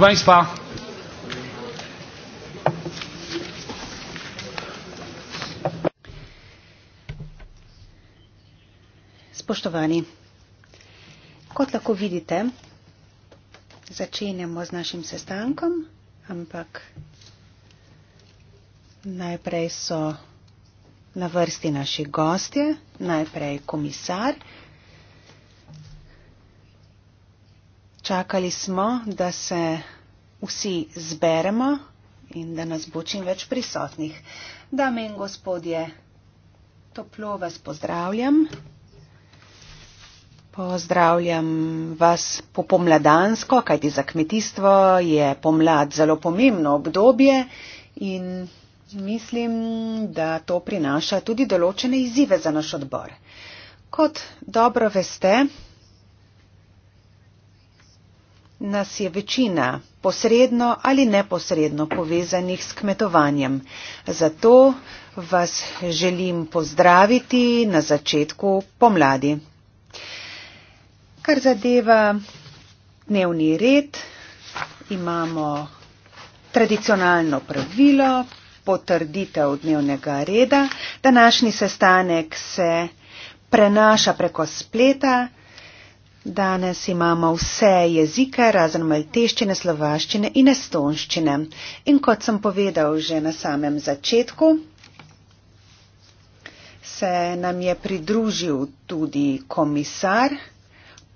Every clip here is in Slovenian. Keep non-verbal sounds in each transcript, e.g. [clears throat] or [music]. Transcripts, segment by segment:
Proszę Państwa. Spoštovani, kot lahko vidite, začenjamo z našim sestankom, ampak najprej so na vrsti naši gostje, najprej komisar. Čakali smo, da se vsi zberemo in da nas bo čim več prisotnih. Dame in gospodje, toplo vas pozdravljam. Pozdravljam vas popomladansko, kajti za kmetijstvo je pomlad zelo pomembno obdobje in mislim, da to prinaša tudi določene izzive za naš odbor. Kot dobro veste, nas je večina posredno ali neposredno povezanih s kmetovanjem. Zato vas želim pozdraviti na začetku pomladi. Kar zadeva dnevni red, imamo tradicionalno pravilo, potrditev dnevnega reda. Današnji sestanek se prenaša preko spleta. Danes imamo vse jezike, razen malteščine, slovaščine in estonščine. In kot sem povedal že na samem začetku, se nam je pridružil tudi komisar.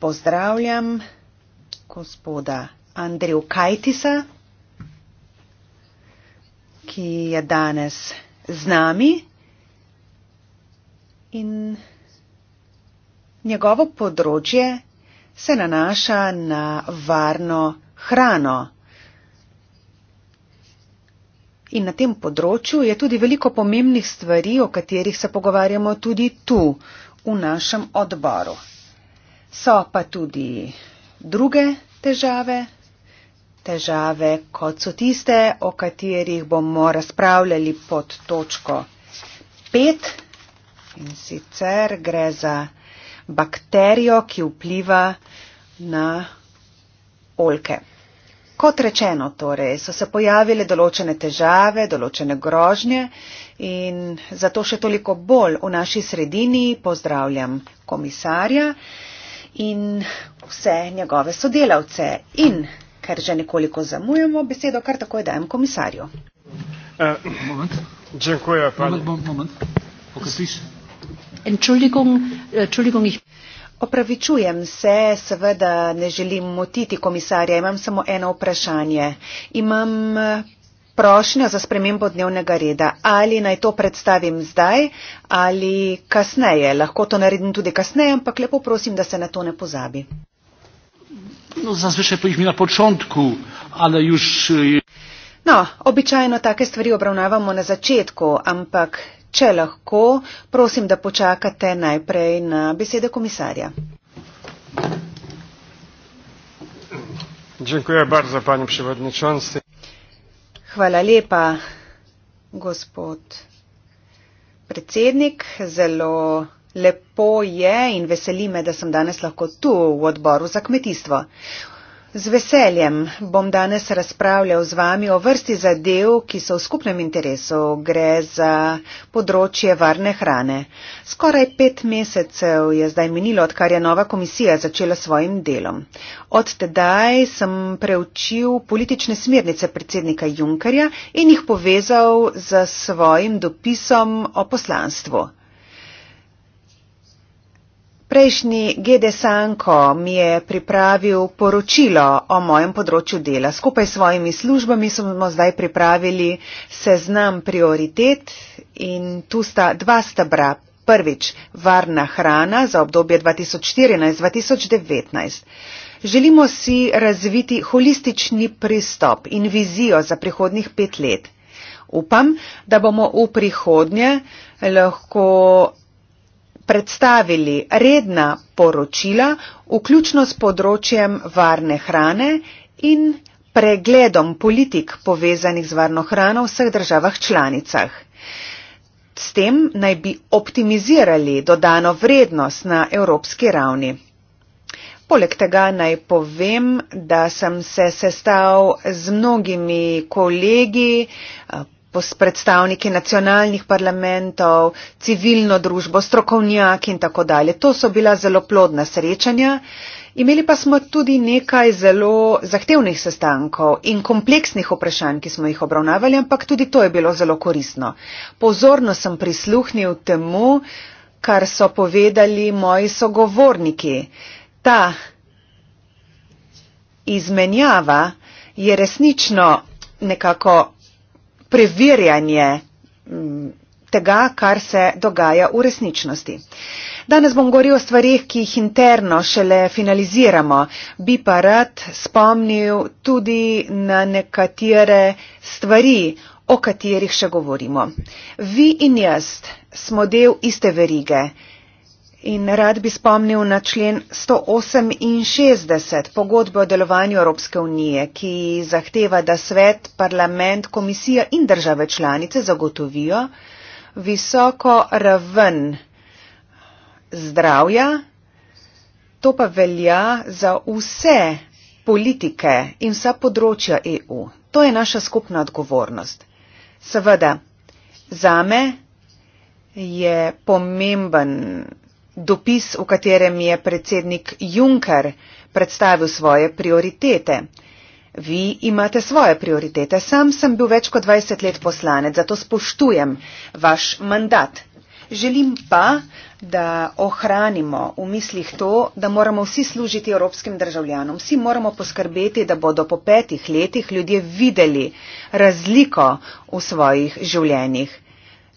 Pozdravljam gospoda Andreja Kajtisa, ki je danes z nami. In njegovo področje se nanaša na varno hrano. In na tem področju je tudi veliko pomembnih stvari, o katerih se pogovarjamo tudi tu, v našem odboru. So pa tudi druge težave, težave kot so tiste, o katerih bomo razpravljali pod točko 5. In sicer gre za bakterijo, ki vpliva na olke. Kot rečeno, torej, so se pojavile določene težave, določene grožnje in zato še toliko bolj v naši sredini pozdravljam komisarja in vse njegove sodelavce. In ker že nekoliko zamujamo, besedo kar takoj dajem komisarju. Uh, [clears throat] moment. Dziękuję pani. Moment, moment. moment. Entschuldigung, äh, Entschuldigung, ich Opravičujem se, seveda ne želim motiti komisarja, imam samo eno vprašanje. Imam eh, prošnjo za spremembo dnevnega reda. Ali naj to predstavim zdaj ali kasneje? Lahko to naredim tudi kasneje, ampak lepo prosim, da se na to ne pozabi. No, zazvišaj po jih mi na počontku, ali juž. Eh, no, običajno take stvari obravnavamo na začetku, ampak Če lahko, prosim, da počakate najprej na besede komisarja. Hvala lepa, gospod predsednik. Zelo lepo je in veseli me, da sem danes lahko tu v odboru za kmetijstvo. Z veseljem bom danes razpravljal z vami o vrsti zadev, ki so v skupnem interesu. Gre za področje varne hrane. Skoraj pet mesecev je zdaj minilo, odkar je nova komisija začela svojim delom. Od tedaj sem preučil politične smernice predsednika Junkerja in jih povezal z svojim dopisom o poslanstvu. Prejšnji Gede Sanko mi je pripravil poročilo o mojem področju dela. Skupaj s svojimi službami smo zdaj pripravili seznam prioritet in tu sta dva stabra. Prvič, varna hrana za obdobje 2014-2019. Želimo si razviti holistični pristop in vizijo za prihodnih pet let. Upam, da bomo v prihodnje lahko predstavili redna poročila, vključno s področjem varne hrane in pregledom politik povezanih z varno hrano v vseh državah članicah. S tem naj bi optimizirali dodano vrednost na evropski ravni. Poleg tega naj povem, da sem se sestal z mnogimi kolegi, s predstavniki nacionalnih parlamentov, civilno družbo, strokovnjaki in tako dalje. To so bila zelo plodna srečanja. Imeli pa smo tudi nekaj zelo zahtevnih sestankov in kompleksnih vprašanj, ki smo jih obravnavali, ampak tudi to je bilo zelo korisno. Pozorno sem prisluhnil temu, kar so povedali moji sogovorniki. Ta izmenjava je resnično nekako preverjanje mm, tega, kar se dogaja v resničnosti. Danes bom govoril o stvarih, ki jih interno šele finaliziramo, bi pa rad spomnil tudi na nekatere stvari, o katerih še govorimo. Vi in jaz smo del iste verige, In rad bi spomnil na člen 168 pogodbe o delovanju Evropske unije, ki zahteva, da svet, parlament, komisija in države članice zagotovijo visoko raven zdravja. To pa velja za vse politike in vsa področja EU. To je naša skupna odgovornost. Seveda, zame je pomemben dopis, v katerem je predsednik Juncker predstavil svoje prioritete. Vi imate svoje prioritete. Sam sem bil več kot 20 let poslanec, zato spoštujem vaš mandat. Želim pa, da ohranimo v mislih to, da moramo vsi služiti evropskim državljanom. Vsi moramo poskrbeti, da bodo po petih letih ljudje videli razliko v svojih življenjih.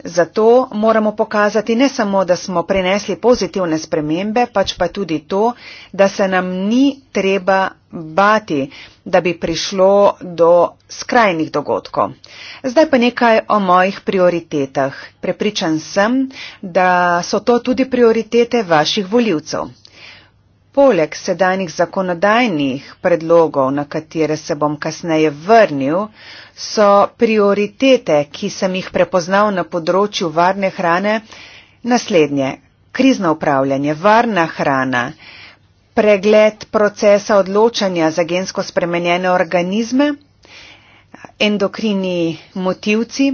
Zato moramo pokazati ne samo, da smo prenesli pozitivne spremembe, pač pa tudi to, da se nam ni treba bati, da bi prišlo do skrajnih dogodkov. Zdaj pa nekaj o mojih prioritetah. Prepričan sem, da so to tudi prioritete vaših voljivcev poleg sedanjih zakonodajnih predlogov, na katere se bom kasneje vrnil, so prioritete, ki sem jih prepoznal na področju varne hrane, naslednje. Krizno upravljanje, varna hrana, pregled procesa odločanja za gensko spremenjene organizme, endokrini motivci,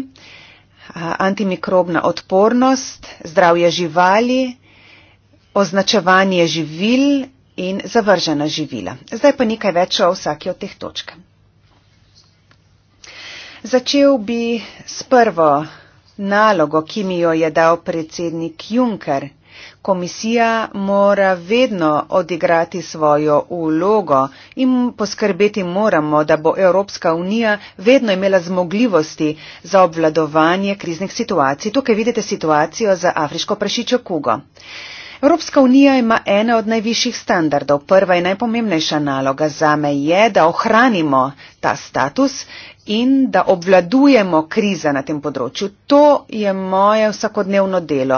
antimikrobna odpornost, zdravje živali, označevanje živil, in zavržena živila. Zdaj pa nekaj več o vsaki od teh točk. Začel bi s prvo nalogo, ki mi jo je dal predsednik Juncker. Komisija mora vedno odigrati svojo ulogo in poskrbeti moramo, da bo Evropska unija vedno imela zmogljivosti za obvladovanje kriznih situacij. Tukaj vidite situacijo za afriško prašičjo kugo. Evropska unija ima ene od najvišjih standardov. Prva in najpomembnejša naloga za me je, da ohranimo ta status in da obvladujemo krize na tem področju. To je moje vsakodnevno delo.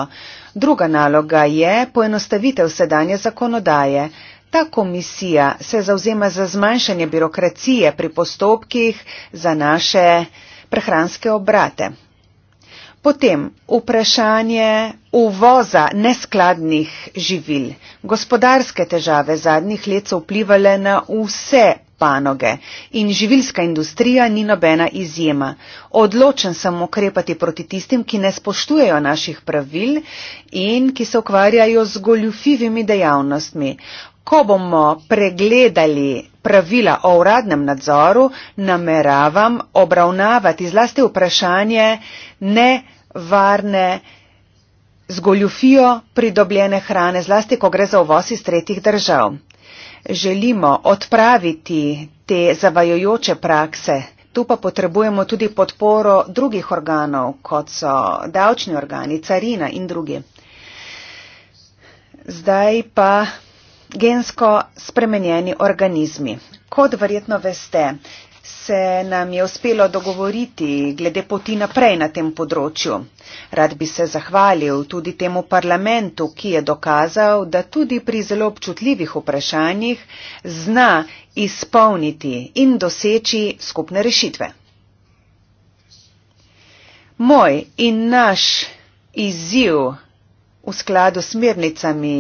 Druga naloga je poenostavitev sedanje zakonodaje. Ta komisija se zauzema za zmanjšanje birokracije pri postopkih za naše prehranske obrate. Potem vprašanje uvoza neskladnih živil. Gospodarske težave zadnjih let so vplivale na vse panoge in živilska industrija ni nobena izjema. Odločen sem ukrepati proti tistim, ki ne spoštujejo naših pravil in ki se ukvarjajo z goljufivimi dejavnostmi. Ko bomo pregledali pravila o uradnem nadzoru, nameravam obravnavati zlasti vprašanje ne varne z goljufijo pridobljene hrane, zlasti ko gre za uvoz iz tretjih držav. Želimo odpraviti te zavajojoče prakse. Tu pa potrebujemo tudi podporo drugih organov, kot so davčni organi, carina in drugi. Zdaj pa gensko spremenjeni organizmi. Kot verjetno veste, se nam je uspelo dogovoriti glede poti naprej na tem področju. Rad bi se zahvalil tudi temu parlamentu, ki je dokazal, da tudi pri zelo občutljivih vprašanjih zna izpolniti in doseči skupne rešitve. Moj in naš izziv v skladu s smernicami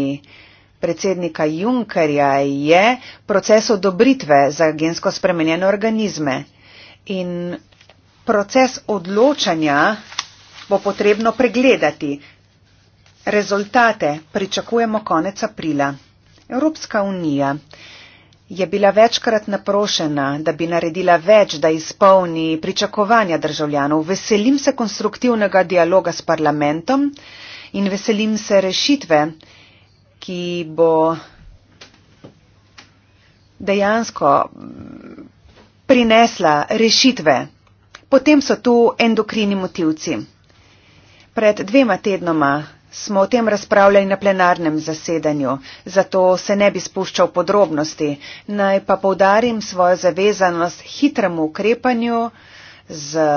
predsednika Junkerja je proces odobritve za gensko spremenjene organizme in proces odločanja bo potrebno pregledati. Rezultate pričakujemo konec aprila. Evropska unija je bila večkrat naprošena, da bi naredila več, da izpolni pričakovanja državljanov. Veselim se konstruktivnega dialoga s parlamentom in veselim se rešitve, ki bo dejansko mm, prinesla rešitve. Potem so tu endokrini motivci. Pred dvema tednoma smo o tem razpravljali na plenarnem zasedanju, zato se ne bi spuščal podrobnosti. Naj pa povdarim svojo zavezanost hitremu ukrepanju z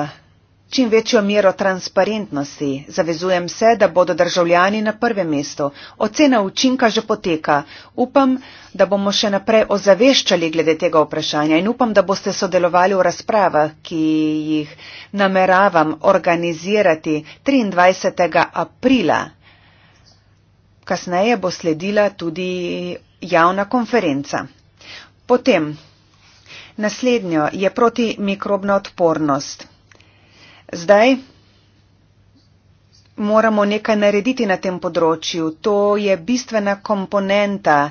čim večjo mero transparentnosti. Zavezujem se, da bodo državljani na prvem mestu. Ocena učinka že poteka. Upam, da bomo še naprej ozaveščali glede tega vprašanja in upam, da boste sodelovali v razpravah, ki jih nameravam organizirati 23. aprila. Kasneje bo sledila tudi javna konferenca. Potem, naslednjo je protimikrobna odpornost. Zdaj moramo nekaj narediti na tem področju. To je bistvena komponenta,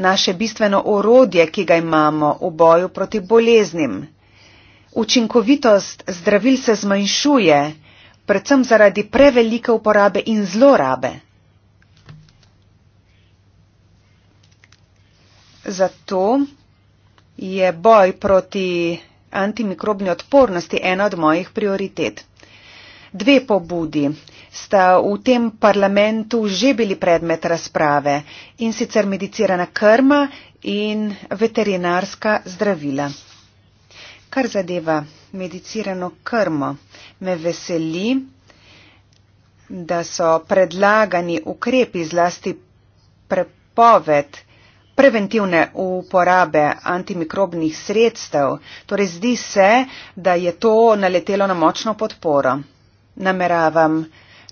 naše bistveno orodje, ki ga imamo v boju proti boleznim. Učinkovitost zdravil se zmanjšuje, predvsem zaradi prevelike uporabe in zlorabe. Zato je boj proti antimikrobni odpornosti ena od mojih prioritet. Dve pobudi sta v tem parlamentu že bili predmet razprave in sicer medicirana krma in veterinarska zdravila. Kar zadeva medicirano krmo, me veseli, da so predlagani ukrepi zlasti prepoved preventivne uporabe antimikrobnih sredstev. Torej zdi se, da je to naletelo na močno podporo. Nameravam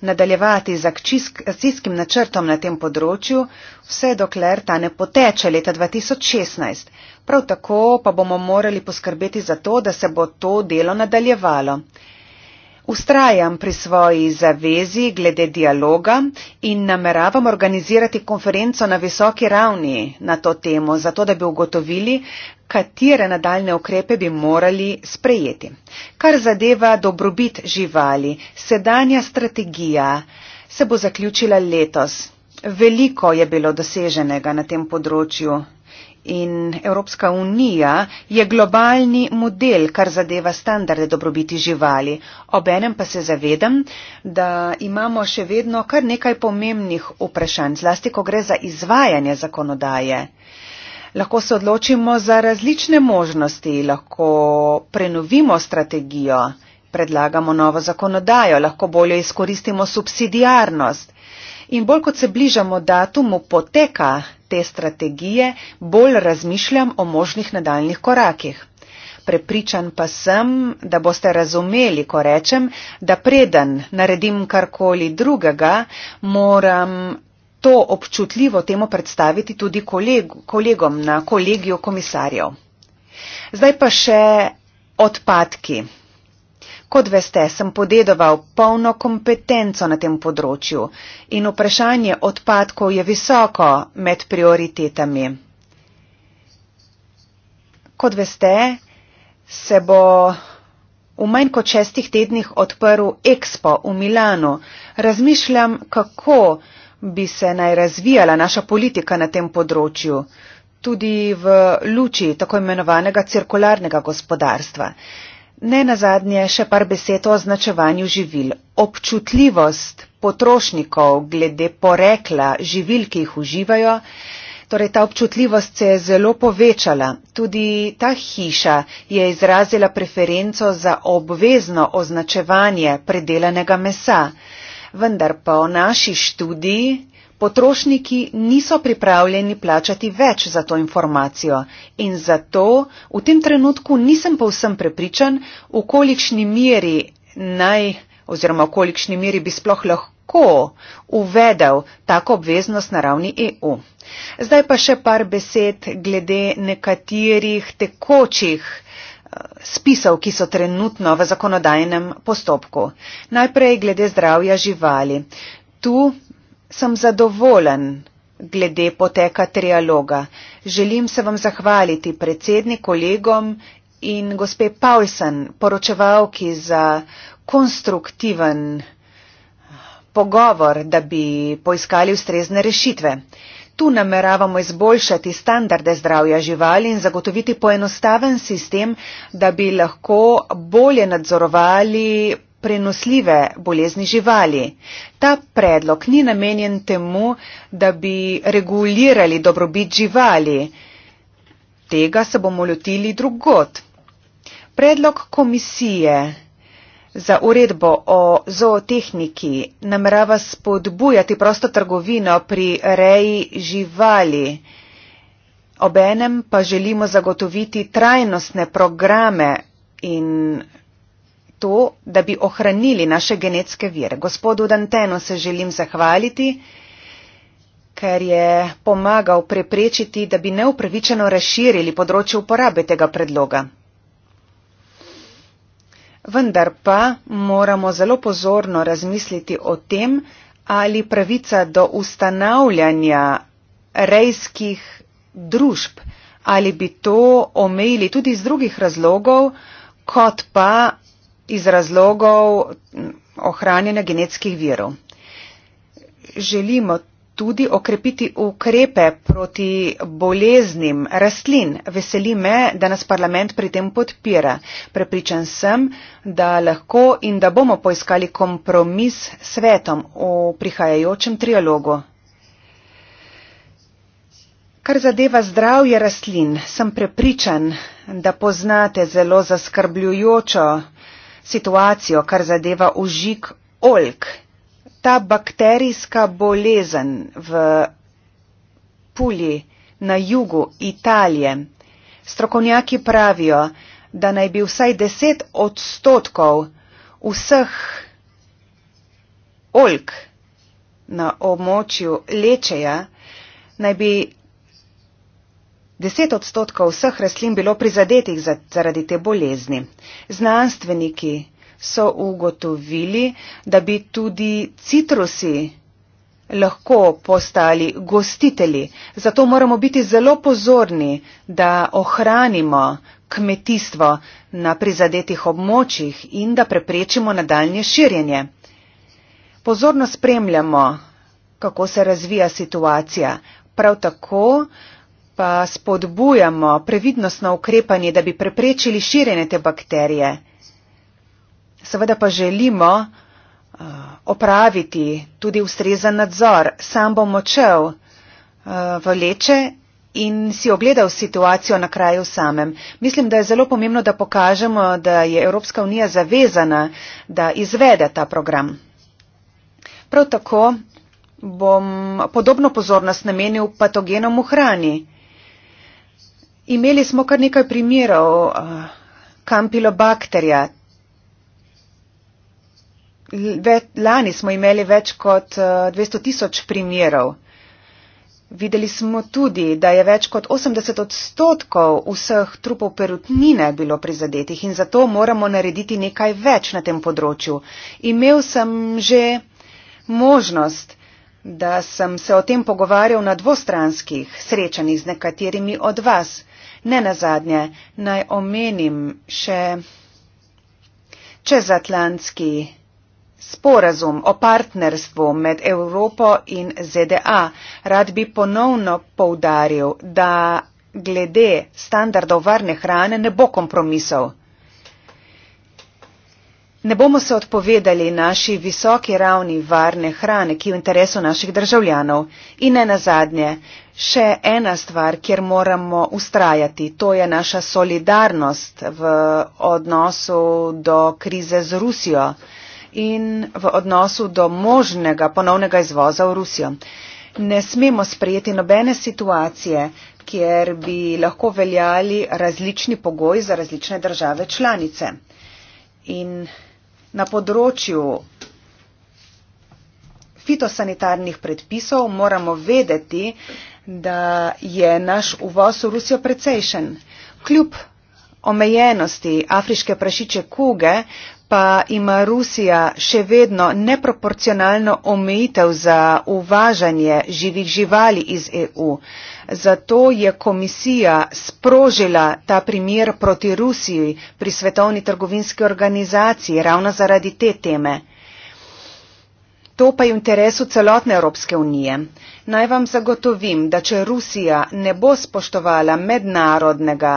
nadaljevati z akcijskim načrtom na tem področju, vse dokler ta ne poteče leta 2016. Prav tako pa bomo morali poskrbeti za to, da se bo to delo nadaljevalo. Ustrajam pri svoji zavezi glede dialoga in nameravam organizirati konferenco na visoki ravni na to temo, zato da bi ugotovili, katere nadaljne ukrepe bi morali sprejeti. Kar zadeva dobrobit živali, sedanja strategija se bo zaključila letos. Veliko je bilo doseženega na tem področju, in Evropska unija je globalni model, kar zadeva standarde dobrobiti živali. Obenem pa se zavedam, da imamo še vedno kar nekaj pomembnih vprašanj, zlasti ko gre za izvajanje zakonodaje. Lahko se odločimo za različne možnosti, lahko prenovimo strategijo, predlagamo novo zakonodajo, lahko bolje izkoristimo subsidijarnost. In bolj kot se bližamo datumu poteka te strategije, bolj razmišljam o možnih nadaljnih korakih. Prepričan pa sem, da boste razumeli, ko rečem, da preden naredim karkoli drugega, moram to občutljivo temo predstaviti tudi kolegu, kolegom na kolegijo komisarjev. Zdaj pa še odpadki. Kot veste, sem podedoval polno kompetenco na tem področju in vprašanje odpadkov je visoko med prioritetami. Kot veste, se bo v manj kot šestih tednih odprl Expo v Milano. Razmišljam, kako bi se naj razvijala naša politika na tem področju, tudi v luči tako imenovanega cirkularnega gospodarstva. Ne nazadnje še par besed o označevanju živil. Občutljivost potrošnikov glede porekla živil, ki jih uživajo, torej ta občutljivost se je zelo povečala. Tudi ta hiša je izrazila preferenco za obvezno označevanje predelanega mesa. Vendar pa v naši študiji Potrošniki niso pripravljeni plačati več za to informacijo in zato v tem trenutku nisem povsem prepričan, v kolikšni meri naj oziroma v kolikšni meri bi sploh lahko uvedel tako obveznost na ravni EU. Zdaj pa še par besed glede nekaterih tekočih eh, spisov, ki so trenutno v zakonodajnem postopku. Najprej glede zdravja živali. Tu sem zadovoljen glede poteka trialoga. Želim se vam zahvaliti predsednik, kolegom in gospe Paulsen, poročevalki za konstruktiven eh, pogovor, da bi poiskali ustrezne rešitve. Tu nameravamo izboljšati standarde zdravja živali in zagotoviti poenostaven sistem, da bi lahko bolje nadzorovali prenosljive bolezni živali. Ta predlog ni namenjen temu, da bi regulirali dobrobit živali. Tega se bomo lotili drugot. Predlog komisije za uredbo o zootehniki namerava spodbujati prosto trgovino pri reji živali. Obenem pa želimo zagotoviti trajnostne programe in to, da bi ohranili naše genetske vire. Gospodu Danteno se želim zahvaliti, ker je pomagal preprečiti, da bi neupravičeno razširili področje uporabe tega predloga. Vendar pa moramo zelo pozorno razmisliti o tem, ali pravica do ustanavljanja rejskih družb, ali bi to omejili tudi iz drugih razlogov, kot pa iz razlogov ohranjanja genetskih virov. Želimo tudi okrepiti ukrepe proti boleznim rastlin. Veseli me, da nas parlament pri tem podpira. Prepričan sem, da lahko in da bomo poiskali kompromis s svetom v prihajajočem trialogu. Kar zadeva zdravje rastlin, sem prepričan, da poznate zelo zaskrbljujočo situacijo, kar zadeva užik oljk. Ta bakterijska bolezen v Puli na jugu Italije. Strokovnjaki pravijo, da naj bi vsaj 10 odstotkov vseh oljk na območju lečeja naj bi 10 odstotkov vseh rastlin bilo prizadetih zaradi te bolezni. Znanstveniki so ugotovili, da bi tudi citrusi lahko postali gostitelji. Zato moramo biti zelo pozorni, da ohranimo kmetijstvo na prizadetih območjih in da preprečimo nadaljnje širjenje. Pozorno spremljamo, kako se razvija situacija. Prav tako pa spodbujamo previdnostno ukrepanje, da bi preprečili širjenje te bakterije. Seveda pa želimo eh, opraviti tudi ustrezan nadzor. Sam bom očel eh, v leče in si ogledal situacijo na kraju samem. Mislim, da je zelo pomembno, da pokažemo, da je Evropska unija zavezana, da izvede ta program. Prav tako bom podobno pozornost namenil patogenom v hrani. Imeli smo kar nekaj primerov kampilobakterja. Eh, lani smo imeli več kot 200 eh, tisoč primerov. Videli smo tudi, da je več kot 80 odstotkov vseh trupov perutnine bilo prizadetih in zato moramo narediti nekaj več na tem področju. Imel sem že možnost, da sem se o tem pogovarjal na dvostranskih srečanjih z nekaterimi od vas. Ne nazadnje naj omenim še čezatlantski sporazum o partnerstvu med Evropo in ZDA. Rad bi ponovno poudaril, da glede standardov varne hrane ne bo kompromisov. Ne bomo se odpovedali naši visoki ravni varne hrane, ki je v interesu naših državljanov. In ne nazadnje, še ena stvar, kjer moramo ustrajati, to je naša solidarnost v odnosu do krize z Rusijo in v odnosu do možnega ponovnega izvoza v Rusijo. Ne smemo sprejeti nobene situacije, kjer bi lahko veljali različni pogoji za različne države članice. In Na področju fitosanitarnih predpisov moramo vedeti, da je naš uvoz v Rusijo precejšen. Kljub omejenosti afriške prašiče kuge pa ima Rusija še vedno neproporcionalno omejitev za uvažanje živih živali iz EU. Zato je komisija sprožila ta primer proti Rusiji pri svetovni trgovinski organizaciji ravno zaradi te teme. To pa je v interesu celotne Evropske unije. Naj vam zagotovim, da če Rusija ne bo spoštovala mednarodnega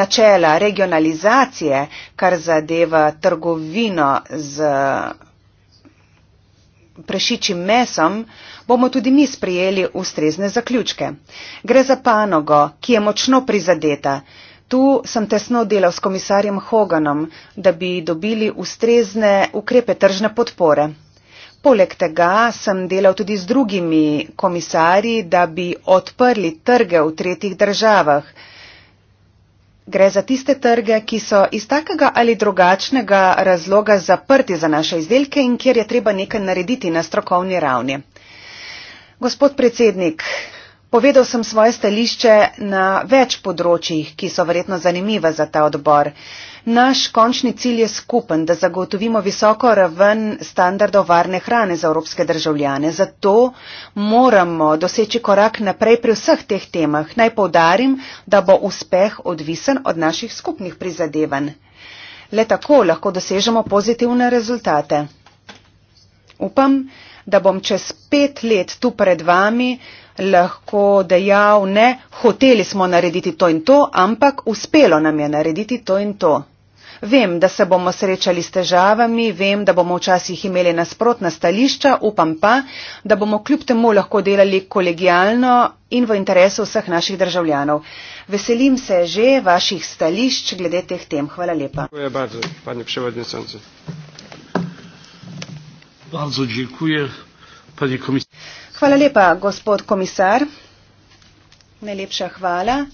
načela regionalizacije, kar zadeva trgovino z prešičim mesom, bomo tudi mi sprejeli ustrezne zaključke. Gre za panogo, ki je močno prizadeta. Tu sem tesno delal s komisarjem Hoganom, da bi dobili ustrezne ukrepe tržne podpore. Poleg tega sem delal tudi z drugimi komisarji, da bi odprli trge v tretjih državah. Gre za tiste trge, ki so iz takega ali drugačnega razloga zaprti za naše izdelke in kjer je treba nekaj narediti na strokovni ravni. Gospod predsednik, povedal sem svoje stališče na več področjih, ki so verjetno zanimive za ta odbor. Naš končni cilj je skupen, da zagotovimo visoko raven standardov varne hrane za evropske državljane. Zato moramo doseči korak naprej pri vseh teh temah. Naj povdarim, da bo uspeh odvisen od naših skupnih prizadevanj. Le tako lahko dosežemo pozitivne rezultate. Upam, da bom čez pet let tu pred vami lahko dejal ne, hoteli smo narediti to in to, ampak uspelo nam je narediti to in to vem da se bomo srečali s težavami vem da bomo včasih imeli nasprotna stališča upam pa da bomo kljub temu lahko delali kolegialno in v interesu vseh naših državljanov veselim se že vaših stališč glede teh tem hvala lepa Hvala lepa, gospod komisar. Najlepša hvala.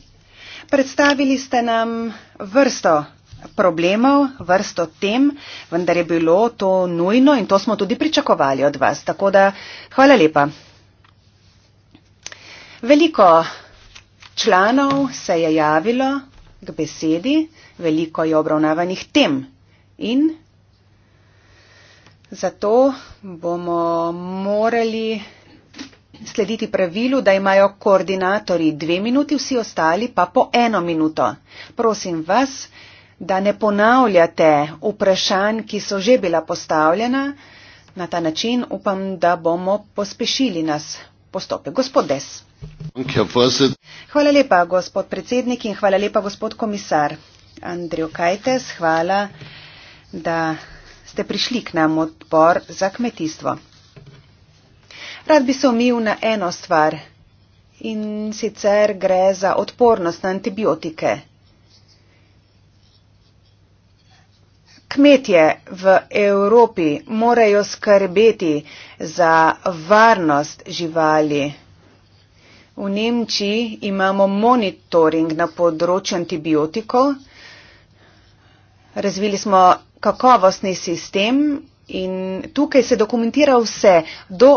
Predstavili ste nam vrsto problemov, vrsto tem, vendar je bilo to nujno in to smo tudi pričakovali od vas. Tako da hvala lepa. Veliko članov se je javilo k besedi, veliko je obravnavanih tem in zato bomo morali slediti pravilu, da imajo koordinatori dve minuti, vsi ostali pa po eno minuto. Prosim vas, da ne ponavljate vprašanj, ki so že bila postavljena. Na ta način upam, da bomo pospešili nas postope. Gospod Des. Hvala lepa, gospod predsednik in hvala lepa, gospod komisar. Andrej Kajtes, hvala, da ste prišli k nam odpor za kmetijstvo. Rad bi se omil na eno stvar in sicer gre za odpornost na antibiotike. Kmetje v Evropi morajo skrbeti za varnost živali. V Nemčiji imamo monitoring na področju antibiotikov. Razvili smo kakovostni sistem in tukaj se dokumentira vse do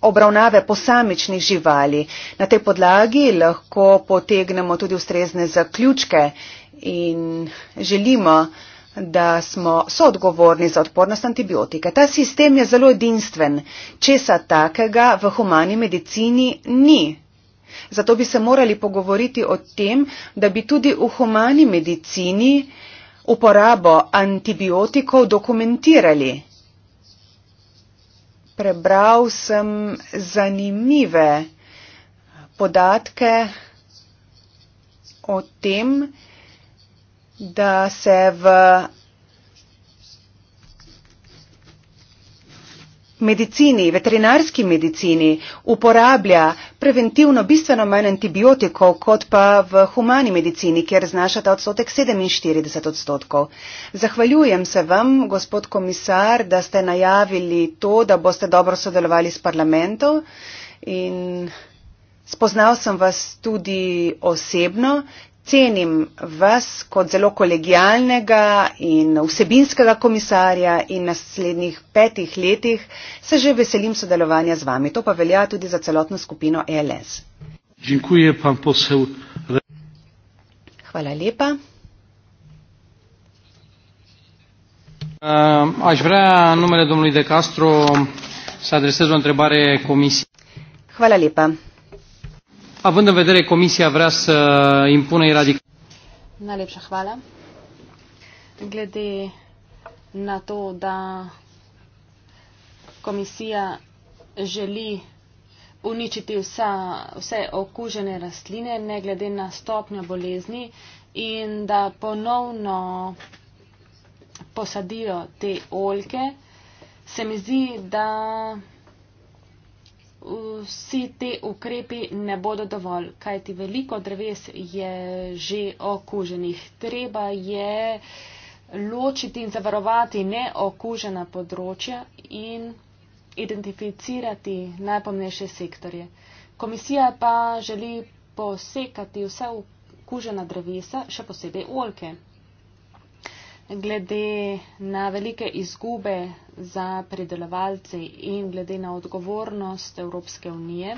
obravnave posamičnih živali. Na tej podlagi lahko potegnemo tudi ustrezne zaključke in želimo, da smo soodgovorni za odpornost antibiotike. Ta sistem je zelo edinstven. Česa takega v humani medicini ni. Zato bi se morali pogovoriti o tem, da bi tudi v humani medicini uporabo antibiotikov dokumentirali. Prebral sem zanimive podatke o tem, da se v medicini, veterinarski medicini uporablja preventivno bistveno manj antibiotikov kot pa v humani medicini, kjer znaša ta odstotek 47 odstotkov. Zahvaljujem se vam, gospod komisar, da ste najavili to, da boste dobro sodelovali s parlamentom in spoznal sem vas tudi osebno, cenim vas kot zelo kolegijalnega in vsebinskega komisarja in naslednjih petih letih se že veselim sodelovanja z vami. To pa velja tudi za celotno skupino ELS. Hvala lepa. Ehm, aș vrea în numele domnului De Castro să adresez o întrebare comisiei. Hvala lepa având în vedere Comisia vrea să impună eradic. Najlepša hvala. Glede na to, da Komisija želi uničiti vsa, vse okužene rastline, ne glede na stopnjo bolezni in da ponovno posadijo te oljke, se mi zdi, da vsi ti ukrepi ne bodo dovolj, kajti veliko dreves je že okuženih. Treba je ločiti in zavarovati neokužena področja in identificirati najpomnejše sektorje. Komisija pa želi posekati vse okužena drevesa, še posebej olke glede na velike izgube za predelovalce in glede na odgovornost Evropske unije.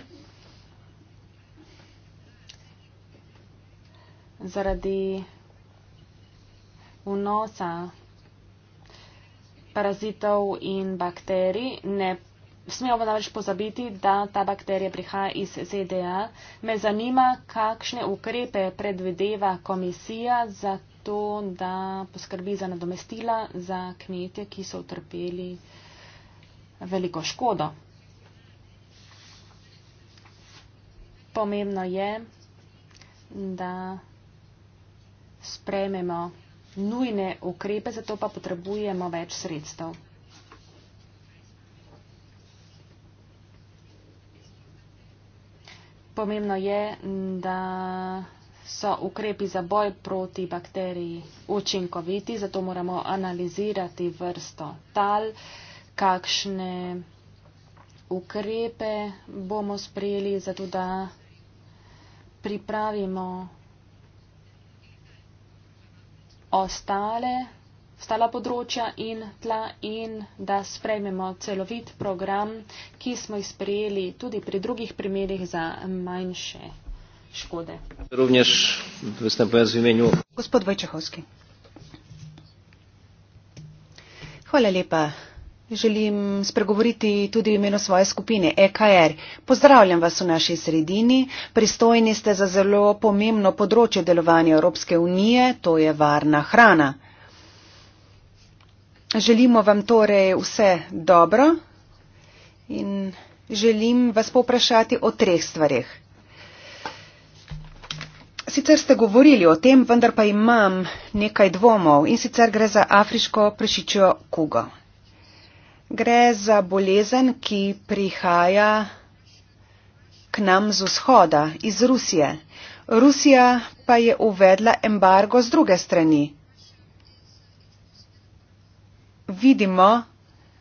Zaradi vnosa parazitov in bakterij ne smemo namreč pozabiti, da ta bakterija prihaja iz ZDA. Me zanima, kakšne ukrepe predvideva komisija za to, da poskrbi za nadomestila za kmetje, ki so utrpeli veliko škodo. Pomembno je, da sprejmemo nujne ukrepe, zato pa potrebujemo več sredstev. Pomembno je, da so ukrepi za boj proti bakteriji učinkoviti, zato moramo analizirati vrsto tal, kakšne ukrepe bomo sprejeli, zato da pripravimo ostale, ostala področja in tla in da sprejmemo celovit program, ki smo jih sprejeli tudi pri drugih primerih za manjše škode. Również występując w imieniu... Gospod Wojciechowski. Hvala lepa. Želim spregovoriti tudi v imenu svoje skupine EKR. Pozdravljam vas v naši sredini. Pristojni ste za zelo pomembno področje delovanja Evropske unije, to je varna hrana. Želimo vam torej vse dobro in želim vas poprašati o treh stvarih. Sicer ste govorili o tem, vendar pa imam nekaj dvomov in sicer gre za afriško prešičjo kugo. Gre za bolezen, ki prihaja k nam z vzhoda, iz Rusije. Rusija pa je uvedla embargo z druge strani. Vidimo,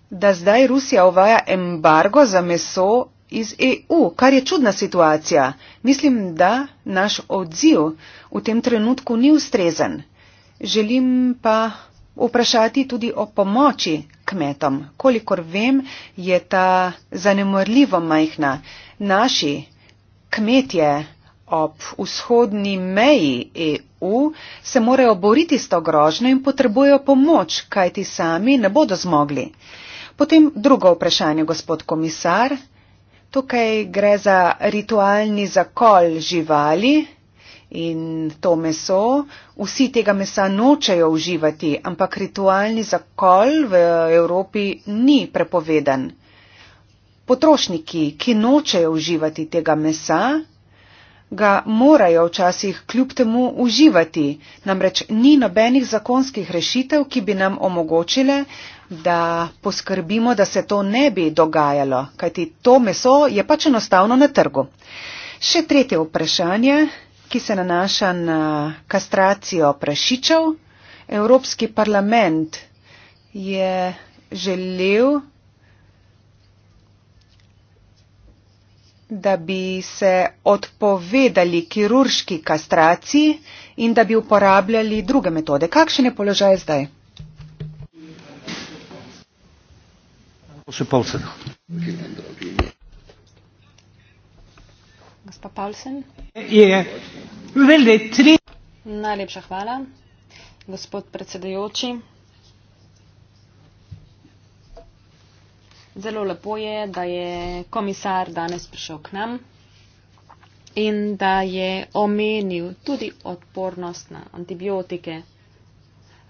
da zdaj Rusija uvaja embargo za meso iz EU, kar je čudna situacija. Mislim, da naš odziv v tem trenutku ni ustrezen. Želim pa vprašati tudi o pomoči kmetom. Kolikor vem, je ta zanemorljivo majhna. Naši kmetje ob vzhodni meji EU se morajo boriti s to grožnjo in potrebujejo pomoč, kaj ti sami ne bodo zmogli. Potem drugo vprašanje, gospod komisar. Tukaj gre za ritualni zakol živali in to meso. Vsi tega mesa nočejo uživati, ampak ritualni zakol v Evropi ni prepovedan. Potrošniki, ki nočejo uživati tega mesa, ga morajo včasih kljub temu uživati, namreč ni nobenih zakonskih rešitev, ki bi nam omogočile, da poskrbimo, da se to ne bi dogajalo, kajti to meso je pač enostavno na trgu. Še tretje vprašanje, ki se nanaša na kastracijo prašičev. Evropski parlament je želel, da bi se odpovedali kirurški kastraciji in da bi uporabljali druge metode. Kakšen je položaj zdaj? Gospod Paulsen. Gospod Paulsen. Je. Vele tri. Najlepša hvala, gospod predsedajoči. Zelo lepo je, da je komisar danes prišel k nam in da je omenil tudi odpornost na antibiotike.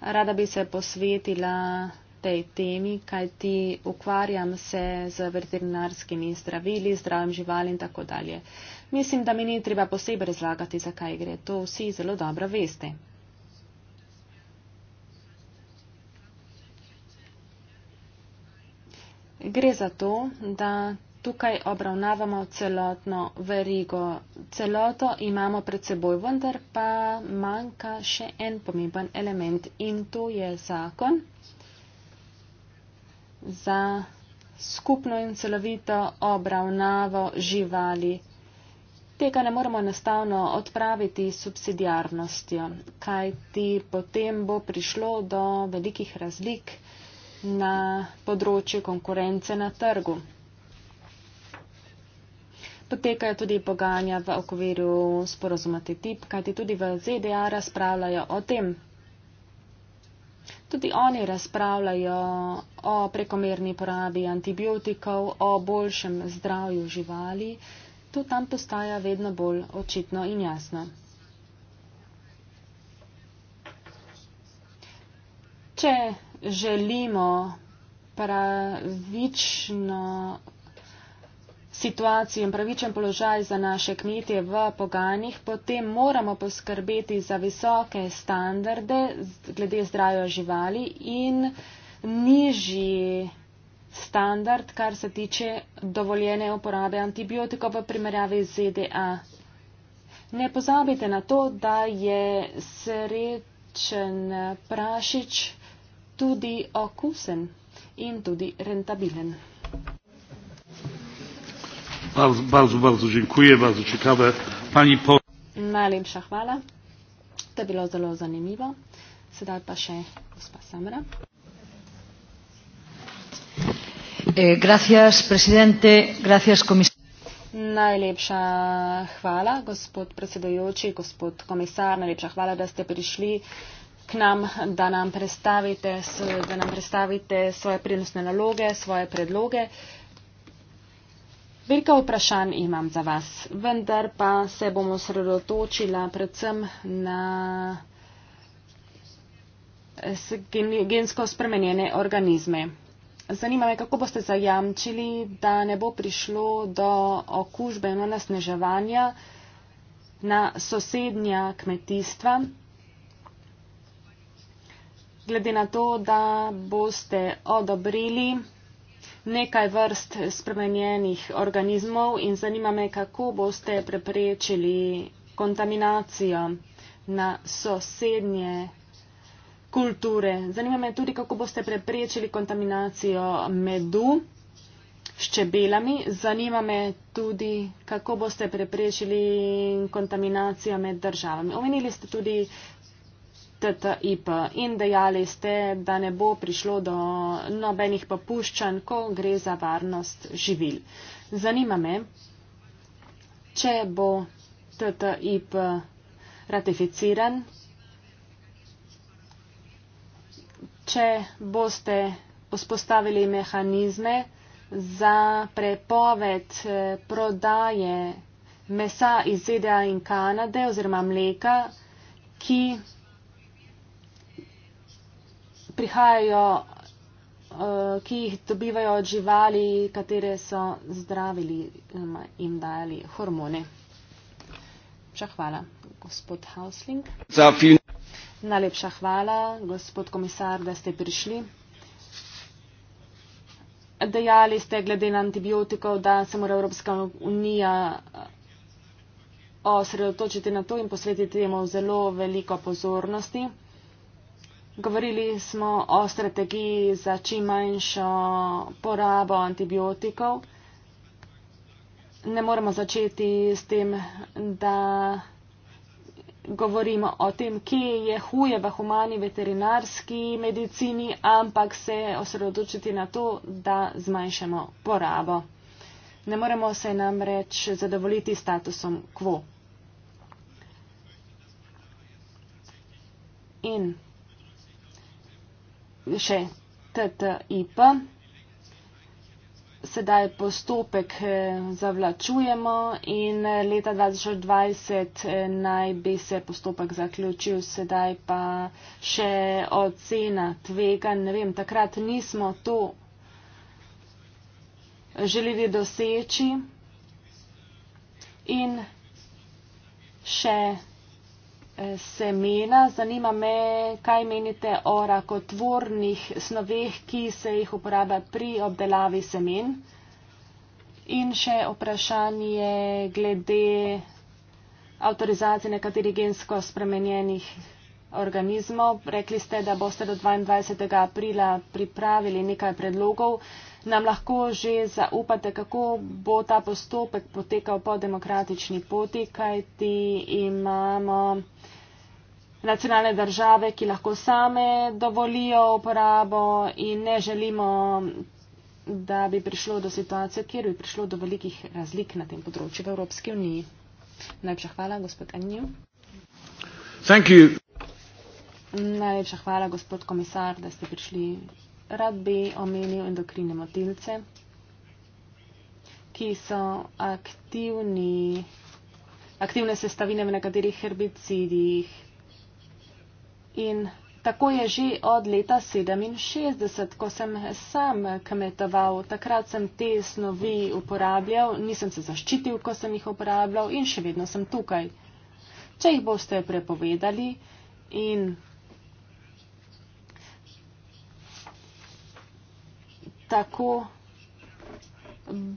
Rada bi se posvetila tej temi, kaj ti ukvarjam se z veterinarskimi zdravili, zdravim živali in tako dalje. Mislim, da mi ni treba posebej razlagati, zakaj gre. To vsi zelo dobro veste. Gre za to, da tukaj obravnavamo celotno verigo. Celoto imamo pred seboj, vendar pa manjka še en pomemben element in to je zakon za skupno in celovito obravnavo živali. Tega ne moremo enostavno odpraviti subsidijarnostjo, kaj ti potem bo prišlo do velikih razlik na področju konkurence na trgu. Potekajo tudi pogajanja v okviru sporozuma TTIP, kajti tudi v ZDA razpravljajo o tem, Tudi oni razpravljajo o prekomerni porabi antibiotikov, o boljšem zdravju živali. To tam postaja vedno bolj očitno in jasno. Če želimo pravično situacijo in pravičen položaj za naše kmetje v poganjih, potem moramo poskrbeti za visoke standarde glede zdravja živali in nižji standard, kar se tiče dovoljene uporabe antibiotikov v primerjavi z ZDA. Ne pozabite na to, da je srečen prašič tudi okusen in tudi rentabilen bardzo, bardzo dziękuję, bardzo ciekawe. Pani po... Najlepsza chwała. To było bardzo zanimliwe. Sedaj pa še gospa Samra. Eh, gracias, presidente. Gracias, najlepša hvala, gospod predsedujoči, gospod komisar. Najlepša hvala, da ste prišli k nam, da nam predstavite, da nam predstavite svoje prednostne naloge, svoje predloge. Eh, Veliko vprašanj imam za vas, vendar pa se bomo sredotočila predvsem na gensko spremenjene organizme. Zanima me, kako boste zajamčili, da ne bo prišlo do okužbe in onesneževanja na sosednja kmetijstva, glede na to, da boste odobrili nekaj vrst spremenjenih organizmov in zanima me, kako boste preprečili kontaminacijo na sosednje kulture. Zanima me tudi, kako boste preprečili kontaminacijo medu s čebelami. Zanima me tudi, kako boste preprečili kontaminacijo med državami. Omenili ste tudi TTIP in dejali ste, da ne bo prišlo do nobenih popuščanj, ko gre za varnost živil. Zanima me, če bo TTIP ratificiran, če boste vzpostavili mehanizme za prepoved eh, prodaje mesa iz ZDA in Kanade oziroma mleka, ki prihajajo, eh, ki jih dobivajo od živali, katere so zdravili in jim dali hormone. Še hvala, gospod Hausling. Najlepša hvala, gospod komisar, da ste prišli. Dejali ste glede na antibiotikov, da se mora Evropska unija eh, osredotočiti na to in posvetiti temu zelo veliko pozornosti. Govorili smo o strategiji za čim manjšo porabo antibiotikov. Ne moremo začeti s tem, da govorimo o tem, kje je huje v humani veterinarski medicini, ampak se osredotočiti na to, da zmanjšamo porabo. Ne moremo se namreč zadovoljiti statusom quo. In še TTIP. Sedaj postopek eh, zavlačujemo in eh, leta 2020 eh, naj bi se postopek zaključil, sedaj pa še ocena tvega. Ne vem, takrat nismo to želeli doseči. In še semena. Zanima me, kaj menite o rakotvornih snoveh, ki se jih uporablja pri obdelavi semen. In še vprašanje glede avtorizacije nekaterih gensko spremenjenih organizmov. Rekli ste, da boste do 22. aprila pripravili nekaj predlogov. Nam lahko že zaupate, kako bo ta postopek potekal po demokratični poti, kajti imamo nacionalne države, ki lahko same dovolijo uporabo in ne želimo, da bi prišlo do situacije, kjer bi prišlo do velikih razlik na tem področju v Evropski uniji. Najlepša hvala, gospod Anjiv. Najlepša hvala, gospod komisar, da ste prišli. Rad bi omenil endokrine motilce, ki so aktivni, aktivne sestavine v nekaterih herbicidih. In tako je že od leta 67, ko sem sam kmetoval. Takrat sem te snovi uporabljal, nisem se zaščitil, ko sem jih uporabljal in še vedno sem tukaj. Če jih boste prepovedali in. Tako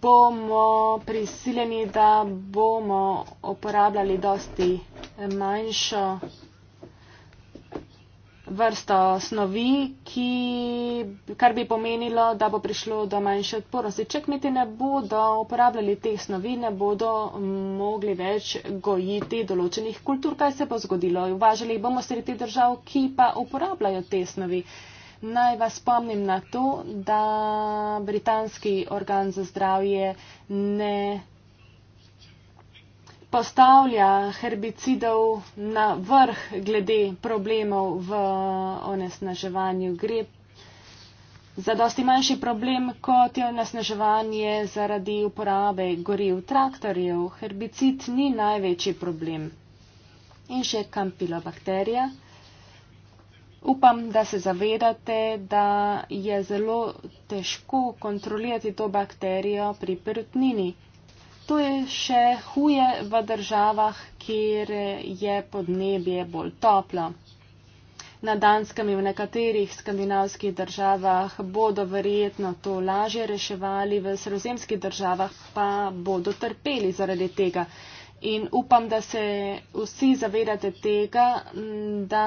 bomo prisiljeni, da bomo uporabljali dosti manjšo vrsto snovi, ki, kar bi pomenilo, da bo prišlo do manjše odpornosti. Če kmeti ne bodo uporabljali teh snovi, ne bodo mogli več gojiti določenih kultur. Kaj se bo zgodilo? Uvažali bomo sredi držav, ki pa uporabljajo te snovi. Naj vas spomnim na to, da britanski organ za zdravje ne postavlja herbicidov na vrh glede problemov v onesnaževanju. Gre za dosti manjši problem, kot je onesnaževanje zaradi uporabe goriv traktorjev. Herbicid ni največji problem. In še kampilobakterija. Upam, da se zavedate, da je zelo težko kontrolirati to bakterijo pri prtnini to je še huje v državah, kjer je podnebje bolj toplo. Na Danskem in v nekaterih skandinavskih državah bodo verjetno to lažje reševali, v sredozemskih državah pa bodo trpeli zaradi tega. In upam, da se vsi zavedate tega, da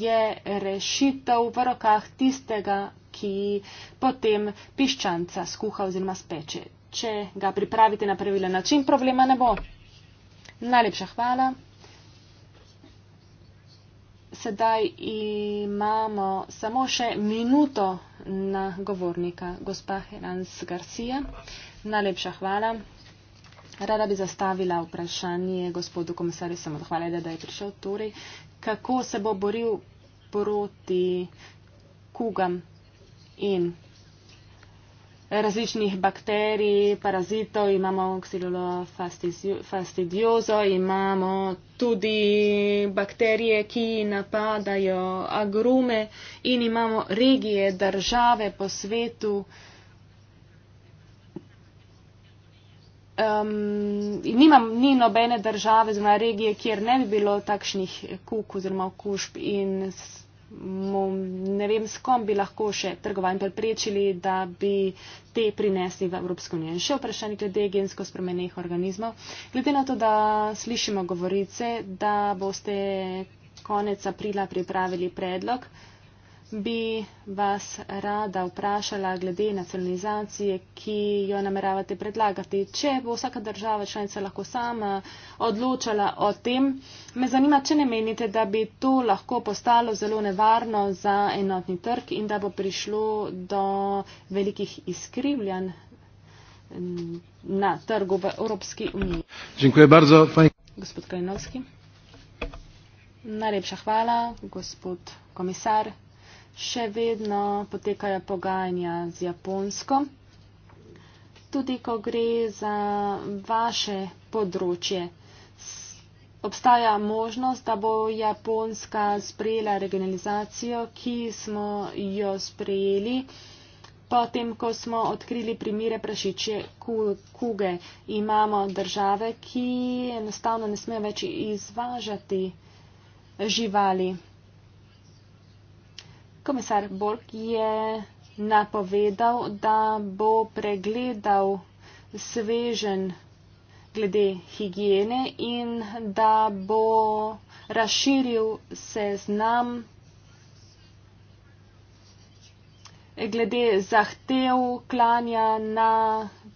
je rešitev v rokah tistega, ki potem piščanca skuha oziroma speče če ga pripravite na pravilen način, problema ne bo. Najlepša hvala. Sedaj imamo samo še minuto na govornika, gospa Hrans Garcia. Najlepša hvala. Rada bi zastavila vprašanje gospodu komisarju, samo hvala, da je prišel. Torej, kako se bo boril proti kugam in različnih bakterij, parazitov, imamo oksidolo fastidiozo, imamo tudi bakterije, ki napadajo agrume in imamo regije, države po svetu. Um, nimam, ni nobene države, zelo regije, kjer ne bi bilo takšnih kuk oziroma okužb in ne vem, s kom bi lahko še trgovanje preprečili, da bi te prinesli v Evropsko unijo. In še vprašanje glede gensko spremenjenih organizmov. Glede na to, da slišimo govorice, da boste konec aprila pripravili predlog, bi vas rada vprašala glede nacionalizacije, ki jo nameravate predlagati. Če bo vsaka država članica lahko sama odločala o tem, me zanima, če ne menite, da bi to lahko postalo zelo nevarno za enotni trg in da bo prišlo do velikih izkrivljanj na trgu v Evropski uniji. Gospod Kalinovski. Najlepša hvala, gospod komisar še vedno potekajo pogajanja z Japonsko. Tudi ko gre za vaše področje, obstaja možnost, da bo Japonska sprejela regionalizacijo, ki smo jo sprejeli potem, ko smo odkrili primire prašiče kuge. Imamo države, ki enostavno ne smejo več izvažati živali komisar Borg je napovedal, da bo pregledal svežen glede higiene in da bo razširil seznam glede zahtev klanja na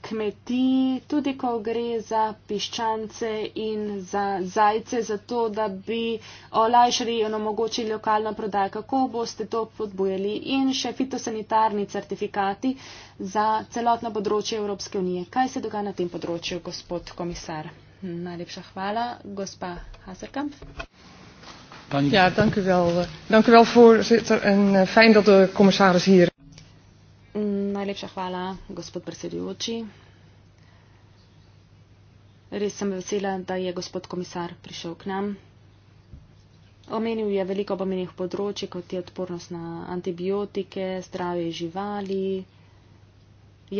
kmetij, tudi ko gre za piščance in za zajce, zato da bi olajšali in omogočili lokalno prodajo. Kako boste to podbojali? In še fitosanitarni certifikati za celotno področje Evropske unije. Kaj se dogaja na tem področju, gospod komisar? Najlepša hvala, gospa Haserkamp. Ja, dank u wel. Eh, dank u wel, voorzitter. En eh, fijn dat de commissaris hier. Mm. Najlepša hvala, gospod predsedujoči. Res sem vesela, da je gospod komisar prišel k nam. Omenil je veliko pomenih področji, kot je odpornost na antibiotike, zdravje živali,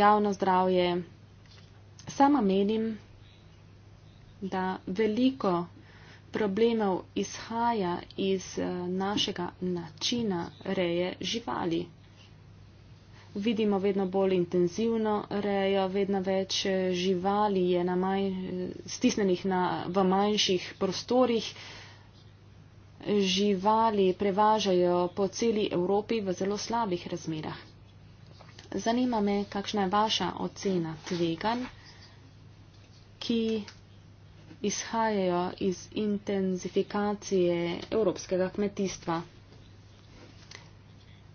javno zdravje. Sama menim, da veliko problemov izhaja iz eh, našega načina reje živali vidimo vedno bolj intenzivno rejo, vedno več eh, živali je na manj, eh, stisnenih na, v manjših prostorih. Živali prevažajo po celi Evropi v zelo slabih razmerah. Zanima me, kakšna je vaša ocena tvegan, ki izhajajo iz intenzifikacije evropskega kmetijstva.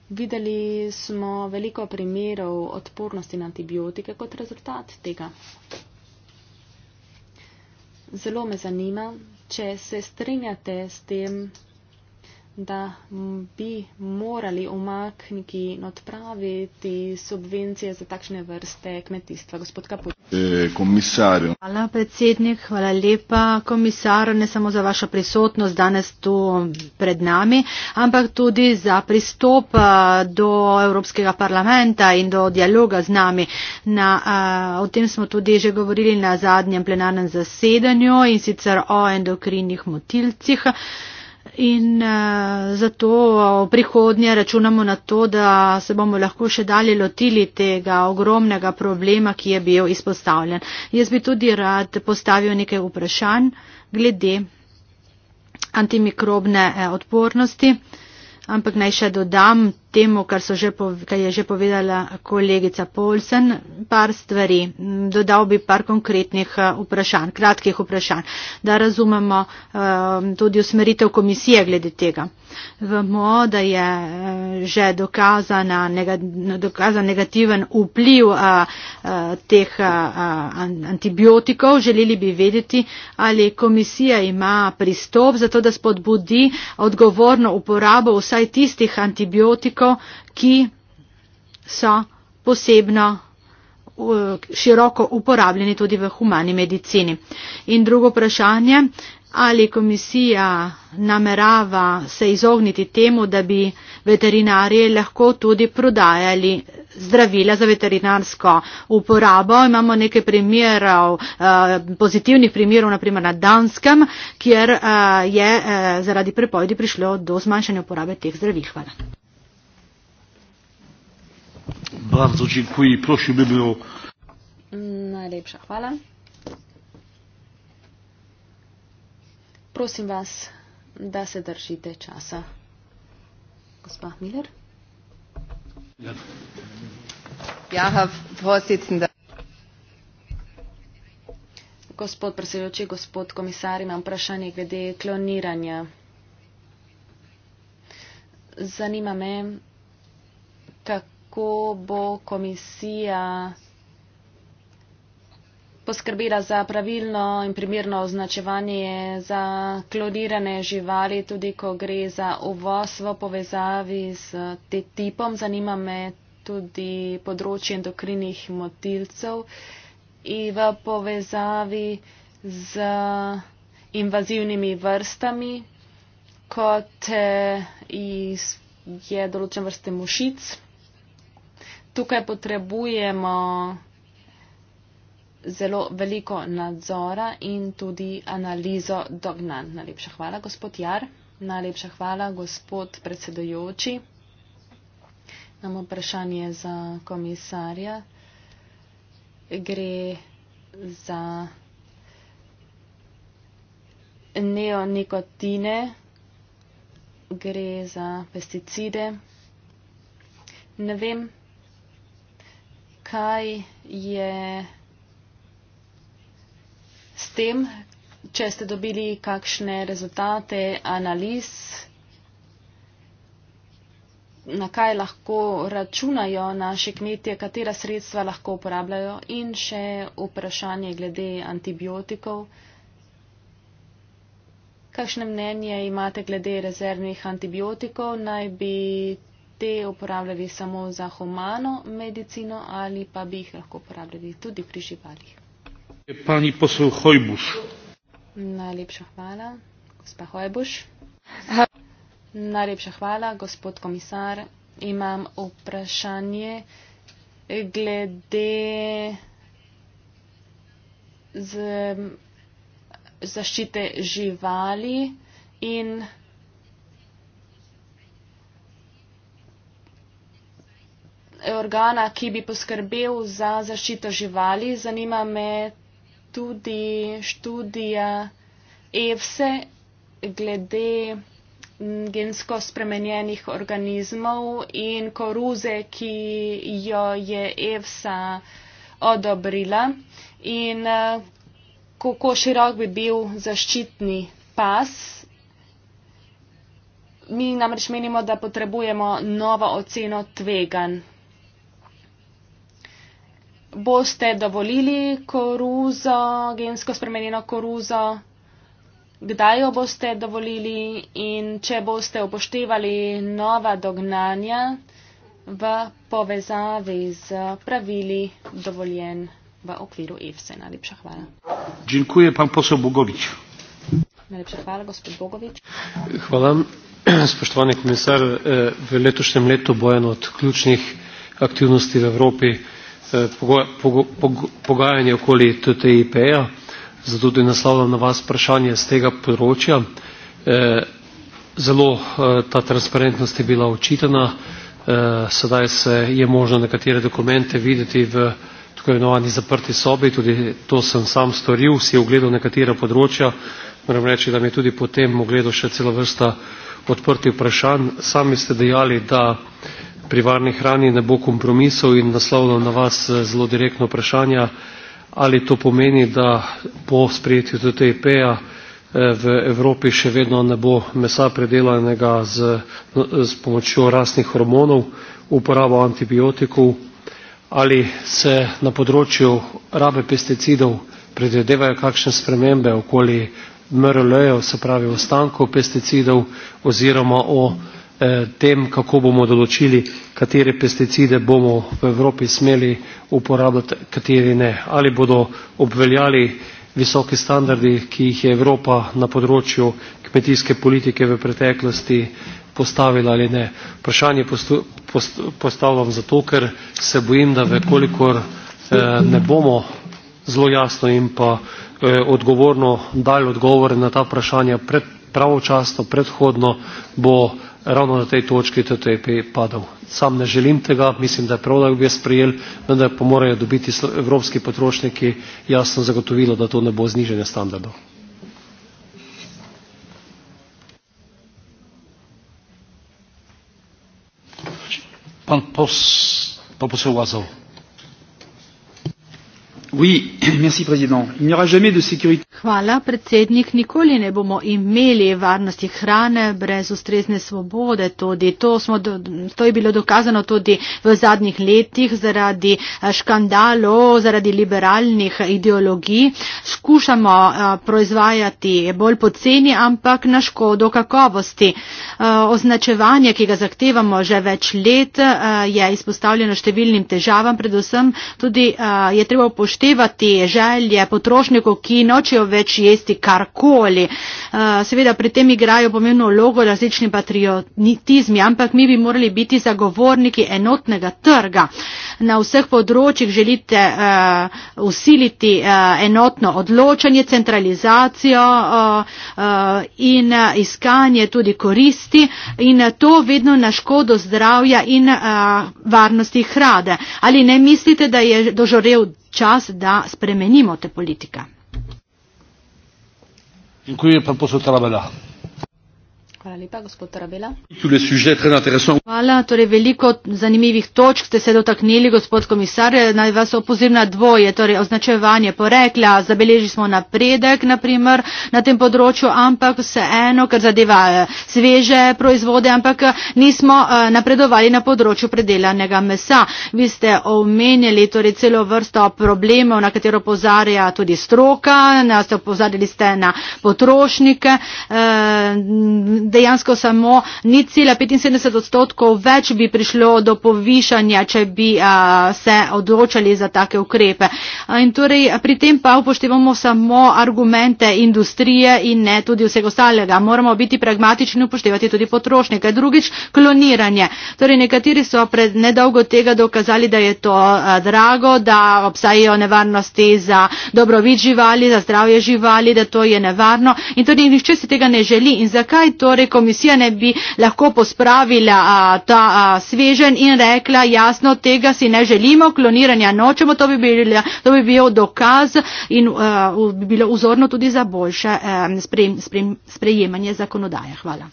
Videli smo veliko primerov odpornosti na antibiotike kot rezultat tega. Zelo me zanima, če se strinjate s tem da bi morali umakniki odpraviti subvencije za takšne vrste kmetijstva. Gospod Kaput. Eh, hvala predsednik, hvala lepa komisar, ne samo za vašo prisotnost danes tu pred nami, ampak tudi za pristop do Evropskega parlamenta in do dialoga z nami. Na, eh, o tem smo tudi že govorili na zadnjem plenarnem zasedanju in sicer o endokrinih motilcih in uh, zato v prihodnje računamo na to, da se bomo lahko še dalje lotili tega ogromnega problema, ki je bil izpostavljen. Jaz bi tudi rad postavil nekaj vprašanj glede antimikrobne eh, odpornosti, ampak naj še dodam temu, kar, že pov, kar je že povedala kolegica Polsen, par stvari. Dodal bi par konkretnih eh, vprašanj, kratkih vprašanj, da razumemo eh, tudi usmeritev komisije glede tega. Vemo, da je eh, že dokazana, dokazan negativen vpliv a, a, teh a, antibiotikov. Želeli bi vedeti, ali komisija ima pristop za to, da spodbudi odgovorno uporabo vsaj tistih antibiotikov, tisto, ki so posebno uh, široko uporabljeni tudi v humani medicini. In drugo vprašanje, ali komisija namerava se izogniti temu, da bi veterinarije lahko tudi prodajali zdravila za veterinarsko uporabo. Imamo nekaj primerov, uh, pozitivnih primerov, naprimer na Danskem, kjer uh, je zaradi prepovedi prišlo do zmanjšanja uporabe teh zdravil. Hvala. Bardzo dziękuję i prosiłbym o... Najlepsza chwala. Prosim Was, da się drżite czasu. Gospa Miller. Ja, ja Gospod predsedujoči, gospod komisar, imam vprašanje glede kloniranja. Zanima me, kako kako bo komisija poskrbela za pravilno in primerno označevanje za klonirane živali, tudi ko gre za uvoz v povezavi s te tipom. Zanima me tudi področje endokrinih motilcev in v povezavi z invazivnimi vrstami, kot eh, je določen vrste mušic, tukaj potrebujemo zelo veliko nadzora in tudi analizo dognan. Najlepša hvala, gospod Jar. Najlepša hvala, gospod predsedojoči. Imamo vprašanje za komisarja. Gre za neonikotine, gre za pesticide. Ne vem, kaj je s tem, če ste dobili kakšne rezultate, analiz, na kaj lahko računajo naše kmetje, katera sredstva lahko uporabljajo in še vprašanje glede antibiotikov. Kakšne mnenje imate glede rezervnih antibiotikov? Naj bi te uporabljali samo za humano medicino ali pa bi jih lahko uporabljali tudi pri živalih. Pani posel Hojbuš. Najlepša hvala, gospa Hojbuš. Najlepša hvala, gospod komisar. Imam vprašanje glede z, zaščite živali in organa, ki bi poskrbel za zaščito živali. Zanima me tudi študija EFSE glede gensko spremenjenih organizmov in koruze, ki jo je EFSA odobrila in eh, kako širok bi bil zaščitni pas. Mi namreč menimo, da potrebujemo novo oceno tveganj boste dovolili koruzo, gensko spremenjeno koruzo, kdaj jo boste dovolili in če boste upoštevali nova dognanja v povezavi z pravili dovoljen v okviru EFSE. Najlepša hvala. Dziękuję, pan posel Bogovič. Najlepša hvala, gospod Bogovič. Hvala, [clears throat] spoštovani komisar. Eh, v letošnjem letu bo eno od ključnih aktivnosti v Evropi Eh, pogajanje okoli TTIP. -ja. Zato tudi naslavljam na vas vprašanje z tega področja. Eh, zelo eh, ta transparentnost je bila očitana, sedaj se je možno nekatere dokumente videti v tako imenovani zaprti sobi, tudi to sem sam storil, si ogledal nekatera področja, moram reči, da mi je tudi potem ogledal še celo vrsta odprtih vprašanj. Sami ste dejali, da pri varni hrani ne bo kompromisov in naslavljam na vas eh, zelo direktno vprašanje ali to pomeni da po sprejetju ttip ja eh, v evropi še vedno ne bo mesa predelanega z, z eh, pomočjo rastnih hormonov uporabo antibiotikov ali se na področju rabe pesticidov predvidevajo kakšne spremembe okoli mrl se pravi ostankov pesticidov oziroma o Eh, tem kako bomo določili katere pesticide bomo v Evropi smeli uporabljati, kateri ne. Ali bodo obveljali visoki standardi, ki jih je Evropa na področju kmetijske politike v preteklosti postavila ali ne. Vprašanje postu, post, postavljam zato, ker se bojim, da vekolikor eh, ne bomo zelo jasno in pa eh, odgovorno dali odgovore na ta vprašanja pred, pravočasno, predhodno, bo ravno na tej točki TTIP padel. Sam ne želim tega, mislim, da je prav, da bi ga sprejeli, vendar pa morajo dobiti evropski potrošniki jasno zagotovilo, da to ne bo zniženje standardov. Pan pos, pa poseł łazał. Oui, [clears throat] merci président. Il n'y aura jamais de sécurité. Hvala, predsednik. Nikoli ne bomo imeli varnosti hrane brez ustrezne svobode. Tudi to, smo, to je bilo dokazano tudi v zadnjih letih zaradi eh, škandalov, zaradi liberalnih ideologij. Skušamo eh, proizvajati bolj poceni, ampak na škodo kakovosti. Eh, označevanje, ki ga zahtevamo že več let, je izpostavljeno številnim težavam. Predvsem tudi je treba upoštevati, upoštevati želje potrošnikov, ki nočejo več jesti karkoli. Eh, seveda pri tem igrajo pomembno vlogo različni patriotizmi, ampak mi bi morali biti zagovorniki enotnega trga. Na vseh področjih želite uh, usiliti uh, enotno odločanje, centralizacijo uh, uh, in uh, iskanje tudi koristi in to vedno na škodo zdravja in uh, varnosti hrade. Ali ne mislite, da je dožorev? čas, da spremenimo te politike. In kuj je pa posvetila beda? Hvala lepa, gospod Tarabela. Hvala, torej veliko zanimivih točk ste se dotaknili, gospod komisar. Naj vas opozorim na dvoje, torej označevanje porekla. Zabeleži smo napredek, naprimer, na tem področju, ampak vseeno, ker zadeva eh, sveže proizvode, ampak eh, nismo eh, napredovali na področju predelanega mesa. Vi ste omenjali torej celo vrsto problemov, na katero pozarja tudi stroka, na, ste opozarjali ste na potrošnike. E, dejansko samo 0,75 odstotkov več bi prišlo do povišanja, če bi se odločali za take ukrepe. In torej pri tem pa upoštevamo samo argumente industrije in ne tudi vsega ostalega. Moramo biti pragmatični in upoštevati tudi potrošnike. Drugič, kloniranje. Torej nekateri so pred nedolgo tega dokazali, da je to drago, da obstajajo nevarnosti za dobrovit živali, za zdravje živali, da to je nevarno. In torej nišče si tega ne želi. In zakaj torej komisija ne bi lahko pospravila a, ta a, svežen in rekla jasno, tega si ne želimo, kloniranja nočemo, to bi, bila, to bi bil dokaz in a, bi bilo vzorno tudi za boljše a, sprem, sprem, sprejemanje zakonodaje. Hvala.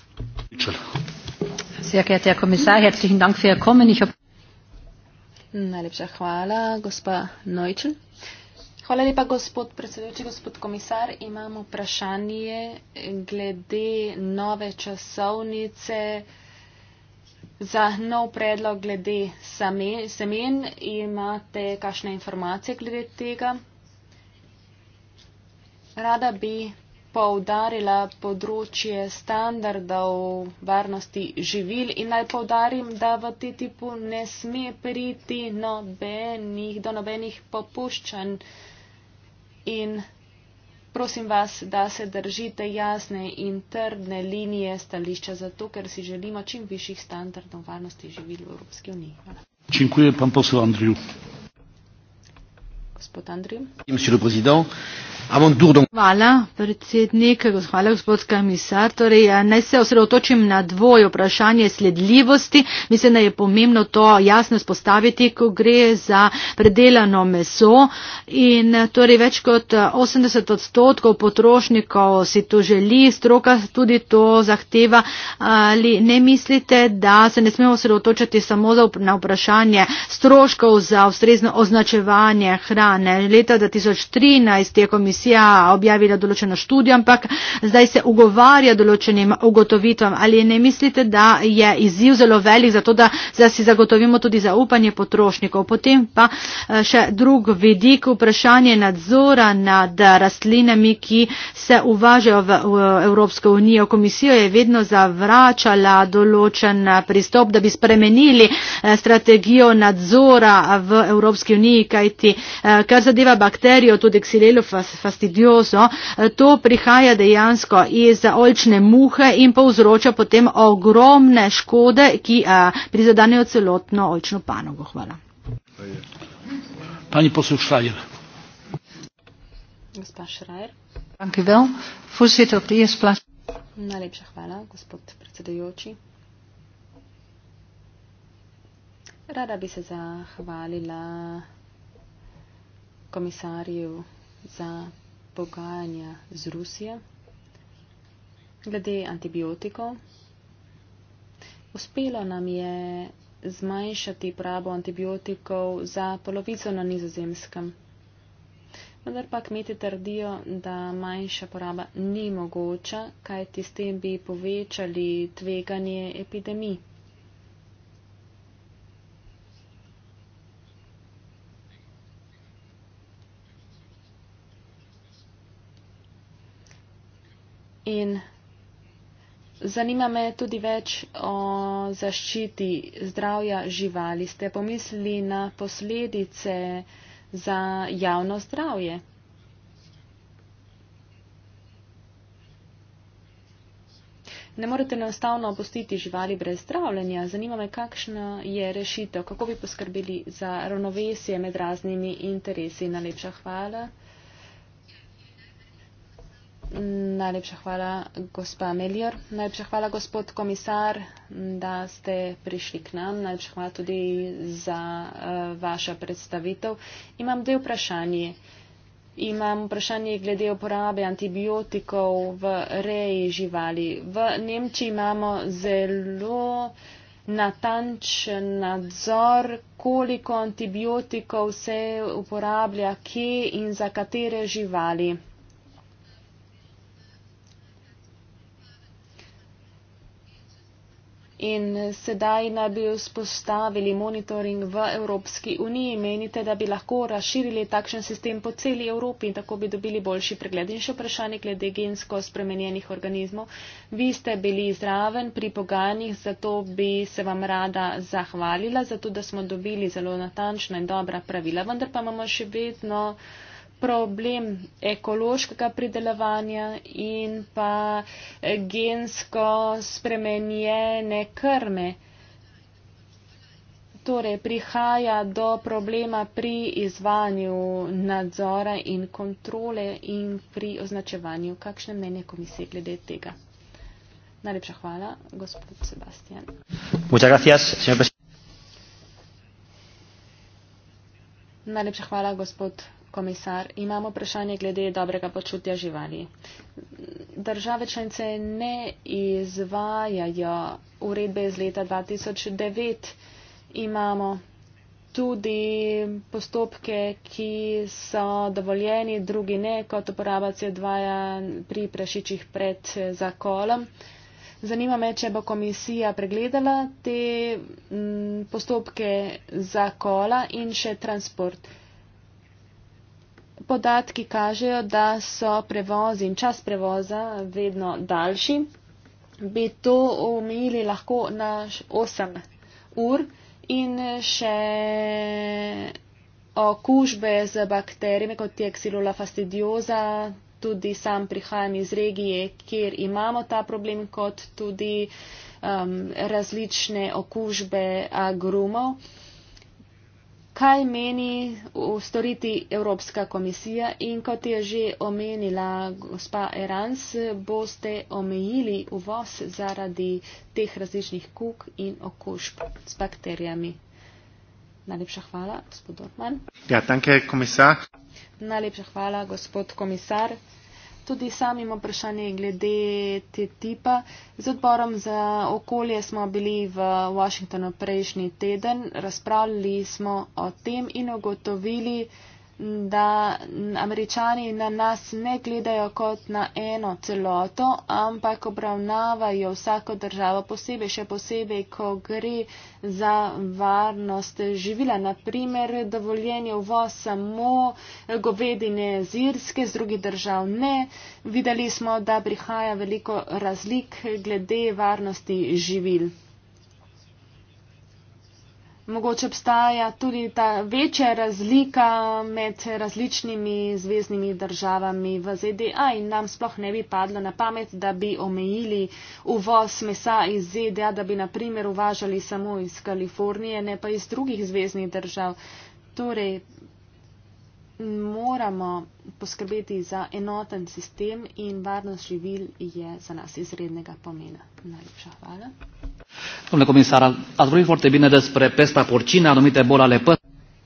Najlepša hvala, gospa Neutl. Hvala lepa, gospod predsedujoči, gospod komisar. Imamo vprašanje glede nove časovnice za nov predlog glede semen. Imate kakšne informacije glede tega? Rada bi poudarila področje standardov varnosti živil in naj poudarim, da v TTIP-u ne sme priti nobenih, do nobenih popuščanj in prosim vas, da se držite jasne in trdne linije stališča, zato ker si želimo čim višjih standardov varnosti živil v Evropski uniji. Dziękuję pan poseł Andriu gospod Andrij. Hvala, predsednik, hvala, gospod komisar. Torej, ja, naj se osredotočim na dvoje vprašanje sledljivosti. Mislim, da je pomembno to jasno spostaviti, ko gre za predelano meso. In torej, več kot 80 odstotkov potrošnikov si to želi, stroka tudi to zahteva. Ali ne mislite, da se ne smemo osredotočiti samo na vprašanje stroškov za ustrezno označevanje hrane? Ne. Leta 2013 je komisija objavila določeno študijo, ampak zdaj se ugovarja določenim ugotovitvam. Ali ne mislite, da je izziv zelo velik za to, da si zagotovimo tudi zaupanje potrošnikov? Potem pa eh, še drug vidik vprašanje nadzora nad rastlinami, ki se uvažajo v, v Evropsko unijo. Komisija je vedno zavračala določen eh, pristop, da bi spremenili eh, strategijo nadzora v Evropski uniji, kajti kar zadeva bakterijo, tudi ksilelo fastidioso, eh, to prihaja dejansko iz olčne muhe in povzroča potem ogromne škode, ki eh, prizadanejo celotno olčno panogo. Hvala. Pani poslušajer. Gospod Šrajer. Najlepša hvala, gospod predsedujoči. Rada bi se zahvalila komisarju za pogajanja z Rusijo glede antibiotikov. Uspelo nam je zmanjšati prabo antibiotikov za polovico na nizozemskem. Vendar pa kmeti trdijo, da manjša poraba ni mogoča, kajti s tem bi povečali tveganje epidemije. In zanima me tudi več o zaščiti zdravja živali. Ste pomislili na posledice za javno zdravje? Ne morete enostavno opustiti živali brez zdravljenja. Zanima me, kakšna je rešitev, kako bi poskrbeli za ravnovesje med raznimi interesi. Najlepša hvala. Najlepša hvala, gospa Melior. Najlepša hvala, gospod komisar, da ste prišli k nam. Najlepša hvala tudi za uh, eh, vaša predstavitev. Imam dve vprašanje. Imam vprašanje glede uporabe antibiotikov v reji živali. V Nemčiji imamo zelo natančen nadzor, koliko antibiotikov se uporablja, kje in za katere živali. in sedaj naj bi vzpostavili monitoring v Evropski uniji. Menite, da bi lahko razširili takšen sistem po celi Evropi in tako bi dobili boljši pregled in še vprašanje glede gensko spremenjenih organizmov. Vi ste bili zraven pri pogajanjih, zato bi se vam rada zahvalila, zato da smo dobili zelo natančna in dobra pravila, vendar pa imamo še vedno. No, problem ekološkega pridelovanja in pa gensko spremenjene krme. Torej, prihaja do problema pri izvanju nadzora in kontrole in pri označevanju. Kakšne mnenje komisije glede tega? Najlepša hvala, gospod Sebastian. Najlepša hvala, gospod komisar, imamo vprašanje glede dobrega počutja živali. Države članice ne izvajajo uredbe iz leta 2009. Imamo tudi postopke, ki so dovoljeni, drugi ne, kot uporaba C2 -ja pri prašičih pred zakolom. Zanima me, če bo komisija pregledala te mm, postopke zakola in še transport podatki kažejo, da so prevozi in čas prevoza vedno daljši. Bi to omejili lahko na 8 ur in še okužbe z bakterijami, kot je xilula fastidioza. Tudi sam prihajam iz regije, kjer imamo ta problem, kot tudi um, različne okužbe agrumov. Um, kaj meni ustoriti Evropska komisija in kot je že omenila gospa Erans, boste omejili uvoz zaradi teh različnih kuk in okužb s bakterijami. Najlepša hvala, gospod Dorman. Ja, danke, komisar. Najlepša hvala, gospod komisar. Tudi sam imam vprašanje glede te tipa. Z odborom za okolje smo bili v Washingtonu prejšnji teden, razpravljali smo o tem in ugotovili, da američani na nas ne gledajo kot na eno celoto, ampak obravnavajo vsako državo posebej, še posebej, ko gre za varnost živila. Naprimer, dovoljenje uvoz samo govedine z Irske, z drugih držav ne. Videli smo, da prihaja veliko razlik glede varnosti živil mogoče obstaja tudi ta večja razlika med različnimi zvezdnimi državami v ZDA in nam sploh ne bi padlo na pamet, da bi omejili uvoz mesa iz ZDA, da bi naprimer uvažali samo iz Kalifornije, ne pa iz drugih zvezdnih držav. Torej, moramo poskrbeti za enoten sistem in varnost živil je za nas izrednega pomena. Najlepša hvala. Domnule comisar, ați vorbit foarte bine despre pesta porcină, anumite boli ale păr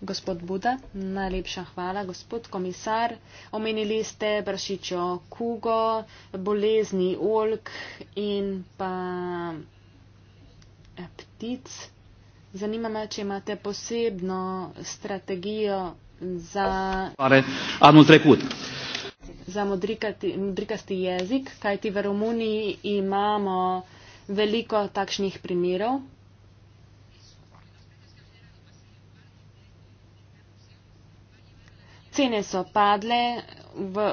Gospod Buda, najlepša hvala, gospod komisar. Omenili ste bršičo kugo, bolezni olk in pa eh, ptic. Zanima me, če imate posebno strategijo za... Anul trecut. Za modrikati, modrikasti jezik, kajti v Romuniji imamo veliko takšnih primerov. Cene so padle, v,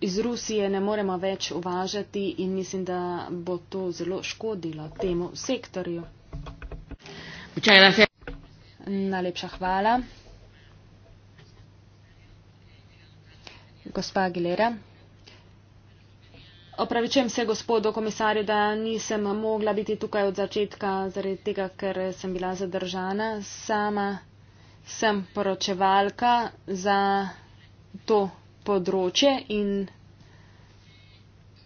iz Rusije ne moremo več uvažati in mislim, da bo to zelo škodilo temu sektorju. Najlepša hvala. Gospa Aguilera opravičujem se gospodu komisarju, da nisem mogla biti tukaj od začetka, zaradi tega, ker sem bila zadržana. Sama sem poročevalka za to področje in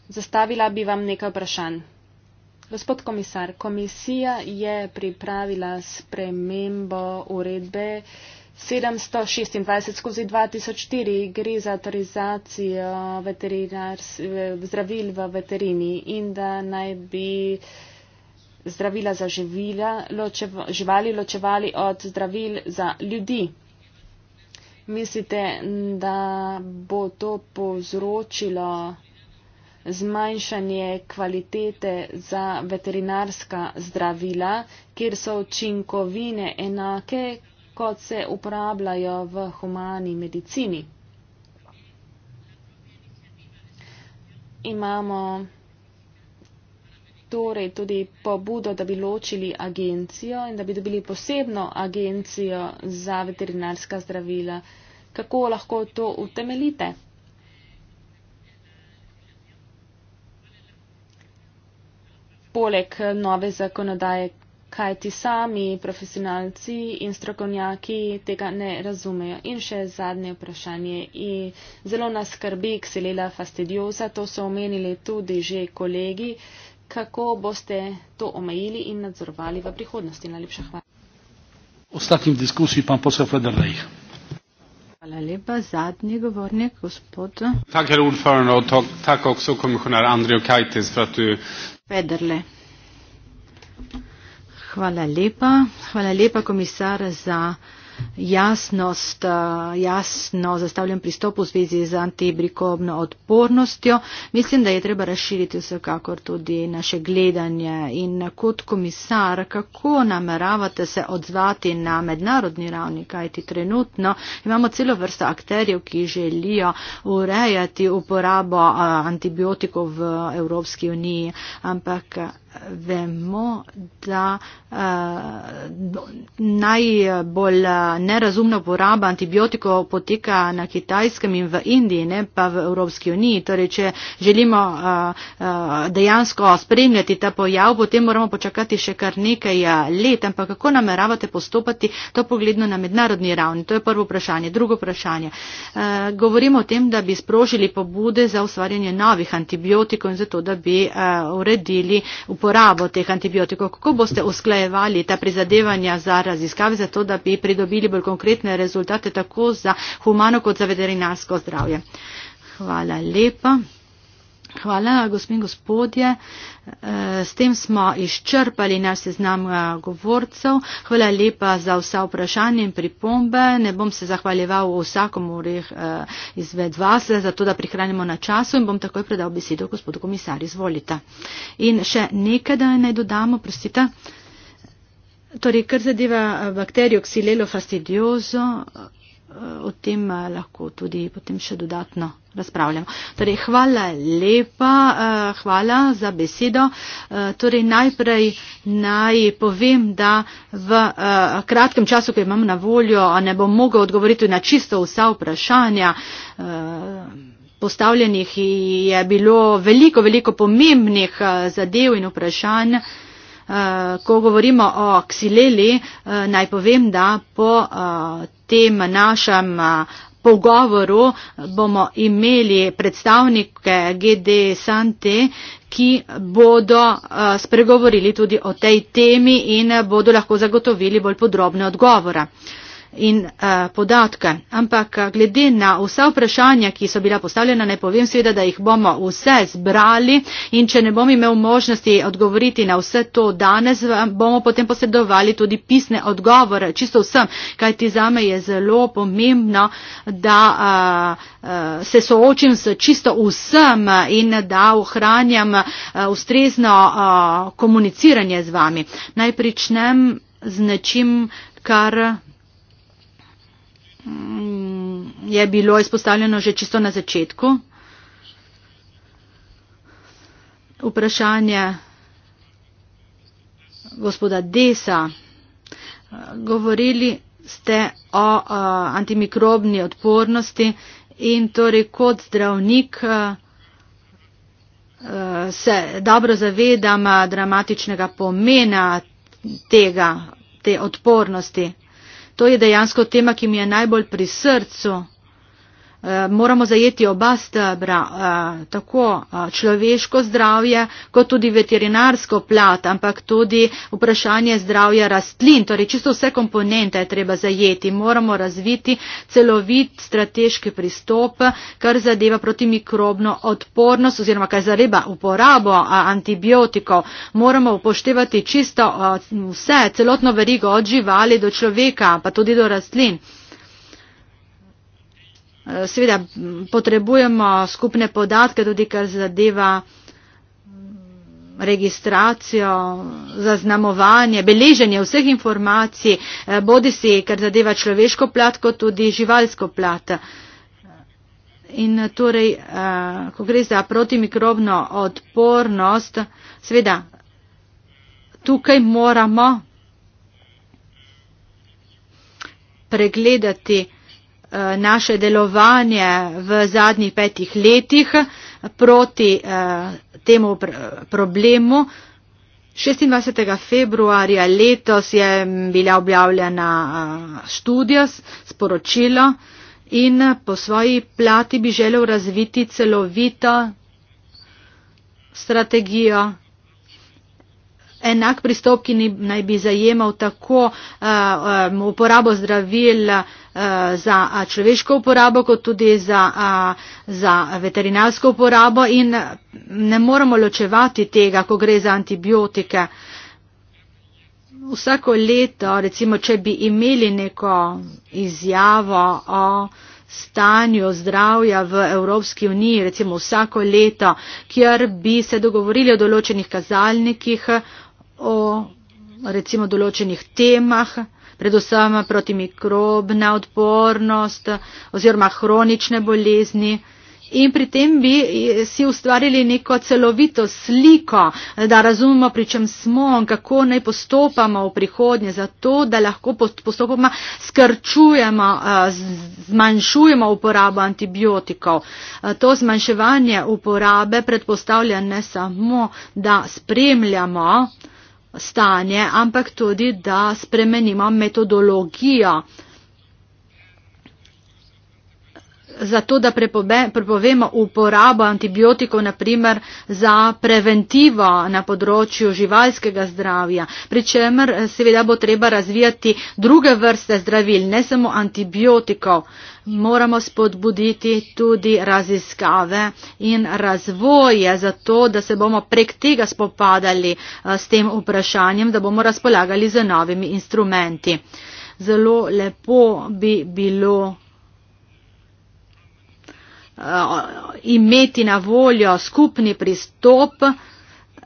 zastavila bi vam nekaj vprašanj. Gospod komisar, komisija je pripravila spremembo uredbe, 726 skozi 2004 gre za autorizacijo zdravil v veterini in da naj bi zdravila za živila, ločevo, živali ločevali od zdravil za ljudi. Mislite, da bo to povzročilo zmanjšanje kvalitete za veterinarska zdravila, kjer so učinkovine enake, kot se uporabljajo v humani medicini. Imamo torej tudi pobudo, da bi ločili agencijo in da bi dobili posebno agencijo za veterinarska zdravila. Kako lahko to utemeljite? Poleg nove zakonodaje, kaj ti sami profesionalci in strokovnjaki tega ne razumejo. In še zadnje vprašanje. In zelo nas skrbi ksilela fastidioza, to so omenili tudi že kolegi. Kako boste to omejili in nadzorovali v prihodnosti? Najlepša hvala. Ostatnim diskusij pa posel Federej. Hvala lepa. Zadnji govornik, gospod. Tak, herr Ulfarno, tako so komisionar Andrej Kajtis, fratu. Federle. Hvala lepa. Hvala lepa, komisar, za jasnost, eh, jasno zastavljen pristop v zvezi z antibrikobno odpornostjo. Mislim, da je treba razširiti vsekakor tudi naše gledanje in kot komisar, kako nameravate se odzvati na mednarodni ravni, kajti trenutno imamo celo vrsto akterjev, ki želijo urejati uporabo eh, antibiotikov v Evropski uniji, ampak vemo, da uh, najbolj eh, nerazumna poraba antibiotikov poteka na Kitajskem in v Indiji, ne pa v Evropski uniji. Torej, če želimo uh, uh, dejansko spremljati ta pojav, potem moramo počakati še kar nekaj let. Ampak kako nameravate postopati to pogledno na mednarodni ravni? To je prvo vprašanje. Drugo vprašanje. Uh, govorimo o tem, da bi sprožili pobude za ustvarjanje novih antibiotikov in zato, da bi uh, uredili uporabo uporabo teh antibiotikov. Kako boste usklajevali ta prizadevanja za raziskave, zato da bi pridobili bolj konkretne rezultate tako za humano kot za veterinarsko zdravje? Hvala lepa. Hvala, gospod in gospodje. Eh, s tem smo izčrpali naš seznam eh, govorcev. Hvala lepa za vsa vprašanja in pripombe. Ne bom se zahvaljeval vsakomur eh, izved vas, zato da prihranimo na času in bom takoj predal besedo gospodu komisar. Izvolite. In še nekaj, da naj dodamo, prosite. Torej, kar zadeva bakterijo Xylelo fastidioso, o tem eh, lahko tudi potem še dodatno razpravljamo. Torej, hvala lepa, eh, hvala za besedo. Eh, torej, najprej naj povem, da v kratkem času, ko imam na voljo, ne bom mogel odgovoriti na čisto vsa vprašanja. Postavljenih je bilo veliko, veliko pomembnih zadev in vprašanj. Ko govorimo o ksileli, naj povem, da po tem našem pogovoru bomo imeli predstavnike GD Sante, ki bodo spregovorili tudi o tej temi in bodo lahko zagotovili bolj podrobne odgovore in uh, podatke. Ampak eh, glede na vsa vprašanja, ki so bila postavljena, ne povem seveda, da jih bomo vse zbrali in če ne bom imel možnosti odgovoriti na vse to danes, eh, bomo potem posedovali tudi pisne odgovore čisto vsem, kajti zame je zelo pomembno, da uh, uh, se soočim s čisto vsem in da ohranjam uh, ustrezno uh, komuniciranje z vami. Naj pričnem z nečim, kar Mm, je bilo izpostavljeno že čisto na začetku. Vprašanje gospoda Desa. Govorili ste o uh, antimikrobni odpornosti in torej kot zdravnik uh, se dobro zavedam dramatičnega pomena tega, te odpornosti. To je dejansko tema, ki mi je najbolj pri srcu. Eh, moramo zajeti oba stebra, eh, tako eh, človeško zdravje, kot tudi veterinarsko plat, ampak tudi vprašanje zdravja rastlin, torej čisto vse komponente je treba zajeti. Moramo razviti celovit strateški pristop, kar zadeva protimikrobno odpornost oziroma kaj zareba uporabo antibiotikov. Moramo upoštevati čisto vse, celotno verigo od živali do človeka, pa tudi do rastlin. Eh, seveda potrebujemo skupne podatke tudi, kar zadeva mm, registracijo, zaznamovanje, beleženje vseh informacij, eh, bodi si, kar zadeva človeško plat, kot tudi živalsko plat. In torej, eh, ko gre za protimikrobno odpornost, seveda tukaj moramo pregledati Eh, naše delovanje v zadnjih petih letih proti eh, temu problemu. 26. februarja letos je bila objavljena eh, študija, sporočilo in po svoji plati bi želel razviti celovito strategijo. Enak pristop, ki naj bi zajemal tako uh, uporabo zdravil, uh, Eh, za eh, človeško uporabo, kot tudi za, eh, za veterinarsko uporabo in ne moremo ločevati tega, ko gre za antibiotike. Vsako leto, recimo, če bi imeli neko izjavo o stanju zdravja v Evropski uniji, recimo vsako leto, kjer bi se dogovorili o določenih kazalnikih, o recimo določenih temah, predvsem protimikrobna odpornost oziroma kronične bolezni. In pri tem bi si ustvarili neko celovito sliko, da razumemo, pri čem smo in kako naj postopamo v prihodnje, zato da lahko postopoma skrčujemo, eh, zmanjšujemo uporabo antibiotikov. Eh, to zmanjševanje uporabe predpostavlja ne samo, da spremljamo stanje, ampak tudi, da spremenimo metodologijo zato, da prepobe, prepovemo uporabo antibiotikov, naprimer, za preventivo na področju živalskega zdravja, pri čemer eh, seveda bo treba razvijati druge vrste zdravil, ne samo antibiotikov. Moramo spodbuditi tudi raziskave in razvoje, zato da se bomo prek tega spopadali eh, s tem vprašanjem, da bomo razpolagali z novimi instrumenti. Zelo lepo bi bilo Eh, imeti na voljo skupni pristop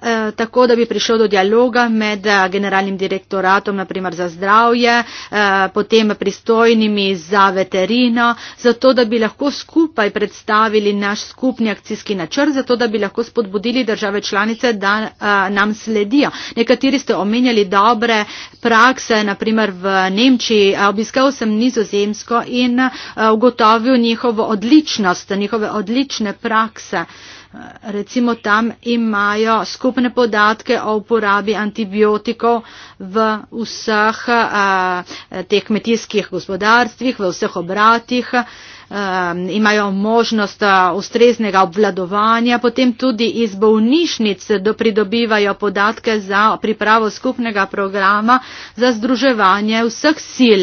Eh, tako da bi prišlo do dialoga med eh, generalnim direktoratom, naprimer za zdravje, eh, potem pristojnimi za veterino, zato da bi lahko skupaj predstavili naš skupni akcijski načrt, zato da bi lahko spodbudili države članice, da nam sledijo. Nekateri ste omenjali dobre prakse, naprimer v Nemčiji. Obiskal sem nizozemsko in ugotovil njihovo odličnost, njihove odlične prakse recimo tam imajo skupne podatke o uporabi antibiotikov v vseh eh, teh kmetijskih gospodarstvih, v vseh obratih. Um, imajo možnost uh, ustreznega obvladovanja, potem tudi iz bolnišnic pridobivajo podatke za pripravo skupnega programa za združevanje vseh sil.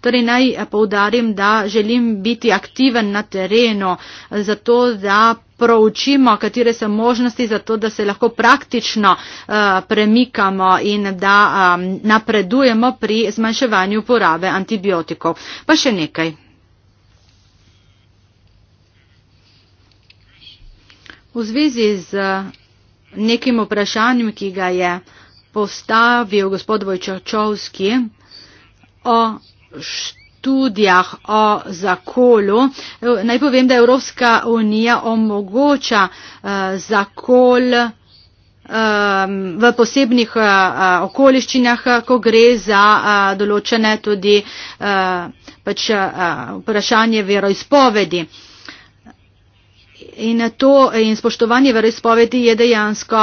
Torej naj poudarim, da želim biti aktiven na terenu, zato da proučimo, katere so možnosti za to, da se lahko praktično uh, premikamo in da um, napredujemo pri zmanjševanju porabe antibiotikov. Pa še nekaj. V zvezi z eh, nekim vprašanjem, ki ga je postavil gospod Vojčočovski o študijah o zakolu. Naj povem, da Evropska unija omogoča uh, zakol eh, v posebnih eh, okoliščinah, ko gre za določene tudi pač vprašanje veroizpovedi. In, to, in spoštovanje veroizpovedi je dejansko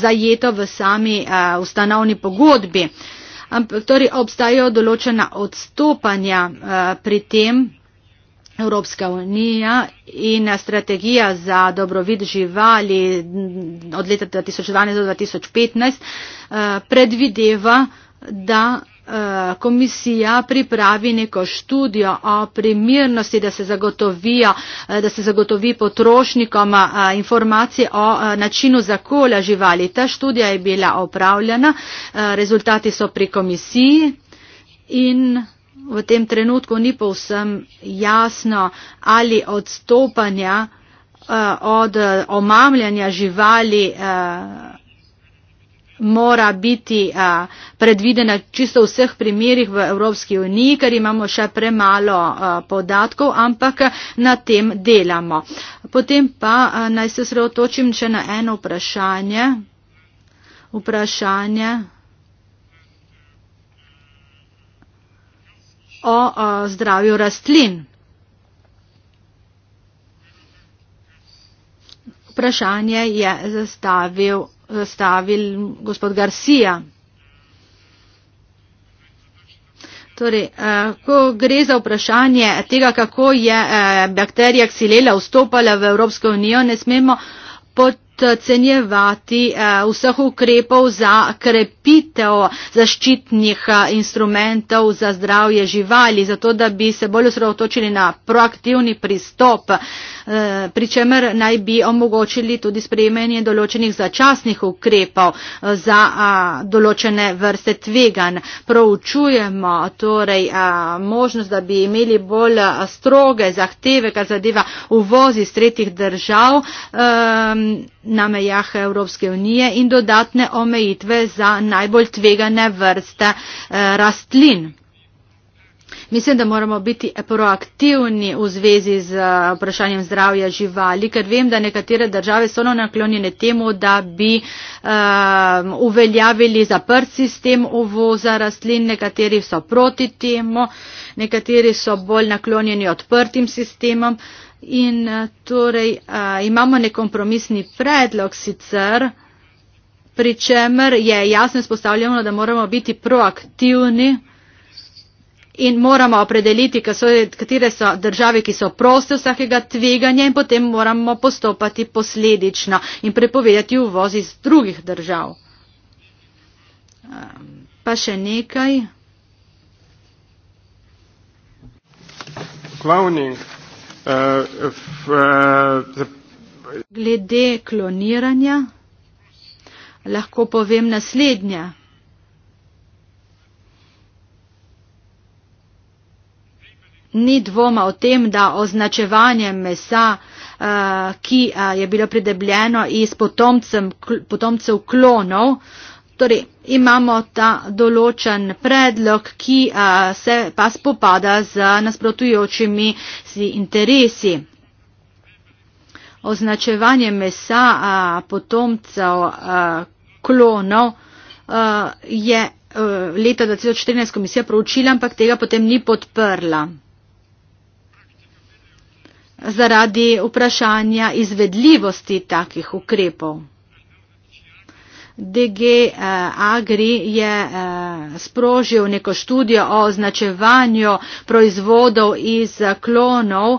zajeto v sami ustanovni pogodbi ampak torej obstajajo določena odstopanja eh, pri tem. Evropska unija in strategija za dobrobit živali od leta 2012 do 2015 eh, predvideva, da Eh, komisija pripravi neko študijo o primernosti, da se, eh, da se zagotovi potrošnikom eh, informacije o načinu zakola živali. Ta študija je bila opravljena, rezultati so pri komisiji in v tem trenutku ni povsem jasno ali odstopanja od omamljanja živali mora biti a, predvidena čisto v vseh primerjih v Evropski uniji, ker imamo še premalo a, podatkov, ampak na tem delamo. Potem pa a, naj se sreotočim še na eno vprašanje. Vprašanje. o uh, zdravju rastlin. Vprašanje je zastavil zastavil gospod Garcia. Torej, eh, ko gre za vprašanje tega, kako je eh, bakterija ksilela vstopala v Evropsko unijo, ne smemo podcenjevati eh, vseh ukrepov za krepitev zaščitnih instrumentov za zdravje živali, zato da bi se bolj osredotočili na proaktivni pristop. Eh, pri čemer naj bi omogočili tudi sprejemanje določenih začasnih ukrepov eh, za določene vrste tvegan. Proučujemo torej možnost, da bi imeli bolj stroge zahteve, kar zadeva uvoz iz tretjih držav na mejah Evropske unije in dodatne omejitve za najbolj tvegane vrste eh, rastlin. Mislim, da moramo biti proaktivni v zvezi z eh, vprašanjem zdravja živali, ker vem, da nekatere države so naklonjene temu, da bi um, uveljavili zaprt sistem uvoza rastlin, nekateri so proti temu, nekateri so bolj naklonjeni odprtim sistemom. In eh, torej a, imamo nekompromisni predlog sicer, pri čemer je jasno izpostavljeno, da moramo biti proaktivni in moramo opredeliti, katere so države, ki so proste vsakega tveganja in potem moramo postopati posledično in prepovedati uvoz iz drugih držav. Ehm, pa še nekaj. Cloning. Uh, f, uh, Glede kloniranja lahko povem naslednje. ni dvoma o tem, da označevanje mesa, eh, ki eh, je bilo pridebljeno iz potomcem, potomcev klonov, torej imamo ta določen predlog, ki eh, se pa spopada z nasprotujočimi si interesi. Označevanje mesa potomcev klonov je leta 2014 komisija proučila, ampak tega potem ni podprla zaradi vprašanja izvedljivosti takih ukrepov. DG eh, Agri je eh, sprožil neko študijo o označevanju proizvodov iz eh, klonov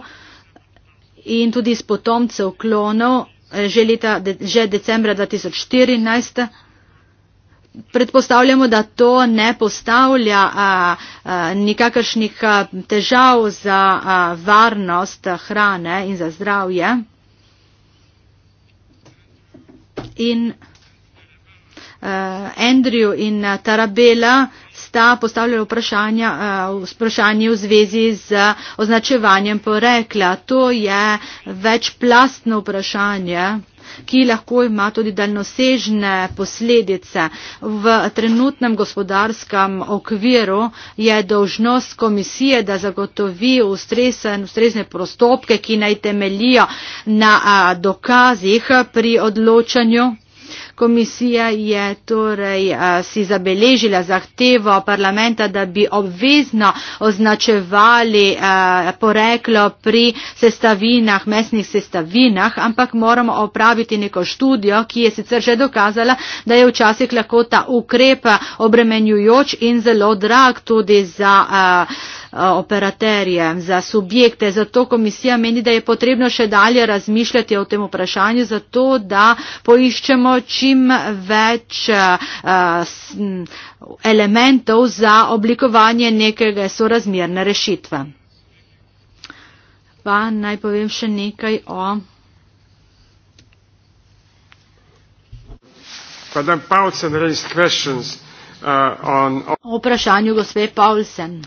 in tudi iz potomcev klonov eh, že, leta, že decembra 2014 predpostavljamo, da to ne postavlja a, a, nikakršnih težav za a, varnost hrane in za zdravje. In uh, Andrew in uh, Tarabela sta postavljali vprašanja uh, vprašanje v zvezi z označevanjem porekla. To je večplastno vprašanje ki lahko ima tudi daljnosežne posledice. V trenutnem gospodarskem okviru je dožnost komisije, da zagotovi ustrezen, ustrezne prostopke, ki naj temelijo na dokazih pri odločanju Komisija je torej si zabeležila zahtevo parlamenta, da bi obvezno označevali poreklo pri sestavinah, mesnih sestavinah, ampak moramo opraviti neko študijo, ki je sicer že dokazala, da je včasih lahko ta ukrep obremenjujoč in zelo drag tudi za. A, Eh, operaterje, za subjekte. Zato komisija meni, da je potrebno še dalje razmišljati o tem vprašanju, zato da poiščemo čim več eh, elementov za oblikovanje nekega sorazmerne rešitve. Pa naj povem še nekaj o. Madam Paulsen raised questions uh, on, on... O vprašanju gospe Paulsen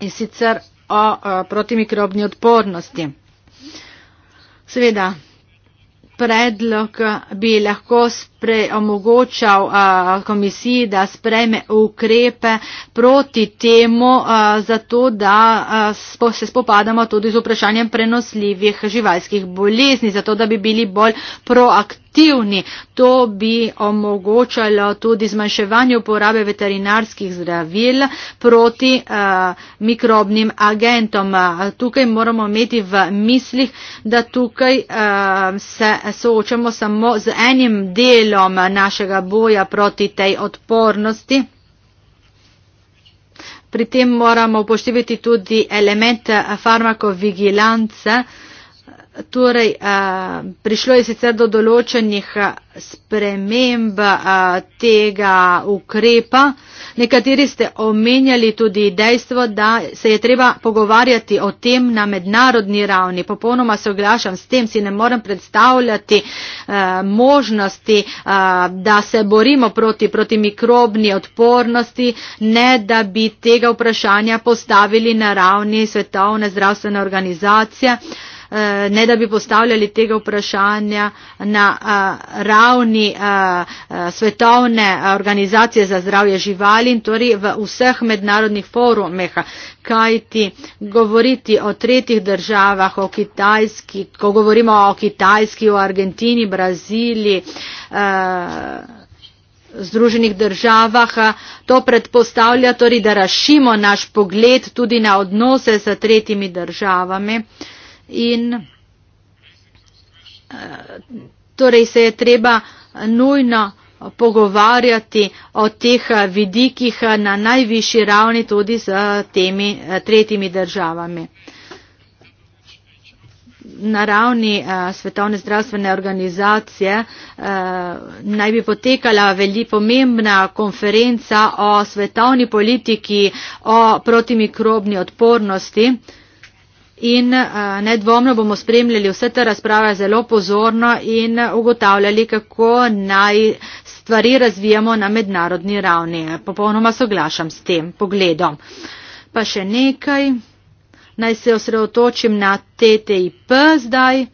in sicer o protimikrobni odpornosti. Seveda, predlog bi lahko sprej, omogočal a, komisiji, da sprejme ukrepe proti temu, a, zato da a, spo, se spopadamo tudi z vprašanjem prenosljivih živalskih bolezni, zato da bi bili bolj proaktivni aktivni. To bi omogočalo tudi zmanjševanje uporabe veterinarskih zdravil proti uh, mikrobnim agentom. Tukaj moramo imeti v mislih, da tukaj uh, se soočamo samo z enim delom našega boja proti tej odpornosti. Pri tem moramo upoštevati tudi element farmakovigilance. Uh, Torej, a, prišlo je sicer do določenih sprememb a, tega ukrepa. Nekateri ste omenjali tudi dejstvo, da se je treba pogovarjati o tem na mednarodni ravni. Popolnoma se oglašam s tem, si ne morem predstavljati a, možnosti, a, da se borimo proti, proti mikrobni odpornosti, ne da bi tega vprašanja postavili na ravni svetovne zdravstvene organizacije. Eh, ne da bi postavljali tega vprašanja na eh, ravni eh, svetovne organizacije za zdravje živali in torej v vseh mednarodnih forumeh, kajti govoriti o tretjih državah, o Kitajski, ko govorimo o Kitajski, o Argentini, Braziliji, Združenih državah, to predpostavlja torej, da rašimo naš pogled tudi na odnose s tretjimi državami in eh, torej se je treba nujno pogovarjati o teh eh, vidikih eh, na najvišji ravni tudi z temi tretjimi državami. Na ravni Svetovne zdravstvene organizacije naj bi potekala veli pomembna konferenca o svetovni politiki o protimikrobni odpornosti in eh, nedvomno bomo spremljali vse te razprave zelo pozorno in eh, ugotavljali, kako naj stvari razvijamo na mednarodni ravni. Popolnoma soglašam s tem pogledom. Pa še nekaj, naj se osredotočim na TTIP zdaj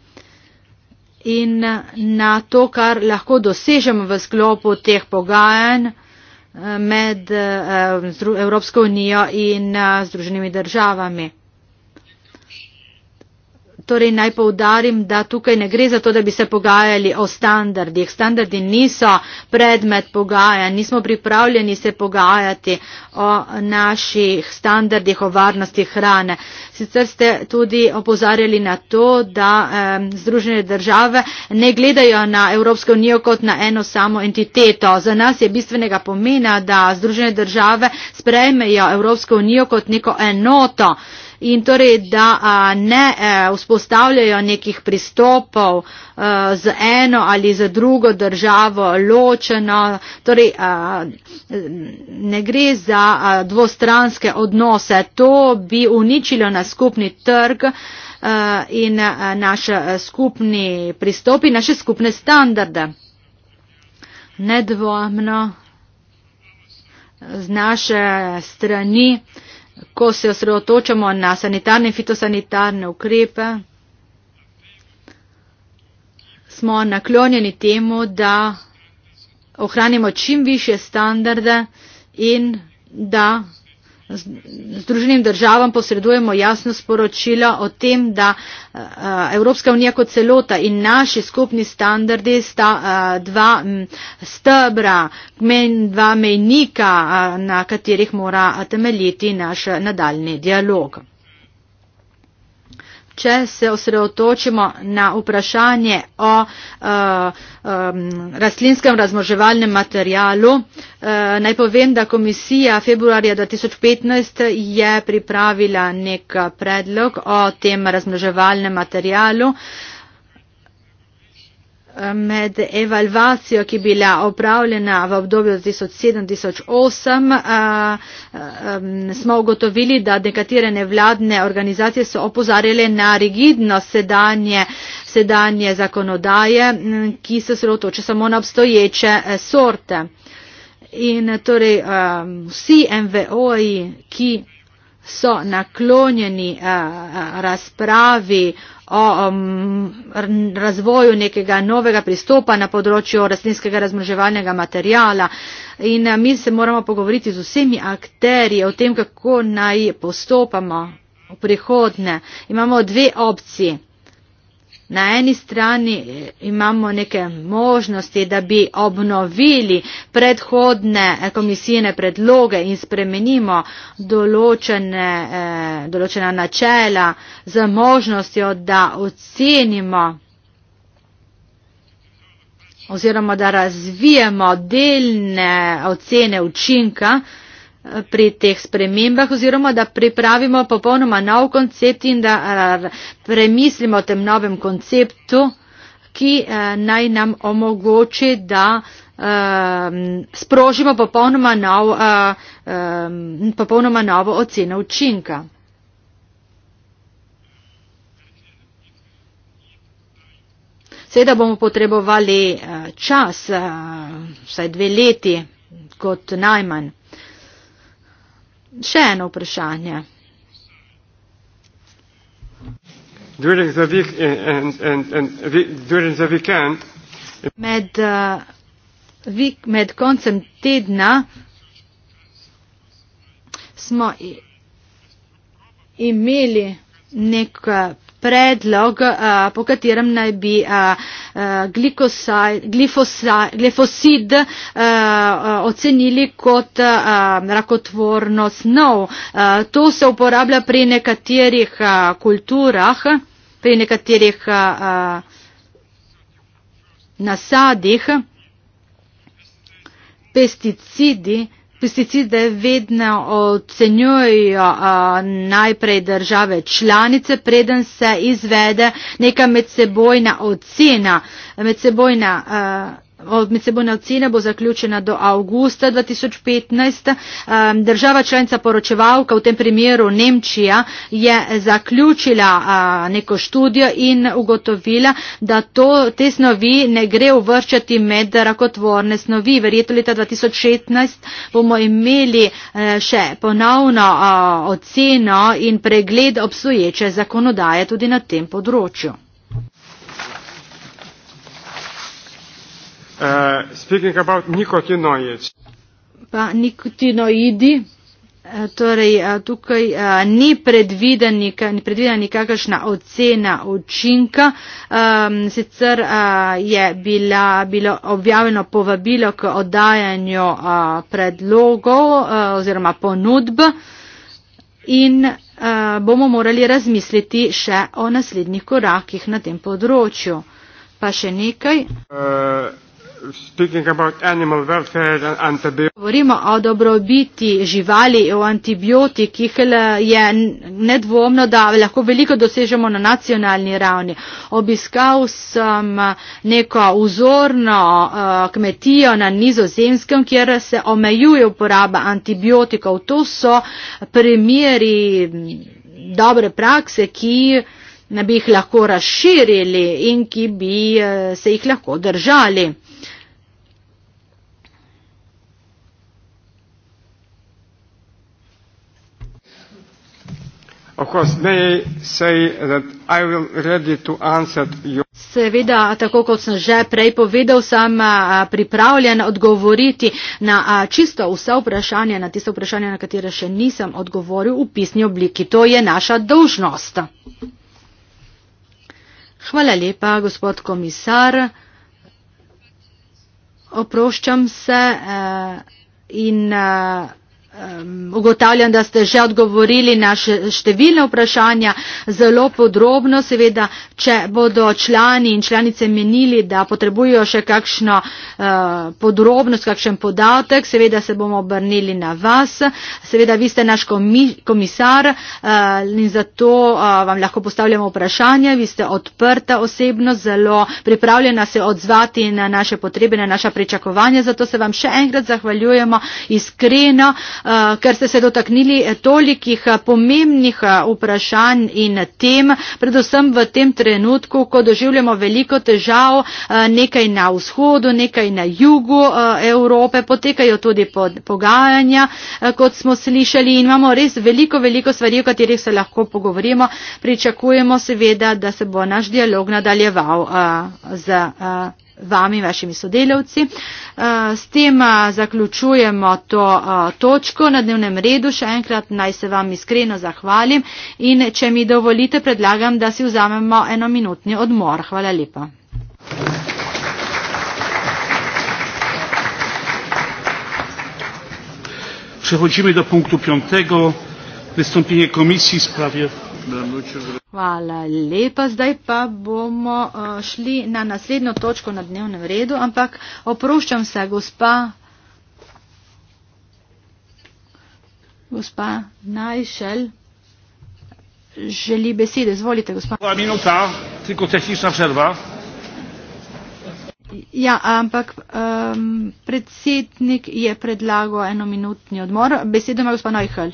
in eh, na to, kar lahko dosežemo v sklopu teh pogajanj med Evropsko unijo in Združenimi državami. Torej naj povdarim, da tukaj ne gre za to, da bi se pogajali o standardih. Standardi niso predmet pogaja, nismo pripravljeni se pogajati o naših standardih o varnosti hrane. Sicer ste tudi opozarjali na to, da eh, Združene države ne gledajo na Evropsko unijo kot na eno samo entiteto. Za nas je bistvenega pomena, da Združene države sprejmejo Evropsko unijo kot neko enoto. Eh, in torej, da ne e, vzpostavljajo nekih pristopov e, z eno ali z drugo državo ločeno. Torej, ne gre za dvostranske odnose. To bi uničilo na skupni trg e, in naš skupni pristop in naše skupne standarde. Nedvomno z naše strani uh, ko se osredotočamo na sanitarne in fitosanitarne ukrepe, smo naklonjeni temu, da ohranimo čim više standarde in da Združenim državam posredujemo jasno sporočilo o tem, da eh, eh, Evropska unija kot celota in naši skupni standardi sta eh, dva stebra, dva mejnika, na katerih mora temeljiti naš nadaljni dialog. Če se osredotočimo na vprašanje o uh, um, rastlinskem razmoževalnem materialu, uh, naj povem, da komisija februarja 2015 je pripravila nek predlog o tem razmoževalnem materialu. Uh, med evalvacijo, ki je bila opravljena v obdobju 2007-2008, eh, eh, eh, smo ugotovili, da nekatere nevladne organizacije so opozarjale na rigidnost sedanje, sedanje zakonodaje, ki se sredotoče samo na obstoječe sorte. In torej vsi MVO-ji, ki so naklonjeni razpravi o um, razvoju nekega novega pristopa na področju rastlinskega razmrževalnega materijala in uh, mi se moramo pogovoriti z vsemi akterji o tem, kako naj postopamo v prihodne. Imamo dve opcije na eni strani eh, imamo neke možnosti, da bi obnovili predhodne eh, komisijne predloge in spremenimo določene, eh, določena načela z možnostjo, da ocenimo oziroma da razvijemo delne ocene učinka, pri teh spremembah oziroma da pripravimo popolnoma nov koncept in da premislimo o tem novem konceptu, ki naj nam omogoči, da sprožimo popolnoma, nov, popolnoma novo oceno učinka. Seveda bomo potrebovali čas, vsaj dve leti kot najmanj. Še eno vprašanje. Week, eh, and, and, and, weekend, med, uh, eh, vik, med koncem tedna smo imeli nek eh, predlog, a, eh, po katerem naj bi a, eh, a, eh, glikosaj, glifosaj, glifosid a, a, ocenili kot a, rakotvorno snov. A, to se uporablja pri nekaterih a, kulturah, pri nekaterih a, a, nasadih, pesticidi. A, pesticide vedno ocenjujejo najprej države članice, preden se izvede neka medsebojna ocena, medsebojna. A, Medsebojna ocena bo zaključena do avgusta 2015. Država članica poročevalka, v tem primeru Nemčija, je zaključila neko študijo in ugotovila, da to, te snovi ne gre uvrščati med rakotvorne snovi. Verjetno leta 2016 bomo imeli e, še ponovno oceno in pregled obsoječe zakonodaje tudi na tem področju. uh, speaking about nicotinoids. Pa nikotinoidi, eh, torej eh, tukaj eh, ni predvidena nikakršna ocena učinka, ehm, sicer je bila, bilo objavljeno povabilo k oddajanju predlogov oziroma ponudb in bomo morali razmisliti še o naslednjih korakih na tem področju. Pa še nekaj. Uh, Govorimo o dobrobiti živali, o antibiotikih, je nedvomno, da lahko veliko dosežemo na nacionalni ravni. Obiskal sem neko vzorno eh, kmetijo na nizozemskem, kjer se omejuje uporaba antibiotikov. To so primeri dobre prakse, ki ne bi jih lahko razširili in ki bi eh, se jih lahko držali. Of course, may I say that I will ready to answer you. Seveda, tako kot sem že prej povedal, sem pripravljen odgovoriti na čisto vse vprašanje, na tiste vprašanje, na katere še nisem odgovoril v pisni obliki. To je naša dolžnost. Hvala lepa, gospod komisar. Oproščam se e, in. Uh, Um, ugotavljam, da ste že odgovorili na številne vprašanja zelo podrobno. Seveda, če bodo člani in članice menili, da potrebujo še kakšno uh, podrobnost, kakšen podatek, seveda se bomo obrnili na vas. Seveda, vi ste naš komi komisar uh, in zato uh, vam lahko postavljamo vprašanja. Vi ste odprta osebno, zelo pripravljena se odzvati na naše potrebe, na naša pričakovanja. Zato se vam še enkrat zahvaljujemo iskreno. Eh, ker ste se dotaknili eh, tolikih eh, pomembnih vprašanj in tem, predvsem v tem trenutku, ko doživljamo veliko težav, nekaj na vzhodu, nekaj na jugu Evrope, potekajo tudi pogajanja, kot smo slišali in imamo res veliko, veliko stvari, o katerih se lahko pogovorimo. Pričakujemo seveda, da se bo naš dialog nadaljeval z vami, vašimi sodelavci. Eh, s tem eh, zaključujemo to eh, točko na dnevnem redu. Še enkrat naj se vam iskreno zahvalim in če mi dovolite, predlagam, da si vzamemo enominutni odmor. Hvala lepa. Przechodzimy do punktu piątego, wystąpienie Komisji Sprawiedliwości. Hvala lepa. Zdaj pa bomo eh, šli na naslednjo točko na dnevnem redu, ampak oproščam se, gospa. Gospa Najšel želi besede. Izvolite, gospa. Minuta, tukaj, ja, ampak um, predsednik je predlagal enominutni odmor. Besedo ima gospa Najšel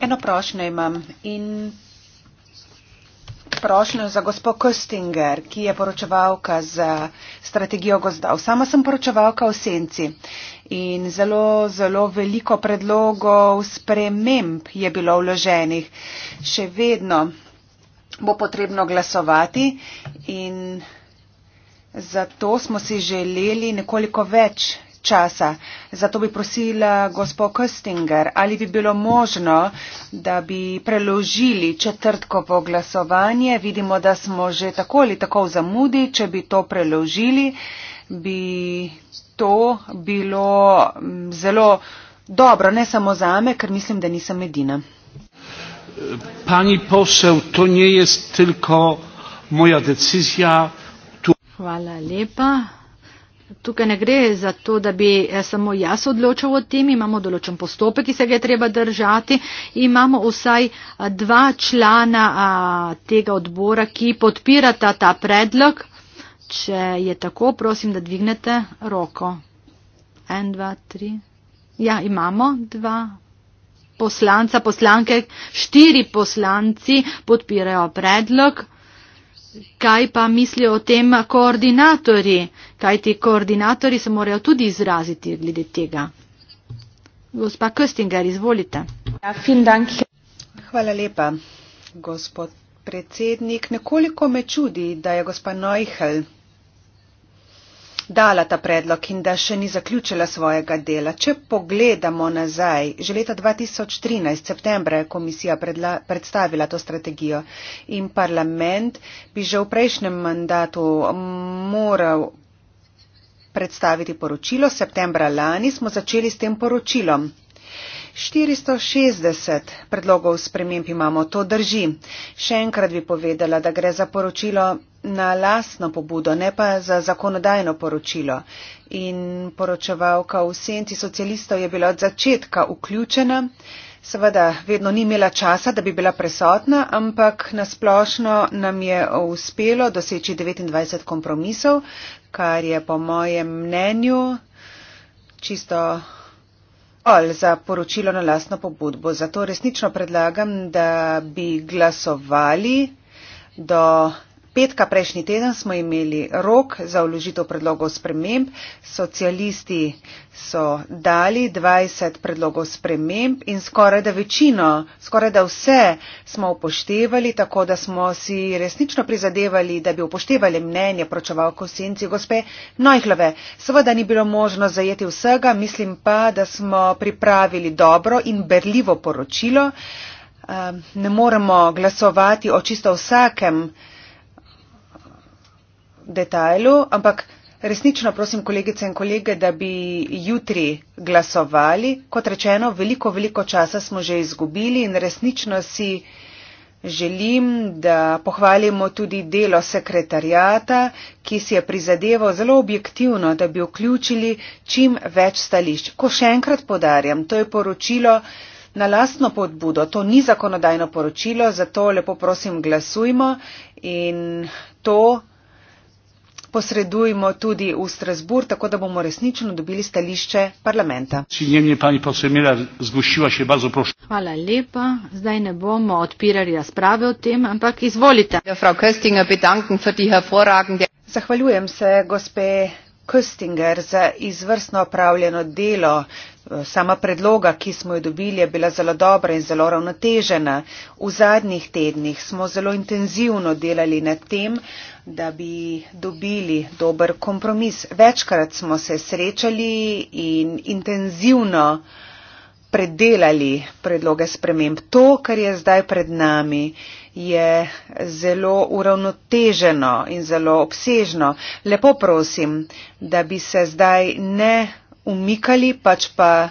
eno prošnjo imam in prošnjo za gospod Köstinger, ki je poročevalka za strategijo gozdov. Sama sem poročevalka v senci in zelo, zelo veliko predlogov sprememb je bilo vloženih. Še vedno bo potrebno glasovati in zato smo si želeli nekoliko več časa. Zato bi prosila gospo Köstinger, ali bi bilo možno, da bi preložili četrtkovo glasovanje. Vidimo, da smo že tako ali tako v zamudi. Če bi to preložili, bi to bilo mm, zelo dobro, ne samo za me, ker mislim, da nisem edina. Pani posel, to ni jaz, tylko moja decizija. Hvala lepa. Tukaj ne gre za to, da bi eh, samo jaz odločal o tem, imamo določen postopek, ki se ga je treba držati. Imamo vsaj eh, dva člana eh, tega odbora, ki podpirata ta predlog. Če je tako, prosim, da dvignete roko. En, dva, tri. Ja, imamo dva poslanca, poslanke, štiri poslanci podpirajo predlog. Kaj pa mislijo o tem koordinatorji? kajti koordinatori se morajo tudi izraziti glede tega. Gospa Köstinger, izvolite. Ja, Hvala lepa, gospod predsednik. Nekoliko me čudi, da je gospa Neuchel dala ta predlog in da še ni zaključila svojega dela. Če pogledamo nazaj, že leta 2013, septembra je komisija predla, predstavila to strategijo in parlament bi že v prejšnjem mandatu moral predstaviti poročilo. Septembra lani smo začeli s tem poročilom. 460 predlogov sprememb imamo, to drži. Še enkrat bi povedala, da gre za poročilo na lasno pobudo, ne pa za zakonodajno poročilo. In poročevalka v senci socialistov je bila od začetka vključena. Seveda, vedno ni imela časa, da bi bila prisotna, ampak nasplošno nam je uspelo doseči 29 kompromisov, kar je po mojem mnenju čisto ol za poročilo na lastno pobudbo. Zato resnično predlagam, da bi glasovali do Petka prejšnji teden smo imeli rok za vložitev predlogov sprememb. Socialisti so dali 20 predlogov sprememb in skoraj da večino, skoraj da vse smo upoštevali, tako da smo si resnično prizadevali, da bi upoštevali mnenje pročevalko senci gospe Nojhlove. Seveda ni bilo možno zajeti vsega, mislim pa, da smo pripravili dobro in berljivo poročilo. Ehm, ne moremo glasovati o čisto vsakem detajlu, ampak resnično prosim kolegice in kolege, da bi jutri glasovali. Kot rečeno, veliko, veliko časa smo že izgubili in resnično si želim, da pohvalimo tudi delo sekretarjata, ki si je prizadeval zelo objektivno, da bi vključili čim več stališč. Ko še enkrat podarjam, to je poročilo. Na lastno podbudo, to ni zakonodajno poročilo, zato lepo prosim glasujmo in to posredujmo tudi v Strasbourg, tako da bomo resnično dobili stališče parlamenta. Hvala lepa. Zdaj ne bomo odpirali razprave o tem, ampak izvolite. Ja, Zahvaljujem se gospe Kustinger za izvrstno opravljeno delo. Sama predloga, ki smo jo dobili, je bila zelo dobra in zelo ravnotežena. V zadnjih tednih smo zelo intenzivno delali nad tem, da bi dobili dober kompromis. Večkrat smo se srečali in intenzivno predelali predloge sprememb. To, kar je zdaj pred nami, je zelo uravnoteženo in zelo obsežno. Lepo prosim, da bi se zdaj ne umikali, pač pa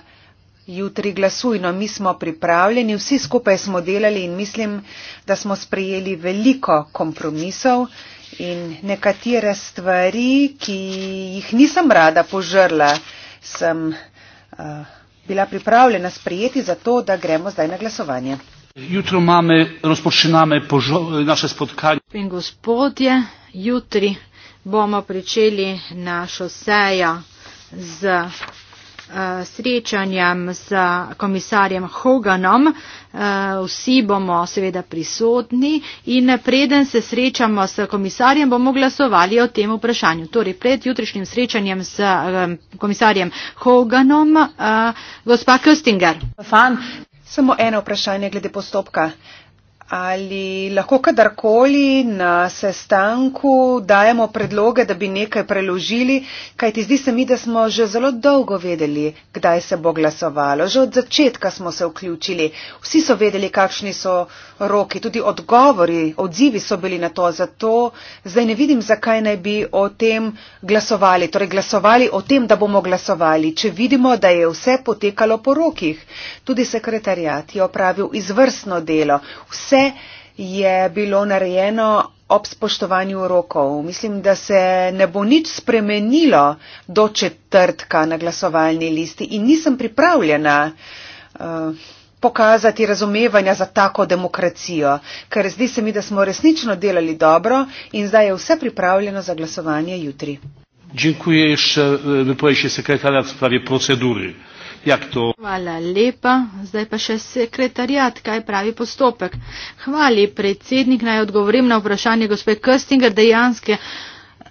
jutri glasujno. Mi smo pripravljeni, vsi skupaj smo delali in mislim, da smo sprejeli veliko kompromisov in nekatere stvari, ki jih nisem rada požrla, sem uh, bila pripravljena sprejeti zato, da gremo zdaj na glasovanje. Jutro mame, razpočinjame naše spotkanje. In gospodje, jutri bomo pričeli našo sejo z e, srečanjem z komisarjem Hoganom. E, vsi bomo seveda prisotni in preden se srečamo s komisarjem, bomo glasovali o tem vprašanju. Torej, pred jutrišnjim srečanjem s e, komisarjem Hoganom, gospa Köstinger. Fan. Samo eno vprašanje glede postopka ali lahko kadarkoli na sestanku dajemo predloge, da bi nekaj preložili, kaj ti zdi se mi, da smo že zelo dolgo vedeli, kdaj se bo glasovalo. Že od začetka smo se vključili. Vsi so vedeli, kakšni so roki. Tudi odgovori, odzivi so bili na to. Zato zdaj ne vidim, zakaj naj bi o tem glasovali. Torej glasovali o tem, da bomo glasovali, če vidimo, da je vse potekalo po rokih. Tudi sekretarjat je opravil izvrstno delo. Vse vse je bilo narejeno ob spoštovanju rokov. Mislim, da se ne bo nič spremenilo do četrtka na glasovalni listi in nisem pripravljena eh, pokazati razumevanja za tako demokracijo, ker zdi se mi, da smo resnično delali dobro in zdaj je vse pripravljeno za glasovanje jutri. Dziękuję jeszcze e, wypowiedź sekretarza w sprawie procedury. Jak to... Hvala lepa. Zdaj pa še sekretarjat, kaj pravi postopek. Hvala predsednik, naj odgovorim na vprašanje gospe Köstinger dejanske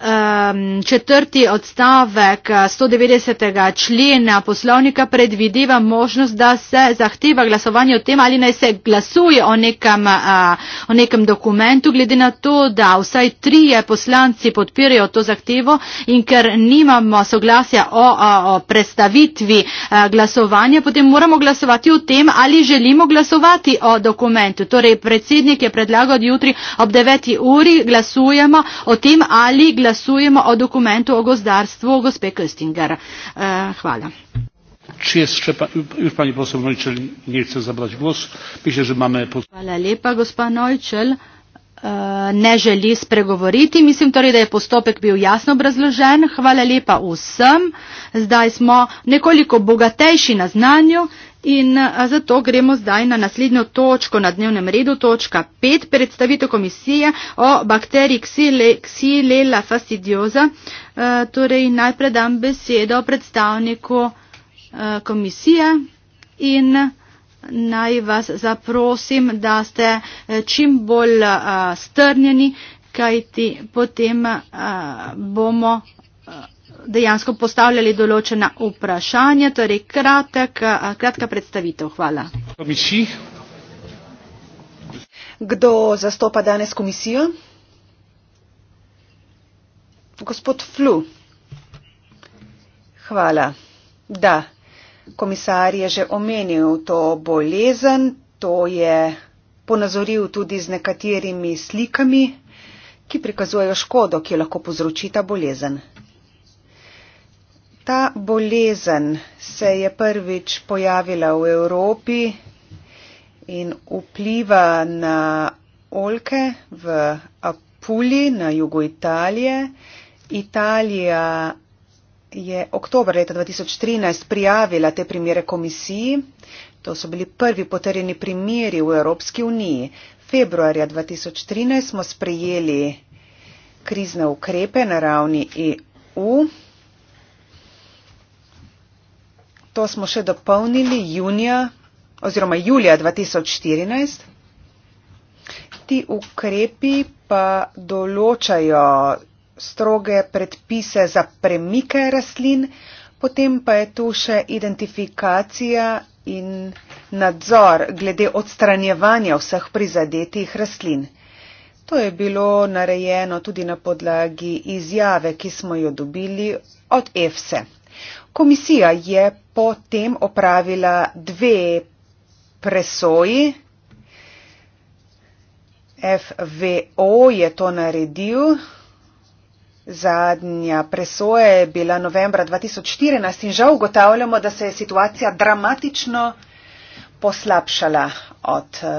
um, četrti odstavek 190. Eh, člena poslovnika predvideva možnost, da se zahteva glasovanje o tem, ali naj se glasuje o nekem, uh, o nekem dokumentu, glede na to, da vsaj trije poslanci podpirajo to zahtevo in ker nimamo soglasja o, o, o predstavitvi uh, eh, glasovanja, potem moramo glasovati o tem, ali želimo glasovati o dokumentu. Torej, predsednik je predlagal, da jutri ob 9. uri glasujemo o tem, ali glasujemo glasujemo o dokumentu o gozdarstvu gospe Köstinger. Eh, hvala. Če je še pa, už pani posel Nojčel ne chce zabrati glas, piše, že imamo pos... Hvala lepa, gospa Nojčel. Eh, ne želi spregovoriti. Mislim torej, da je postopek bil jasno obrazložen. Hvala lepa vsem. Zdaj smo nekoliko bogatejši na znanju. In zato gremo zdaj na naslednjo točko na dnevnem redu, točka 5, predstavitev komisije o bakteriji Xylella fastidiosa. E, torej najprej dam besedo predstavniku e, komisije in naj vas zaprosim, da ste e, čim bolj strnjeni, kajti potem bomo dejansko postavljali določena vprašanja. Torej, kratek, eh, kratka predstavitev. Hvala. Kdo zastopa danes komisijo? Gospod Flu. Hvala. Da, komisar je že omenil to bolezen, to je ponazoril tudi z nekaterimi slikami, ki prikazujejo škodo, ki jo lahko povzroči ta bolezen ta bolezen se je prvič pojavila v Evropi in vpliva na oljke v Apuli na jugu Italije. Italija je oktober leta 2013 prijavila te primere komisiji. To so bili prvi potrjeni primeri v Evropski uniji. Februarja 2013 smo sprejeli krizne ukrepe na ravni EU. To smo še dopolnili junija oziroma julija 2014. Ti ukrepi pa določajo stroge predpise za premike rastlin, potem pa je tu še identifikacija in nadzor glede odstranjevanja vseh prizadetih rastlin. To je bilo narejeno tudi na podlagi izjave, ki smo jo dobili od EFSE. Komisija je potem opravila dve presoji. FVO je to naredil. Zadnja presoja je bila novembra 2014 in žal ugotavljamo, da se je situacija dramatično poslabšala od eh,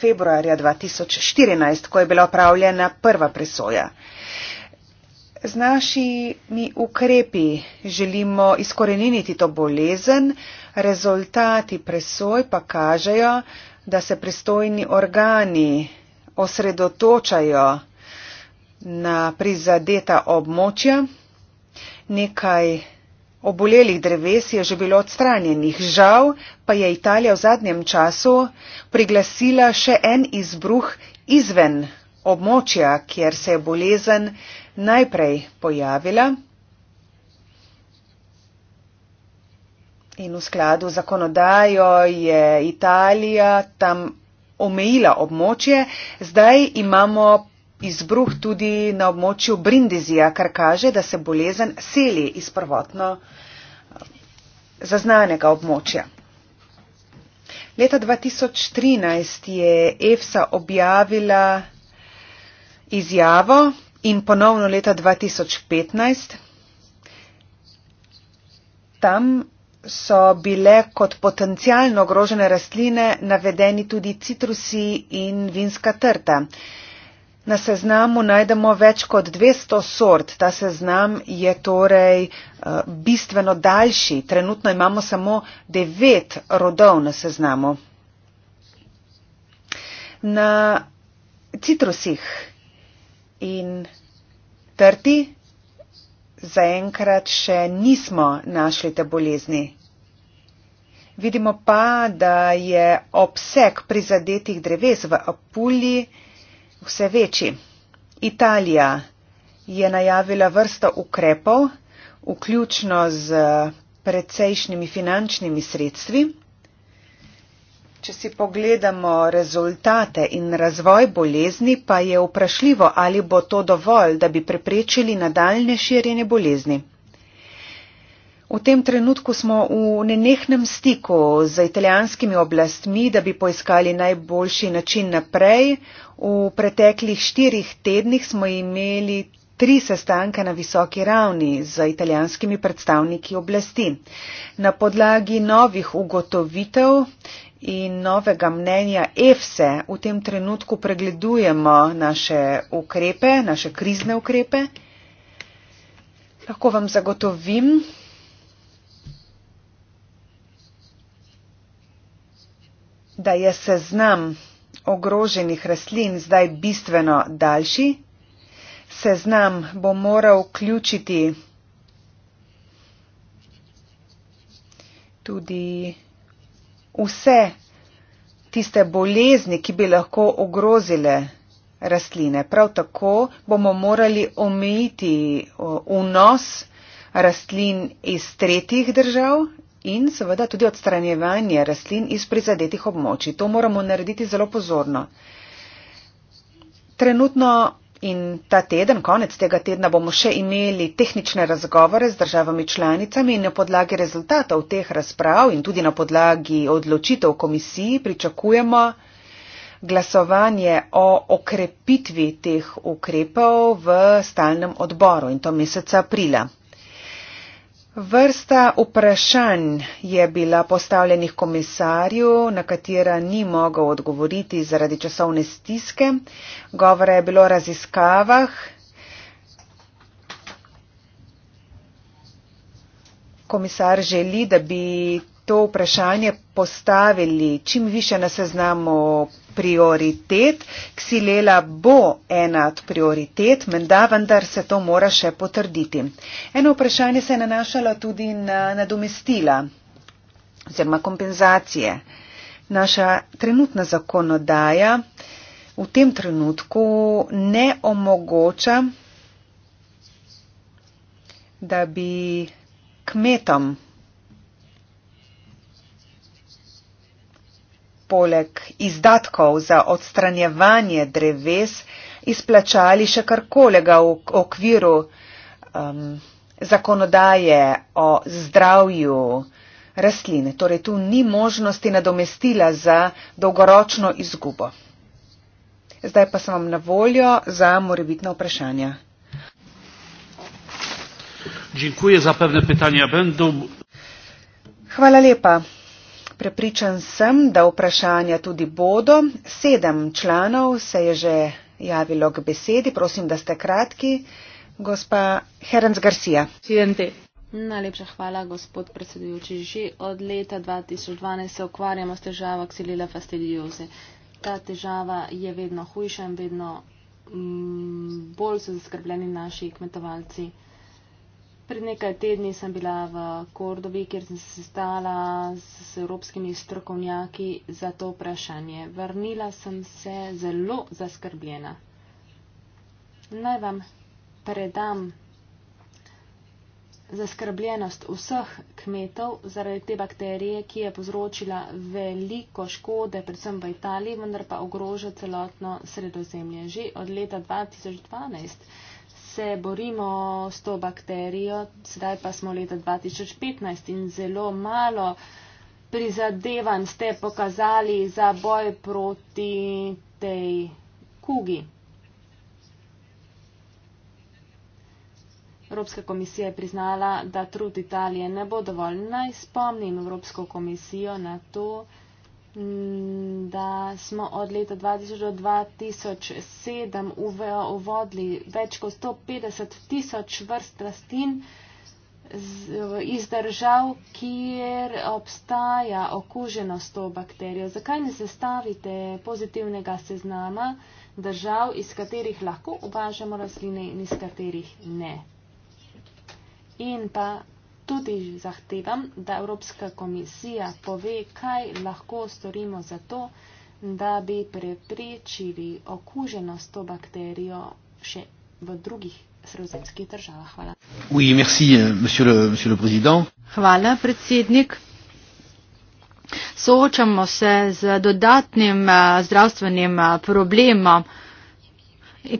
februarja 2014, ko je bila opravljena prva presoja. Z našimi ukrepi želimo izkoreniniti to bolezen, rezultati presoj pa kažejo, da se pristojni organi osredotočajo na prizadeta območja. Nekaj obolelih dreves je že bilo odstranjenih. Žal pa je Italija v zadnjem času priglasila še en izbruh izven območja, kjer se je bolezen najprej pojavila in v skladu z zakonodajo je Italija tam omejila območje, zdaj imamo izbruh tudi na območju Brindizija, kar kaže, da se bolezen seli iz prvotno eh, zaznanega območja. Leta 2013 je EFSA objavila izjavo in ponovno leta 2015. Tam so bile kot potencijalno ogrožene rastline navedeni tudi citrusi in vinska trta. Na seznamu najdemo več kot 200 sort. Ta seznam je torej eh, bistveno daljši. Trenutno imamo samo 9 rodov na seznamu. Na citrusih in trti, zaenkrat še nismo našli te bolezni. Vidimo pa, da je obseg prizadetih dreves v Apuli vse večji. Italija je najavila vrsto ukrepov, vključno z precejšnjimi finančnimi sredstvi. Če si pogledamo rezultate in razvoj bolezni, pa je vprašljivo, ali bo to dovolj, da bi preprečili nadaljne širjenje bolezni. V tem trenutku smo v nenehnem stiku z italijanskimi oblastmi, da bi poiskali najboljši način naprej. V preteklih štirih tednih smo imeli tri sestanke na visoki ravni z italijanskimi predstavniki oblasti. Na podlagi novih ugotovitev in novega mnenja EFSE v tem trenutku pregledujemo naše ukrepe, naše krizne ukrepe. Lahko vam zagotovim, da je seznam ogroženih rastlin zdaj bistveno daljši. Seznam bo moral vključiti tudi vse tiste bolezni, ki bi lahko ogrozile rastline. Prav tako bomo morali omejiti vnos rastlin iz tretjih držav in seveda tudi odstranjevanje rastlin iz prizadetih območij. To moramo narediti zelo pozorno. Trenutno In ta teden, konec tega tedna, bomo še imeli tehnične razgovore z državami članicami in na podlagi rezultatov teh razprav in tudi na podlagi odločitev komisiji pričakujemo glasovanje o okrepitvi teh ukrepov v stalnem odboru in to meseca aprila. Vrsta vprašanj je bila postavljenih komisarju, na katera ni mogel odgovoriti zaradi časovne stiske. Govora je bilo o raziskavah. Komisar želi, da bi to vprašanje postavili čim više na seznamu prioritet. Ksilela bo ena od prioritet, menda vendar se to mora še potrditi. Eno vprašanje se je nanašalo tudi na nadomestila oziroma kompenzacije. Naša trenutna zakonodaja v tem trenutku ne omogoča, da bi kmetom poleg izdatkov za odstranjevanje dreves izplačali še kar kolega v okviru um, zakonodaje o zdravju rastline. Torej tu ni možnosti nadomestila za dolgoročno izgubo. Zdaj pa sem vam na voljo za morebitna vprašanja. Hvala lepa. Prepričan sem, da vprašanja tudi bodo. Sedem članov se je že javilo k besedi. Prosim, da ste kratki. Gospa Herenc Garcia. Sidente. Najlepša hvala, gospod predsedujoči. Že od leta 2012 se ukvarjamo s težavo ksilila fastidioze. Ta težava je vedno hujša in vedno mm, bolj so zaskrbljeni naši kmetovalci. Pred nekaj tedni sem bila v Kordovi, kjer sem se stala z, z evropskimi strokovnjaki za to vprašanje. Vrnila sem se zelo zaskrbljena. Naj vam predam zaskrbljenost vseh kmetov zaradi te bakterije, ki je povzročila veliko škode, predvsem v Italiji, vendar pa ogroža celotno sredozemlje. Že od leta 2012 se borimo s to bakterijo, sedaj pa smo leta 2015 in zelo malo prizadevanj ste pokazali za boj proti tej kugi. Evropska komisija je priznala, da trud Italije ne bo dovolj. Naj spomnim Evropsko komisijo na to, da da smo od leta 2000 do 2007 uvodili več kot 150 tisoč vrst rastlin iz držav, kjer obstaja okuženost to bakterijo. Zakaj ne sestavite pozitivnega seznama držav, iz katerih lahko uvažamo rastline in iz katerih ne? In pa tudi zahtevam, da Evropska komisija pove, kaj lahko storimo za to, da bi preprečili okuženost to bakterijo še v drugih sredozemskih državah. Hvala. Oui, merci, euh, monsieur le, monsieur le président. Hvala, predsednik. Soočamo se z dodatnim uh, zdravstvenim uh, problemom,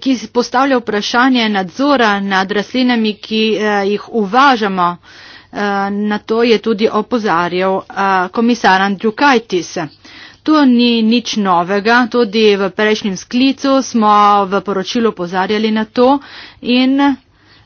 ki postavlja vprašanje nadzora nad rastlinami, ki uh, jih uvažamo. Na to je tudi opozarjal komisar Andrukajtis. To ni nič novega, tudi v prejšnjem sklicu smo v poročilu opozarjali na to in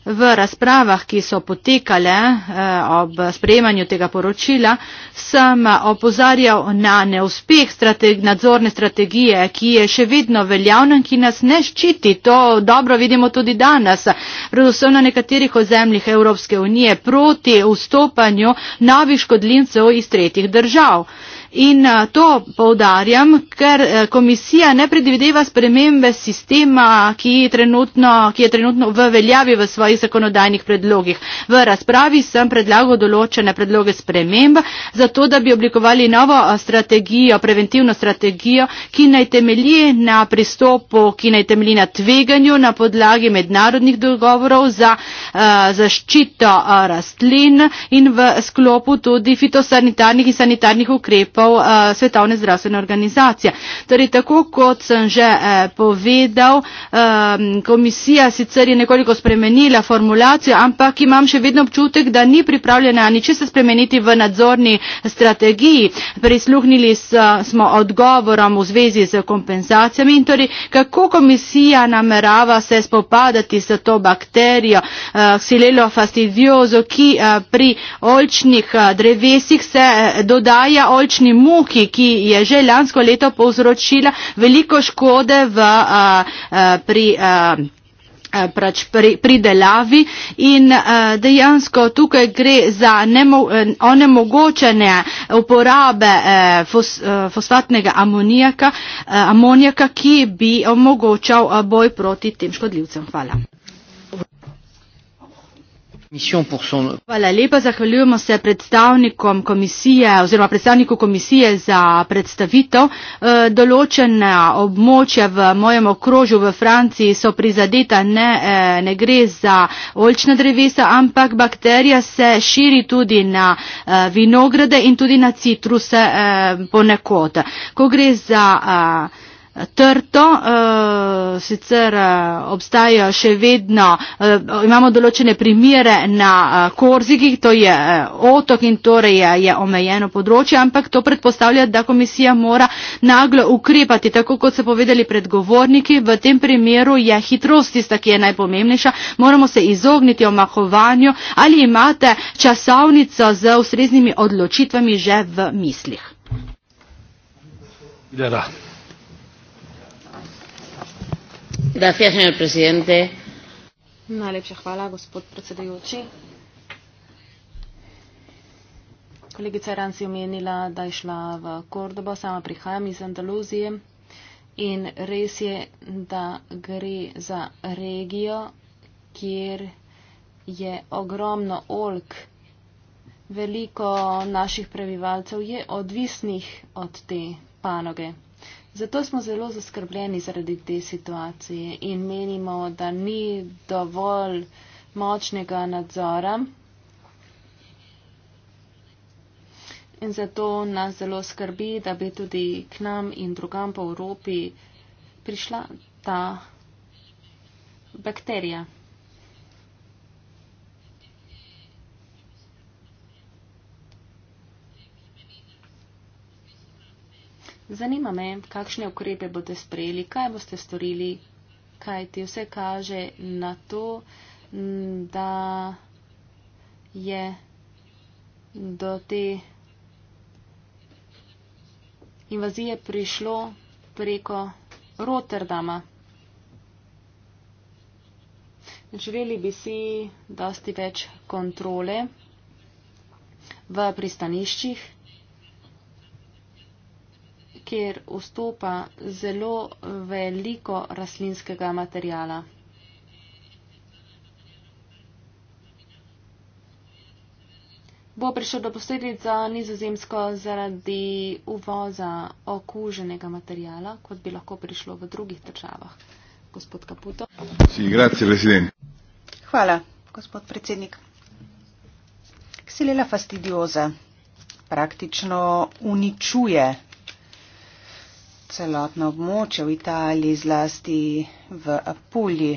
V razpravah, ki so potekale eh, ob sprejemanju tega poročila, sem eh, opozarjal na neuspeh strateg nadzorne strategije, ki je še vedno veljavna in ki nas ne ščiti. To dobro vidimo tudi danes, predvsem na nekaterih ozemljih Evropske unije, proti vstopanju novih škodljivcev iz tretjih držav in eh, to poudarjam, ker eh, komisija ne predvideva spremembe sistema, ki, trenutno, ki je trenutno v veljavi v svojih zakonodajnih predlogih. V razpravi sem predlagal določene predloge sprememb, zato da bi oblikovali novo eh, strategijo, preventivno strategijo, ki naj temelji na pristopu, ki naj temelji na tveganju na podlagi mednarodnih dogovorov za zaščito rastlin in v sklopu tudi fitosanitarnih in sanitarnih ukrepov pravzaprav uh, eh, svetovne zdravstvene organizacije. Torej, tako kot sem že uh, povedal, uh, komisija sicer je nekoliko spremenila formulacijo, ampak imam še vedno občutek, da ni pripravljena niče se spremeniti v nadzorni strategiji. Prisluhnili smo odgovorom v zvezi z kompenzacijami in torej, kako komisija namerava se spopadati s to bakterijo uh, eh, Silelo fastidiozo, ki uh, pri oljčnih uh, drevesih se uh, dodaja oljčni muhi, ki je že lansko leto povzročila veliko škode v, a, a, pri. A, Prač pri, pri delavi in uh, dejansko tukaj gre za nemo, e, onemogočanje uporabe uh, fos, uh, fosfatnega amonijaka, uh, amonijaka, ki bi omogočal uh, boj proti tem škodljivcem. Hvala. Hvala lepa, zahvaljujemo se predstavnikom komisije oziroma predstavniku komisije za predstavitev. E, določena območja v mojem okrožju v Franciji so prizadeta, ne, e, ne gre za olčna drevesa, ampak bakterija se širi tudi na e, vinograde in tudi na citruse ponekod. Ko gre za trto, eh, sicer eh, obstajajo še vedno, eh, imamo določene primere na Korziki, to je otok in torej je omejeno področje, ampak to predpostavlja, da komisija mora naglo ukrepati, tako kot so povedali predgovorniki, v tem primeru je hitrost tista, ki je najpomembnejša, moramo se izogniti omahovanju, ali imate časovnico z ustreznimi odločitvami že v mislih. Yeah, Najlepša hvala, gospod predsedujoči. Kolegica Ran si omenila, da je šla v Kordobo, sama prihajam iz Andaluzije in res je, da gre za regijo, kjer je ogromno olk. Veliko naših prebivalcev je odvisnih od te panoge. Zato smo zelo zaskrbljeni zaradi te situacije in menimo, da ni dovolj močnega nadzora. In zato nas zelo skrbi, da bi tudi k nam in drugam po Evropi prišla ta bakterija. Zanima me, kakšne ukrepe boste sprejeli, kaj boste storili, kaj ti vse kaže na to, mm, da je do te invazije prišlo preko Rotterdama. Želeli bi si dosti več kontrole v pristaniščih kjer vstopa zelo veliko rastlinskega materijala. Bo prišlo do posledic za nizozemsko zaradi uvoza okuženega materijala, kot bi lahko prišlo v drugih državah. Gospod Kaputo. Hvala, gospod predsednik. Ksilela fastidioza praktično uničuje celotno območje v Italiji, zlasti v Apulji.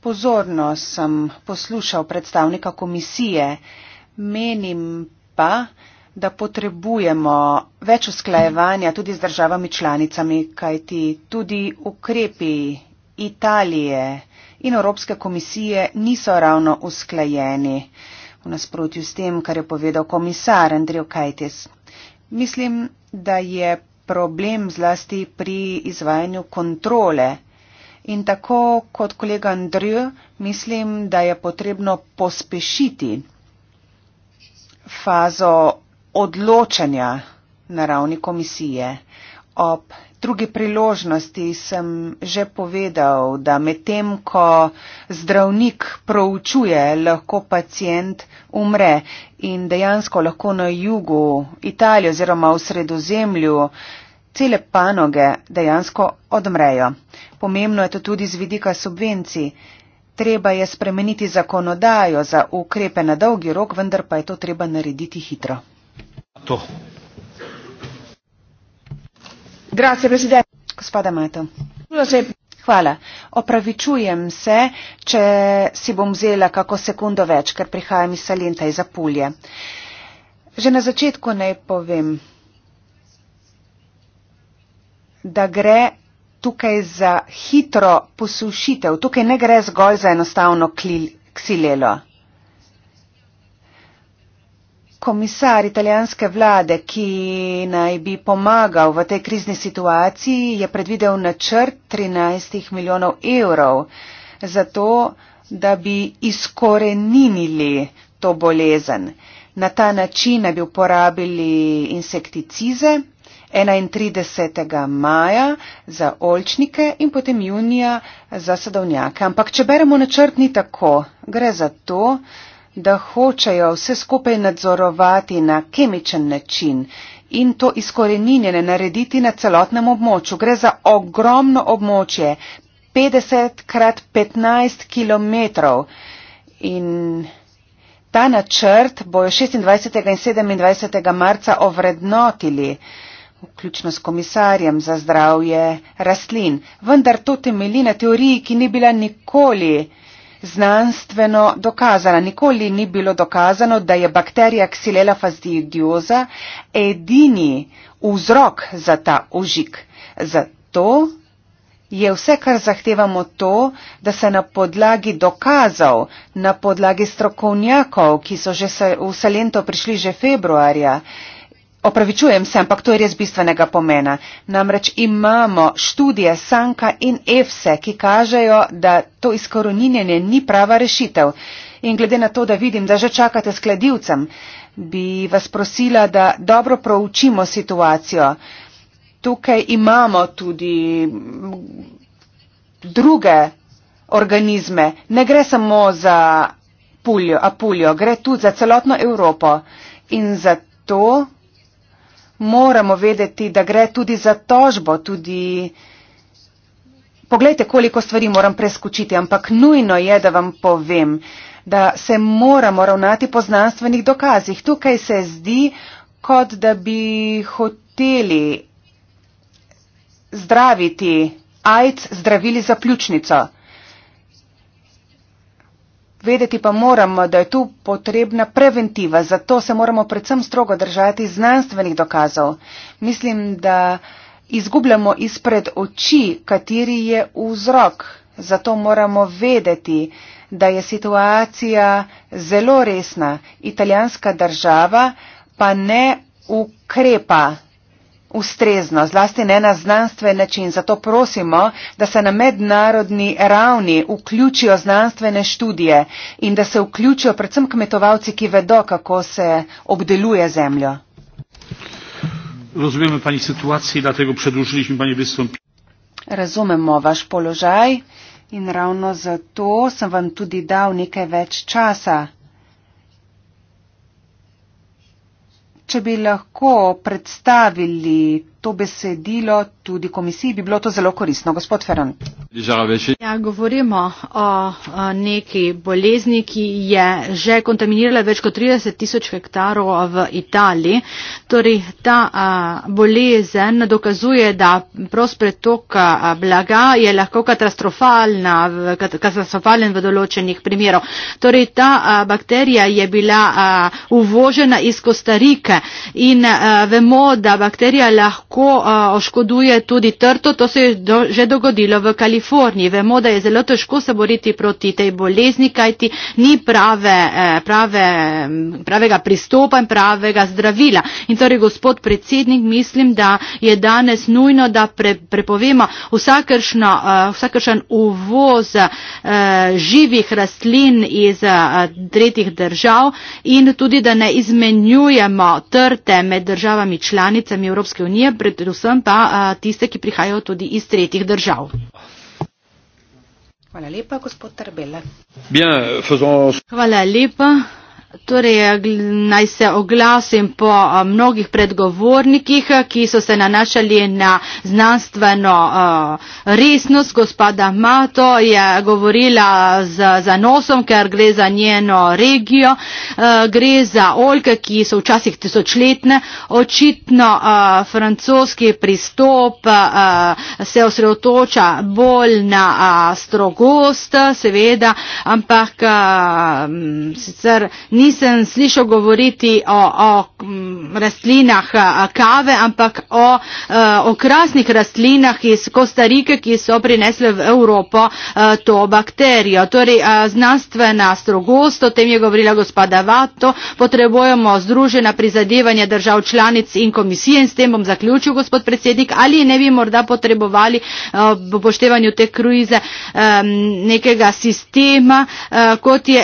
Pozorno sem poslušal predstavnika komisije, menim pa, da potrebujemo več usklajevanja tudi z državami članicami, kajti tudi ukrepi Italije in Evropske komisije niso ravno usklajeni v nasprotju s tem, kar je povedal komisar Andrej Kajtis. Mislim, da je problem zlasti pri izvajanju kontrole. In tako kot kolega Andrej, mislim, da je potrebno pospešiti fazo odločanja na ravni komisije. Ob drugi priložnosti sem že povedal, da medtem, ko zdravnik proučuje, lahko pacijent umre in dejansko lahko na jugu Italije oziroma v sredozemlju uh, cele panoge dejansko odmrejo. Pomembno je to tudi z vidika subvencij. Treba je spremeniti zakonodajo za ukrepe na dolgi rok, vendar pa je to treba narediti hitro. To. Grazie, prezident. Gospoda Mato. Hvala. Opravičujem se, če si bom vzela kako sekundo več, ker prihajam iz Salenta iz Apulje. Že na začetku naj povem da gre tukaj za hitro posušitev. Tukaj ne gre zgolj za enostavno ksilelo. Komisar italijanske vlade, ki naj bi pomagal v tej krizni situaciji, je predvidel načrt 13 milijonov evrov za to, da bi izkoreninili to bolezen. Na ta način naj bi uporabili insekticize. 31. maja za oljčnike in potem junija za sadovnjake. Ampak, če beremo načrt, ni tako. Gre za to, da hočejo vse skupaj nadzorovati na kemičen način in to izkoreninjene narediti na celotnem območju. Gre za ogromno območje, 50 krat 15 km. In ta načrt bojo 26. in 27. marca ovrednotili vključno s komisarjem za zdravje rastlin. Vendar to temelji na teoriji, ki ni bila nikoli znanstveno dokazana. Nikoli ni bilo dokazano, da je bakterija Xylella fastidiosa edini vzrok za ta užik. Zato je vse, kar zahtevamo, to, da se na podlagi dokazov, na podlagi strokovnjakov, ki so že v Salento prišli že februarja, Opravičujem se, ampak to je res bistvenega pomena. Namreč imamo študije Sanka in EFSE, ki kažejo, da to izkoruninjenje ni prava rešitev. In glede na to, da vidim, da že čakate s kladivcem, bi vas prosila, da dobro proučimo situacijo. Tukaj imamo tudi mm, druge organizme. Ne gre samo za puljo, apuljo, gre tudi za celotno Evropo. In zato moramo vedeti, da gre tudi za tožbo, tudi. Poglejte, koliko stvari moram preskočiti, ampak nujno je, da vam povem, da se moramo ravnati po znanstvenih dokazih. Tukaj se zdi, kot da bi hoteli zdraviti AIDS zdravili za pljučnico. Vedeti pa moramo, da je tu potrebna preventiva, zato se moramo predvsem strogo držati znanstvenih dokazov. Mislim, da izgubljamo izpred oči, kateri je vzrok. Zato moramo vedeti, da je situacija zelo resna. Italijanska država pa ne ukrepa ustrezno, zlasti ne na znanstven način. Zato prosimo, da se na mednarodni ravni vključijo znanstvene študije in da se vključijo predvsem kmetovalci, ki vedo, kako se obdeluje zemljo. Razumemo pani situacijo, zato predložili pani vstopi. Razumemo vaš položaj in ravno zato sem vam tudi dal nekaj več časa. če bi lahko predstavili to besedilo tudi komisiji, bi bilo to zelo koristno. Gospod Ferran. Ja, govorimo o neki bolezni, ki je že kontaminirala več kot 30 tisoč hektarov v Italiji. Torej, ta bolezen dokazuje, da prost pretok blaga je lahko katastrofalen v določenih primerov. Torej, ta bakterija je bila uvožena iz Kostarike in vemo, da bakterija lahko lahko uh, oškoduje tudi trto, to se je do, že dogodilo v Kaliforniji. Vemo, da je zelo težko se boriti proti tej bolezni, kajti ni prave, e, prave, pravega pristopa in pravega zdravila. In torej, gospod predsednik, mislim, da je danes nujno, da pre, prepovemo vsakršno, uh, vsakršen uvoz uh, živih rastlin iz uh, tretjih držav in tudi, da ne izmenjujemo trte med državami članicami Evropske unije, predvsem pa tiste, ki prihajajo tudi iz tretjih držav. Hvala lepa, gospod Trbele. Hvala lepa. Torej, eh, naj se oglasim po eh, mnogih predgovornikih, eh, ki so se nanašali na znanstveno uh, resnost. Gospoda Mato je govorila z zanosom, ker gre za njeno regijo, uh, gre za oljke, ki so včasih tisočletne. Očitno uh, francoski pristop uh, se osredotoča bolj na uh, strogost, seveda, ampak uh, sicer ne nisem slišal govoriti o, o rastlinah kave, ampak o e, okrasnih rastlinah iz Kostarike, ki so prinesle v Evropo e, to bakterijo. Torej, znanstvena strogost, o tem je govorila gospoda Vato, potrebujemo združena prizadevanja držav članic in komisije in s tem bom zaključil, gospod predsednik, ali ne bi morda potrebovali v e, upoštevanju te kruize nekega sistema, kot je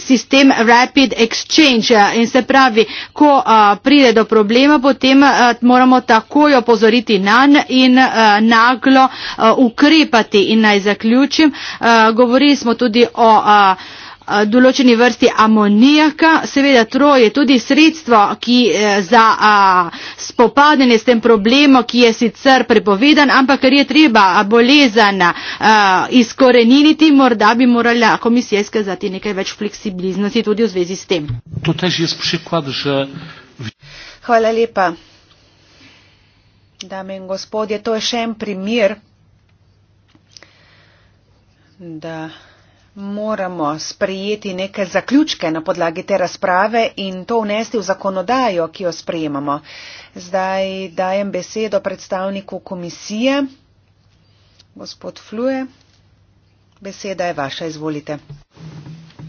sistem Red rapid exchange eh, in se pravi, ko a, eh, pride do problema, potem a, eh, moramo takoj opozoriti nanj in a, naglo a, ukrepati. In naj zaključim, a, govorili smo tudi o. A, Eh, določeni vrsti amonijaka. Seveda tro je tudi sredstvo ki, eh, za a, eh, spopadanje s tem problemom, ki je sicer prepovedan, ampak ker je treba bolezen a, izkoreniniti, morda bi morala komisija izkazati nekaj več fleksibilnosti tudi v zvezi s tem. Hvala lepa. Dame in gospodje, to je še en primer, da moramo sprejeti neke zaključke na podlagi te razprave in to vnesti v zakonodajo, ki jo sprejemamo. Zdaj dajem besedo predstavniku komisije. Gospod Fluje, beseda je vaša, izvolite.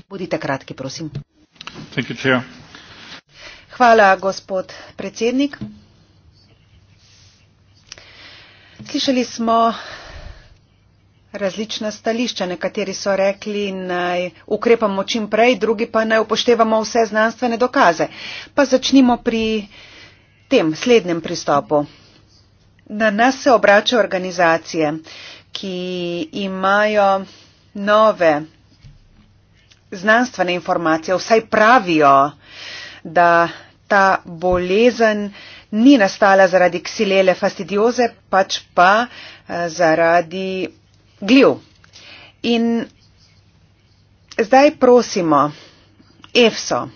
Budite kratki, prosim. Hvala, gospod predsednik. Slišali smo različna stališča. Nekateri so rekli, naj ukrepamo čim prej, drugi pa naj upoštevamo vse znanstvene dokaze. Pa začnimo pri tem slednjem pristopu. Na nas se obračajo organizacije, ki imajo nove znanstvene informacije, vsaj pravijo, da ta bolezen ni nastala zaradi ksilele fastidioze, pač pa eh, zaradi gljiv. In zdaj prosimo EFSO,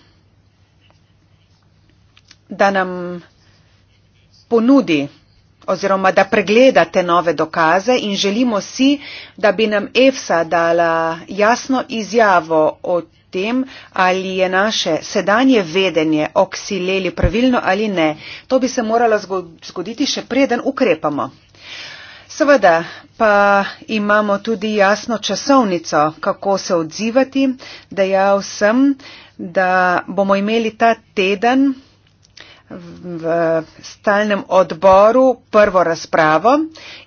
da nam ponudi oziroma da pregledate nove dokaze in želimo si, da bi nam EFSA dala jasno izjavo o tem, ali je naše sedanje vedenje oksileli pravilno ali ne. To bi se moralo zgoditi še preden ukrepamo. Seveda pa imamo tudi jasno časovnico, kako se odzivati. Dejal sem, da bomo imeli ta teden v stalnem odboru prvo razpravo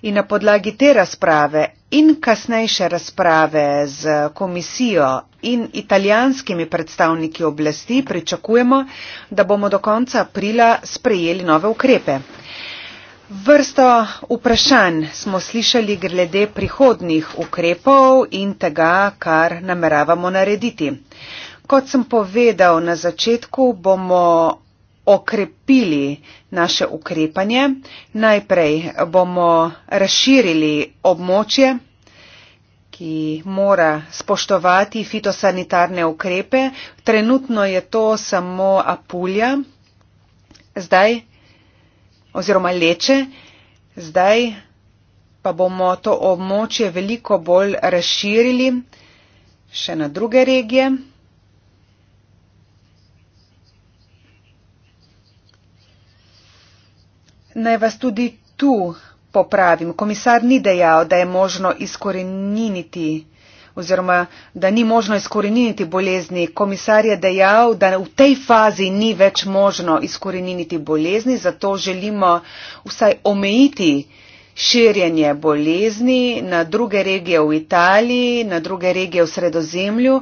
in na podlagi te razprave in kasnejše razprave z komisijo in italijanskimi predstavniki oblasti pričakujemo, da bomo do konca aprila sprejeli nove ukrepe. Vrsto vprašanj smo slišali glede prihodnih ukrepov in tega, kar nameravamo narediti. Kot sem povedal na začetku, bomo okrepili naše ukrepanje. Najprej bomo razširili območje, ki mora spoštovati fitosanitarne ukrepe. Trenutno je to samo Apulja. Zdaj oziroma leče, zdaj pa bomo to območje veliko bolj razširili še na druge regije. Naj vas tudi tu popravim. Komisar ni dejal, da je možno izkoreniniti oziroma da ni možno izkoreniniti bolezni. Komisar je dejal, da v tej fazi ni več možno izkoreniniti bolezni, zato želimo vsaj omejiti širjenje bolezni na druge regije v Italiji, na druge regije v sredozemlju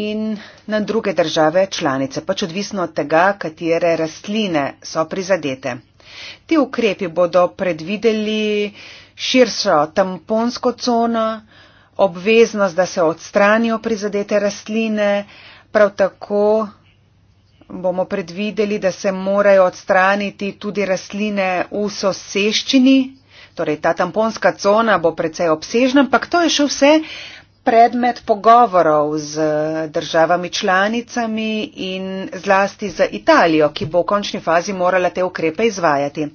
in na druge države članice, pač odvisno od tega, katere rastline so prizadete. Ti ukrepi bodo predvideli širšo tamponsko cono, obveznost, da se odstranijo prizadete rastline, prav tako bomo predvideli, da se morajo odstraniti tudi rastline v soseščini, torej ta tamponska cona bo precej obsežna, ampak to je še vse predmet pogovorov z državami članicami in zlasti za Italijo, ki bo v končni fazi morala te ukrepe izvajati.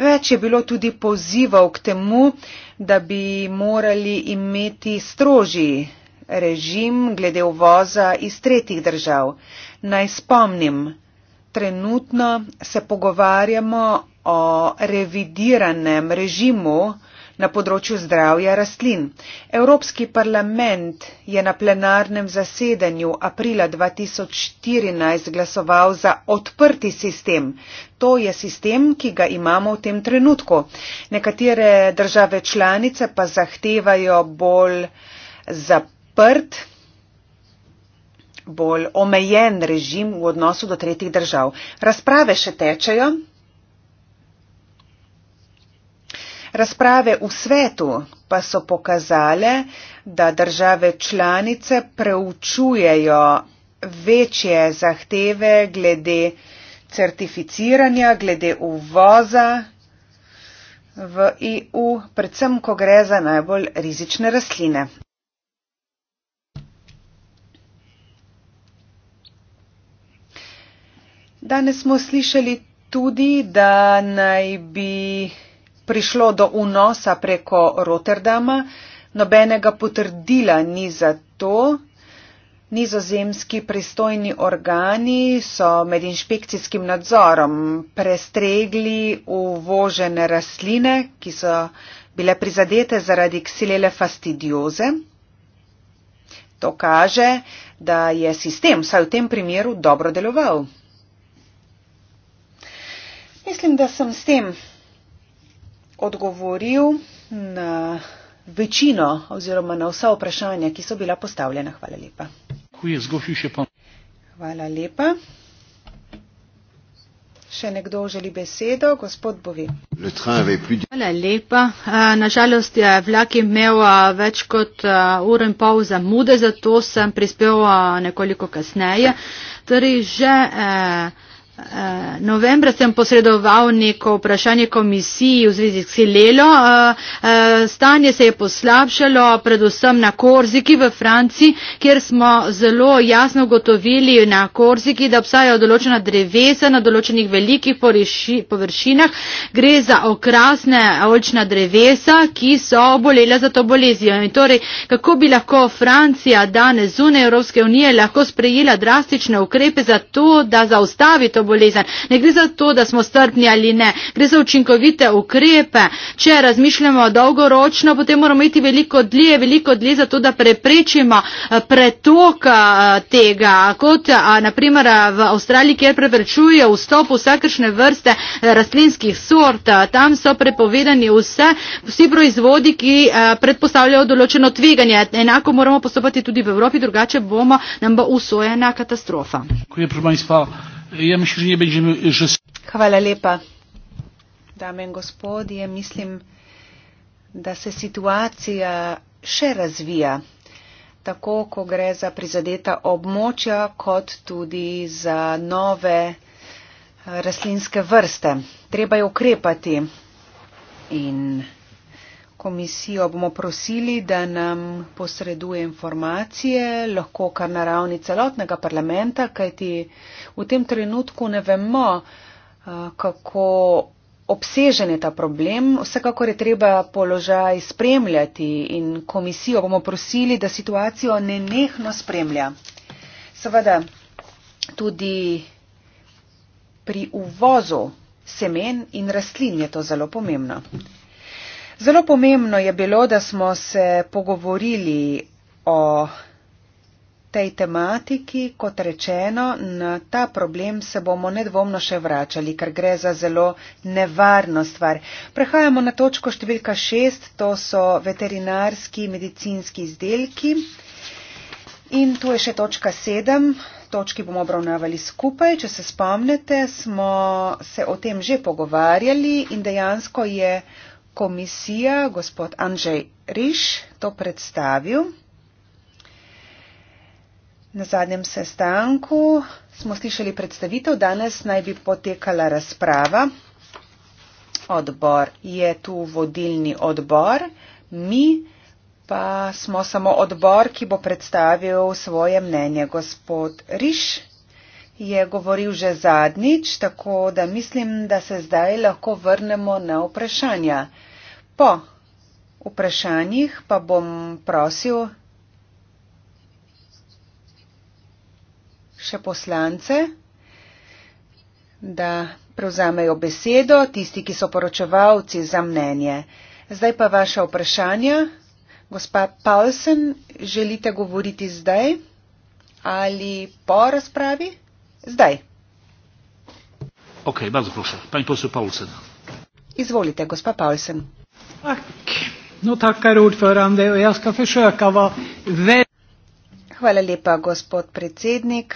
Več je bilo tudi pozivov k temu, da bi morali imeti strožji režim glede uvoza iz tretjih držav. Naj spomnim, trenutno se pogovarjamo o revidiranem režimu, na področju zdravja rastlin. Evropski parlament je na plenarnem zasedanju aprila 2014 glasoval za odprti sistem. To je sistem, ki ga imamo v tem trenutku. Nekatere države članice pa zahtevajo bolj zaprt bolj omejen režim v odnosu do tretjih držav. Razprave še tečejo, Razprave v svetu pa so pokazale, da države članice preučujejo večje zahteve glede certificiranja, glede uvoza v EU, predvsem, ko gre za najbolj rizične rastline. Danes smo slišali tudi, da naj bi prišlo do unosa preko Rotterdama, nobenega potrdila ni za to. Nizozemski pristojni organi so med inšpekcijskim nadzorom prestregli uvožene rastline, ki so bile prizadete zaradi ksilele fastidioze. To kaže, da je sistem vsaj v tem primeru dobro deloval. Mislim, da sem s tem odgovoril na večino oziroma na vsa vprašanja, ki so bila postavljena. Hvala lepa. Hvala lepa. Še nekdo želi besedo? Gospod Bovi. Hvala lepa. Nažalost je vlak imel več kot uro in pol zamude, zato sem prispel nekoliko kasneje. Torej, že, eh, Eh, novembra sem posredoval neko vprašanje komisiji v zvezi s Helelo. Eh, eh, stanje se je poslabšalo, predvsem na Korziki v Franciji, kjer smo zelo jasno ugotovili na Korziki, da obstajajo določena drevesa na določenih velikih površinah. Gre za okrasne olčna drevesa, ki so obolela za to bolezijo. In torej, kako bi lahko Francija danes zunaj Evropske unije lahko sprejela drastične ukrepe za to, da zaustavi to bolezijo? bolezen. Ne gre za to, da smo strpni ali ne, gre za učinkovite ukrepe. Če razmišljamo dolgoročno, potem moramo imeti veliko dlje, veliko dlje za to, da preprečimo eh, pretok eh, tega. Kot eh, naprimer v Avstraliji, kjer preprečuje vstop vsakršne vrste rastlinskih sort, tam so prepovedani vse, vsi proizvodi, ki predpostavljajo določeno tveganje. Enako moramo postopati tudi v Evropi, drugače bomo nam bo usvojena katastrofa. Ko je problem izpa Ja mislim, že bežim, že... Hvala lepa, dame in gospodje. Mislim, da se situacija še razvija, tako ko gre za prizadeta območja, kot tudi za nove eh, rastlinske vrste. Treba je ukrepati. In komisijo bomo prosili, da nam posreduje informacije, lahko kar na ravni celotnega parlamenta, kajti v tem trenutku ne vemo, kako obsežen je ta problem. Vsekakor je treba položaj spremljati in komisijo bomo prosili, da situacijo nenehno spremlja. Seveda tudi pri uvozu semen in rastlin je to zelo pomembno. Zelo pomembno je bilo, da smo se pogovorili o tej tematiki, kot rečeno, na ta problem se bomo nedvomno še vračali, ker gre za zelo nevarno stvar. Prehajamo na točko številka šest, to so veterinarski medicinski izdelki in tu je še točka sedem, točki bomo obravnavali skupaj. Če se spomnite, smo se o tem že pogovarjali in dejansko je komisija, gospod Andrzej Riš, to predstavil. Na zadnjem sestanku smo slišali predstavitev, danes naj bi potekala razprava. Odbor je tu vodilni odbor, mi pa smo samo odbor, ki bo predstavil svoje mnenje. Gospod Riš je govoril že zadnjič, tako da mislim, da se zdaj lahko vrnemo na vprašanja. Po vprašanjih pa bom prosil še poslance, da prevzamejo besedo tisti, ki so poročevalci za mnenje. Zdaj pa vaše vprašanje. Gospa Paulsen, želite govoriti zdaj ali po razpravi? Zdaj. Ok, bardzo proszę. Pani poseł Paulsen. Izvolite, gospa Paulsen. Tack. Nu tackar ordförande och jag ska försöka vara väldigt... Hvala lepa, gospod predsednik.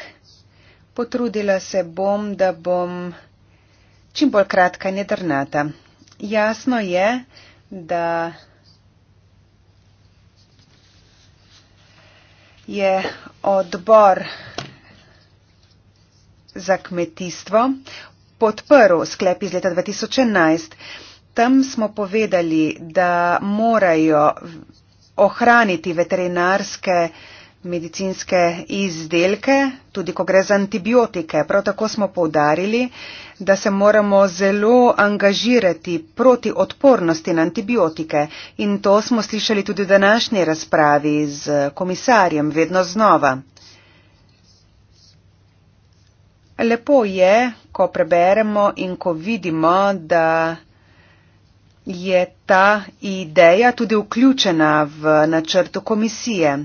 Potrudila se bom, da bom čim bolj kratka in jedrnata. Jasno je, da je odbor za kmetijstvo podprl sklep iz leta 2011. Tam smo povedali, da morajo ohraniti veterinarske medicinske izdelke, tudi ko gre za antibiotike. Prav tako smo povdarili, da se moramo zelo angažirati proti odpornosti na antibiotike in to smo slišali tudi v današnji razpravi z komisarjem vedno znova. Lepo je, ko preberemo in ko vidimo, da je ta ideja tudi vključena v načrtu komisije.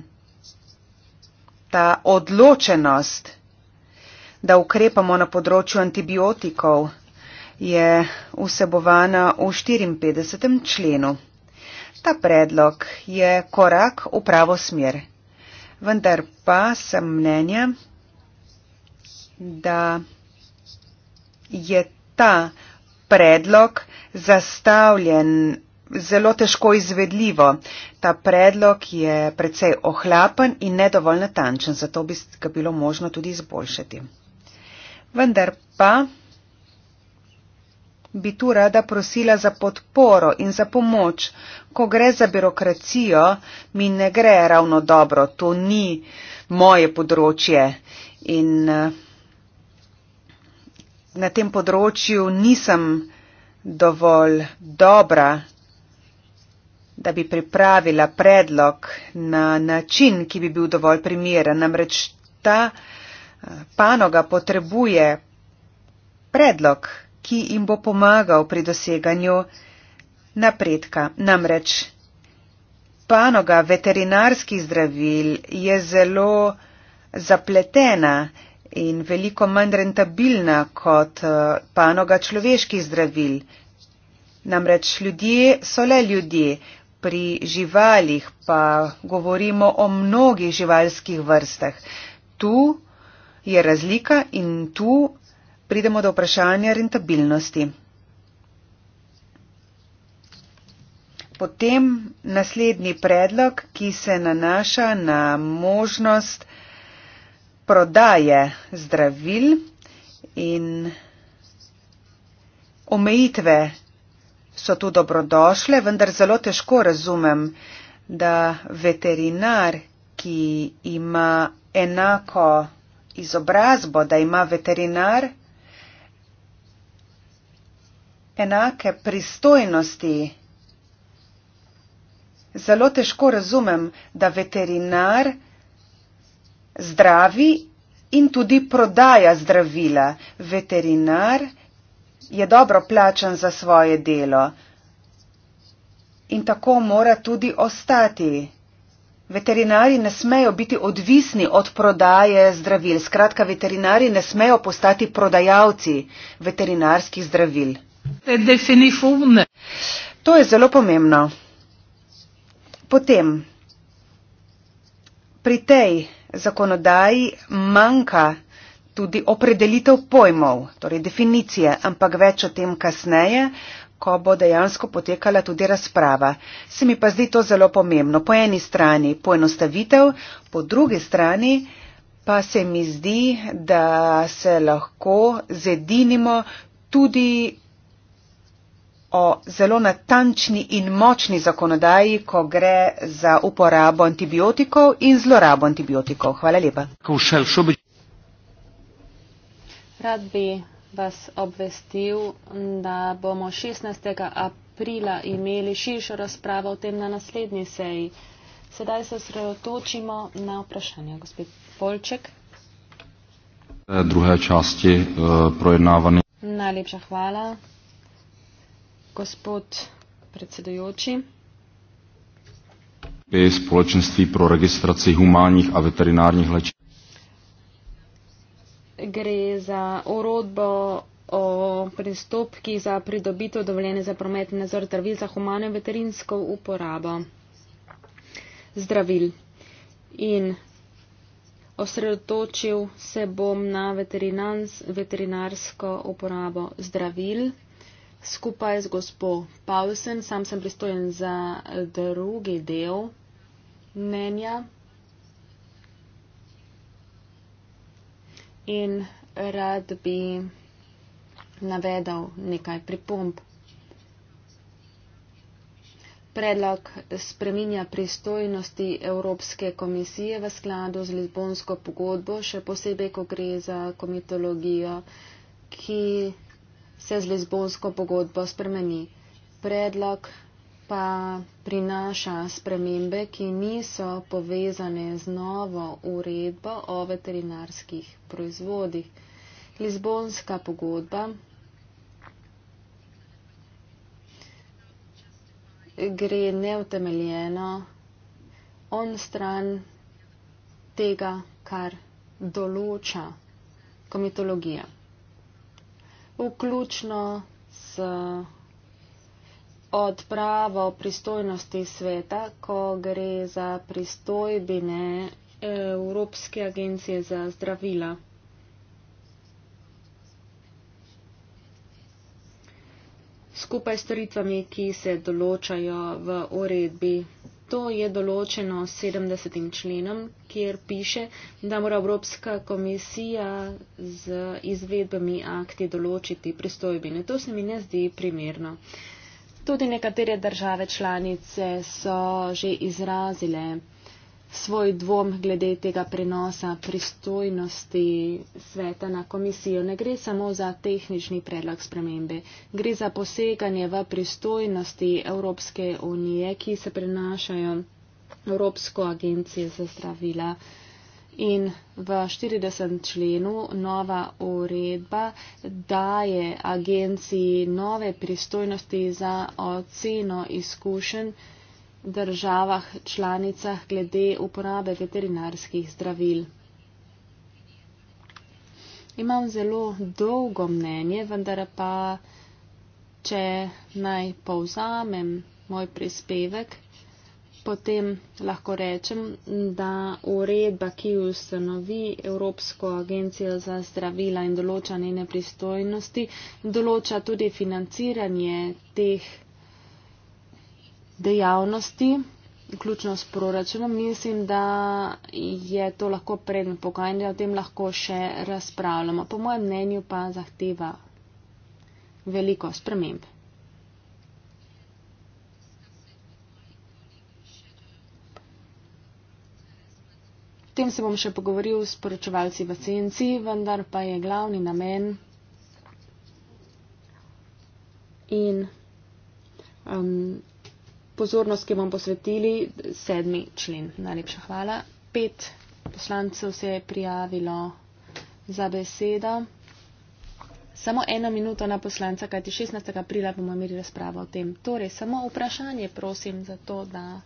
Ta odločenost, da ukrepamo na področju antibiotikov, je vsebovana v 54. členu. Ta predlog je korak v pravo smer. Vendar pa sem mnenja, da je ta predlog zastavljen, zelo težko izvedljivo. Ta predlog je precej ohlapen in nedovolj natančen, zato bi ga bilo možno tudi izboljšati. Vendar pa bi tu rada prosila za podporo in za pomoč. Ko gre za birokracijo, mi ne gre ravno dobro, to ni moje področje in eh, na tem področju nisem dovolj dobra, da bi pripravila predlog na način, ki bi bil dovolj primeren. Namreč ta eh, panoga potrebuje predlog, ki jim bo pomagal pri doseganju napredka. Namreč panoga veterinarskih zdravil je zelo zapletena in veliko manj rentabilna kot eh, panoga človeških zdravil. Namreč ljudje so le ljudje, pri živalih pa govorimo o mnogih živalskih vrstah. Tu je razlika in tu pridemo do vprašanja rentabilnosti. Potem naslednji predlog, ki se nanaša na možnost prodaje zdravil in omejitve so tu dobrodošle, vendar zelo težko razumem, da veterinar, ki ima enako izobrazbo, da ima veterinar enake pristojnosti, zelo težko razumem, da veterinar zdravi in tudi prodaja zdravila. Veterinar je dobro plačan za svoje delo in tako mora tudi ostati. Veterinari ne smejo biti odvisni od prodaje zdravil. Skratka, veterinari ne smejo postati prodajalci veterinarskih zdravil. To je zelo pomembno. Potem, pri tej zakonodaji manjka tudi opredelitev pojmov, torej definicije, ampak več o tem kasneje, ko bo dejansko potekala tudi razprava. Se mi pa zdi to zelo pomembno. Po eni strani poenostavitev, po drugi strani pa se mi zdi, da se lahko zedinimo tudi o zelo natančni in močni zakonodaji, ko gre za uporabo antibiotikov in zlorabo antibiotikov. Hvala lepa. Rad bi vas obvestil, da bomo 16. aprila imeli širšo razpravo o tem na naslednji seji. Sedaj se osredotočimo na vprašanje. Gospod Polček. Druge časti uh, eh, projednavanja. Najlepša hvala gospod predsedujoči. Společenství pro registraci humánních a veterinárních léčiv. Gre za urodbo o pristopkih za pridobitev dovoljene za prometni nadzor zdravil za humano in veterinsko uporabo zdravil. In osredotočil se bom na veterinarsko uporabo zdravil skupaj z gospo Paulsen, sam sem pristojen za eh, drugi del mnenja. In rad bi navedal nekaj pripomb. Predlog spreminja pristojnosti Evropske komisije v skladu z Lizbonsko pogodbo, še posebej, ko gre za komitologijo, ki se z Lizbonsko pogodbo spremeni. Predlog pa prinaša spremembe, ki niso povezane z novo uredbo o veterinarskih proizvodih. Lizbonska pogodba gre neutemeljeno on stran tega, kar določa komitologija vključno s odpravo pristojnosti sveta, ko gre za pristojbine Evropske agencije za zdravila. Skupaj s storitvami, ki se določajo v uredbi to je določeno 70. členom, kjer piše, da mora Evropska komisija z izvedbami akti določiti pristojbine. To se mi ne zdi primerno. Tudi nekatere države članice so že izrazile svoj dvom glede tega prenosa pristojnosti sveta na komisijo. Ne gre samo za tehnični predlog spremembe, gre za poseganje v pristojnosti Evropske unije, ki se prenašajo Evropsko agencijo za zdravila. In v 40. členu nova uredba daje agenciji nove pristojnosti za oceno izkušenj državah članicah glede uporabe veterinarskih zdravil. Imam zelo dolgo mnenje, vendar pa, če naj povzamem moj prispevek, potem lahko rečem, da uredba, ki ustanovi Evropsko agencijo za zdravila in določa njene pristojnosti, določa tudi financiranje teh dejavnosti, vključno s proračunom. Mislim, da je to lahko predmet pogajanja, da o tem lahko še razpravljamo. Po mojem mnenju pa zahteva veliko sprememb. O tem se bom še pogovoril s poročevalci v Cenci, vendar pa je glavni namen in um, pozornost, ki bomo posvetili, sedmi člen. Najlepša hvala. Pet poslancev se je prijavilo za besedo. Samo eno minuto na poslanca, kajti 16. aprila bomo imeli razpravo o tem. Torej, samo vprašanje prosim za to, da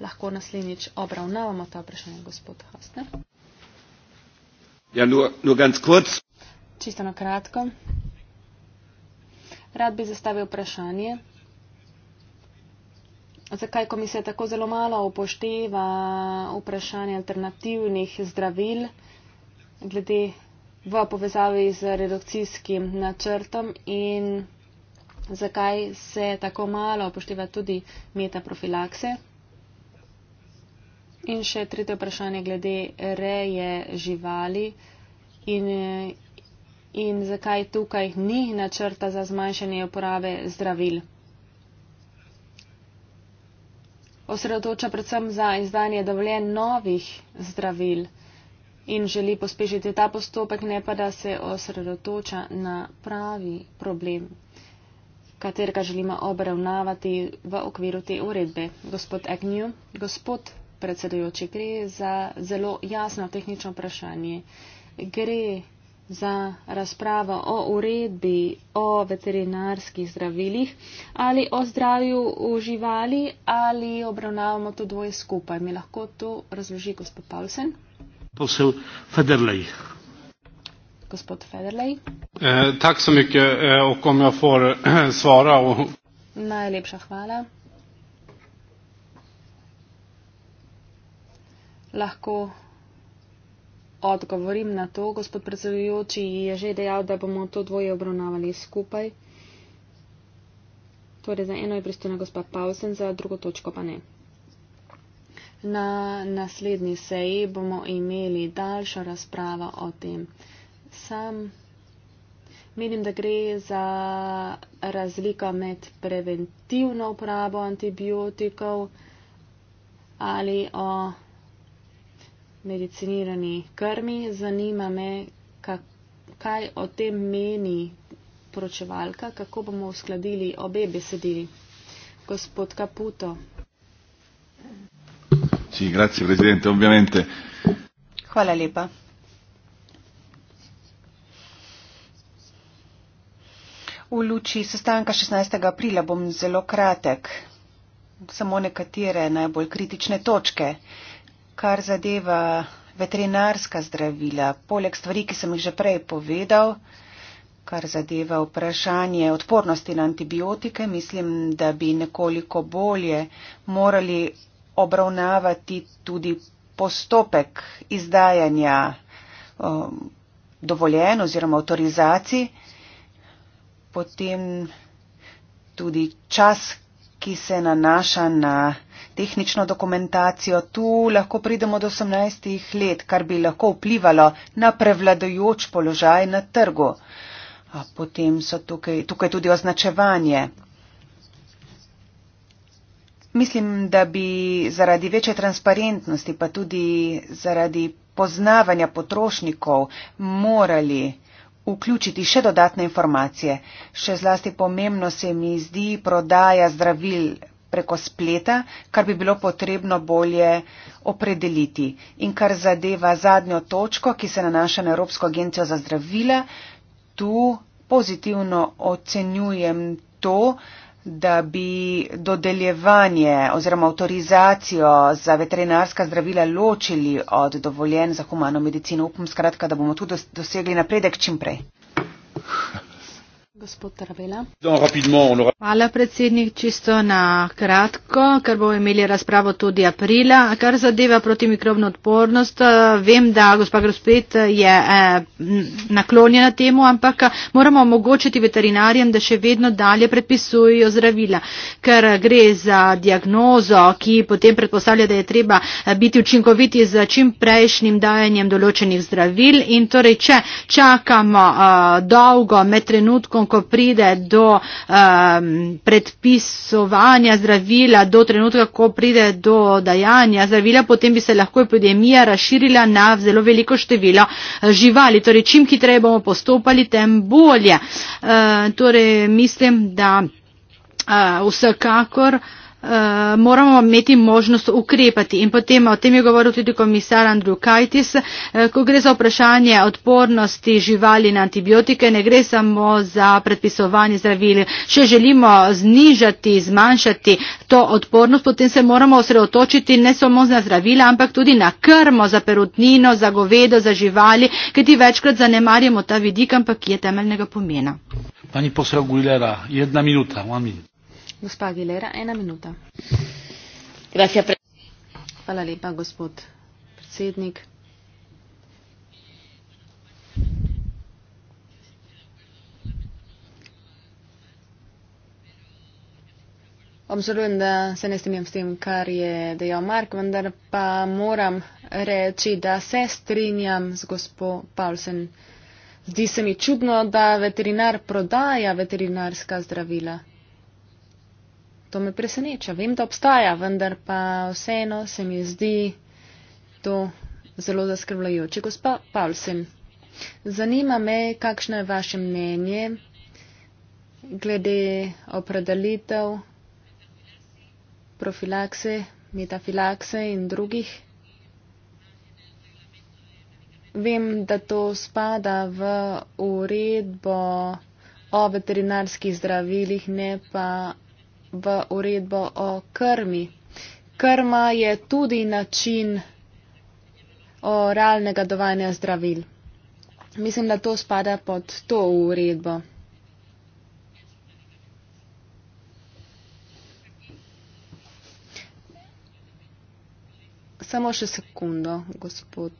lahko naslednjič obravnavamo ta vprašanje, gospod Hostner. Ja, nu, nu Čisto na kratko. Rad bi zastavil vprašanje zakaj komisija tako zelo malo upošteva vprašanje alternativnih zdravil glede v povezavi z redukcijskim načrtom in zakaj se tako malo upošteva tudi metaprofilakse. In še tretje vprašanje glede reje živali in, in zakaj tukaj ni načrta za zmanjšanje uporabe zdravil. osredotoča predvsem za izdanje dovoljen novih zdravil in želi pospešiti ta postopek, ne pa da se osredotoča na pravi problem, katerega želimo obravnavati v okviru te uredbe. Gospod Agnew, gospod predsedujoči, gre za zelo jasno tehnično vprašanje. Gre za razpravo o uredbi o veterinarskih zdravilih ali o zdravju v živali ali obravnavamo to dvoje skupaj. Mi lahko to razloži gospod Paulsen. Posel Federlej. Gospod Federlej. Eh, tak sem jih, eh, okom jo ja for eh, svaral. Najlepša hvala. Lahko odgovorim na to. Gospod predsedujoči je že dejal, da bomo to dvoje obravnavali skupaj. Torej, za eno je pristojna gospa Pausen, za drugo točko pa ne. Na naslednji seji bomo imeli daljšo razpravo o tem. Sam menim, da gre za razliko med preventivno uporabo antibiotikov ali o medicinirani krmi. Zanima me, kaj o tem meni poročevalka, kako bomo uskladili obe besedili. Gospod Caputo. Sì, grazie Presidente, ovviamente. Hvala lepa. V luči sestanka 16. aprila bom zelo kratek, samo nekatere najbolj kritične točke kar zadeva veterinarska zdravila, poleg stvari, ki sem jih že prej povedal, kar zadeva vprašanje odpornosti na antibiotike, mislim, da bi nekoliko bolje morali obravnavati tudi postopek izdajanja um, dovoljen oziroma avtorizacij, potem tudi čas, ki se nanaša na tehnično dokumentacijo. Tu lahko pridemo do 18 let, kar bi lahko vplivalo na prevladojoč položaj na trgu. A potem so tukaj, tukaj tudi označevanje. Mislim, da bi zaradi večje transparentnosti, pa tudi zaradi poznavanja potrošnikov, morali vključiti še dodatne informacije. Še zlasti pomembno se mi zdi prodaja zdravil preko spleta, kar bi bilo potrebno bolje opredeliti. In kar zadeva zadnjo točko, ki se nanaša na Evropsko agencijo za zdravila, tu pozitivno ocenjujem to, da bi dodeljevanje oziroma avtorizacijo za veterinarska zdravila ločili od dovoljen za humano medicino. Upam skratka, da bomo tu dosegli napredek čim prej. Hvala predsednik, čisto na kratko, ker bomo imeli razpravo tudi aprila. Kar zadeva protimikrobno odpornost, eh, vem, da gospa Grospet eh, je eh, naklonjena temu, ampak moramo omogočiti veterinarjem, da še vedno dalje predpisujejo zdravila, ker gre za diagnozo, ki potem predpostavlja, da je treba biti učinkoviti z čim prejšnjim dajanjem določenih zdravil. In torej, če čakamo dolgo med trenutkom, ko pride do um, predpisovanja zdravila, do trenutka, ko pride do dajanja zdravila, potem bi se lahko epidemija razširila na zelo veliko število eh, živali. Torej, čim hitreje bomo postopali, tem bolje. Uh, torej, mislim, da uh, vsekakor. Uh, Eh, moramo imeti možnost ukrepati. In potem o tem je govoril tudi komisar Andrew Kajtis, eh, ko gre za vprašanje odpornosti živali na antibiotike, ne gre samo za predpisovanje zdravil. Če želimo znižati, zmanjšati to odpornost, potem se moramo osredotočiti ne samo na zdravila, ampak tudi na krmo za perutnino, za govedo, za živali, ker ti večkrat zanemarjamo ta vidik, ampak je temeljnega pomena. Pani posel Gujlera, jedna minuta, one minute. Gospa Aguilera, ena minuta. Hvala lepa, gospod predsednik. Obžalujem, da se ne strinjam s tem, kar je dejal Mark, vendar pa moram reči, da se strinjam z gospo Paulsen. Zdi se mi čudno, da veterinar prodaja veterinarska zdravila to me preseneča. Vem, da obstaja, vendar pa vseeno se mi zdi to zelo zaskrbljajoče. Gospa Paulsen, zanima me, kakšno je vaše mnenje glede opredelitev profilakse, metafilakse in drugih. Vem, da to spada v uredbo o veterinarskih zdravilih, ne pa v uredbo o krmi. Krma je tudi način oralnega dovanja zdravil. Mislim, da to spada pod to uredbo. Samo še sekundo, gospod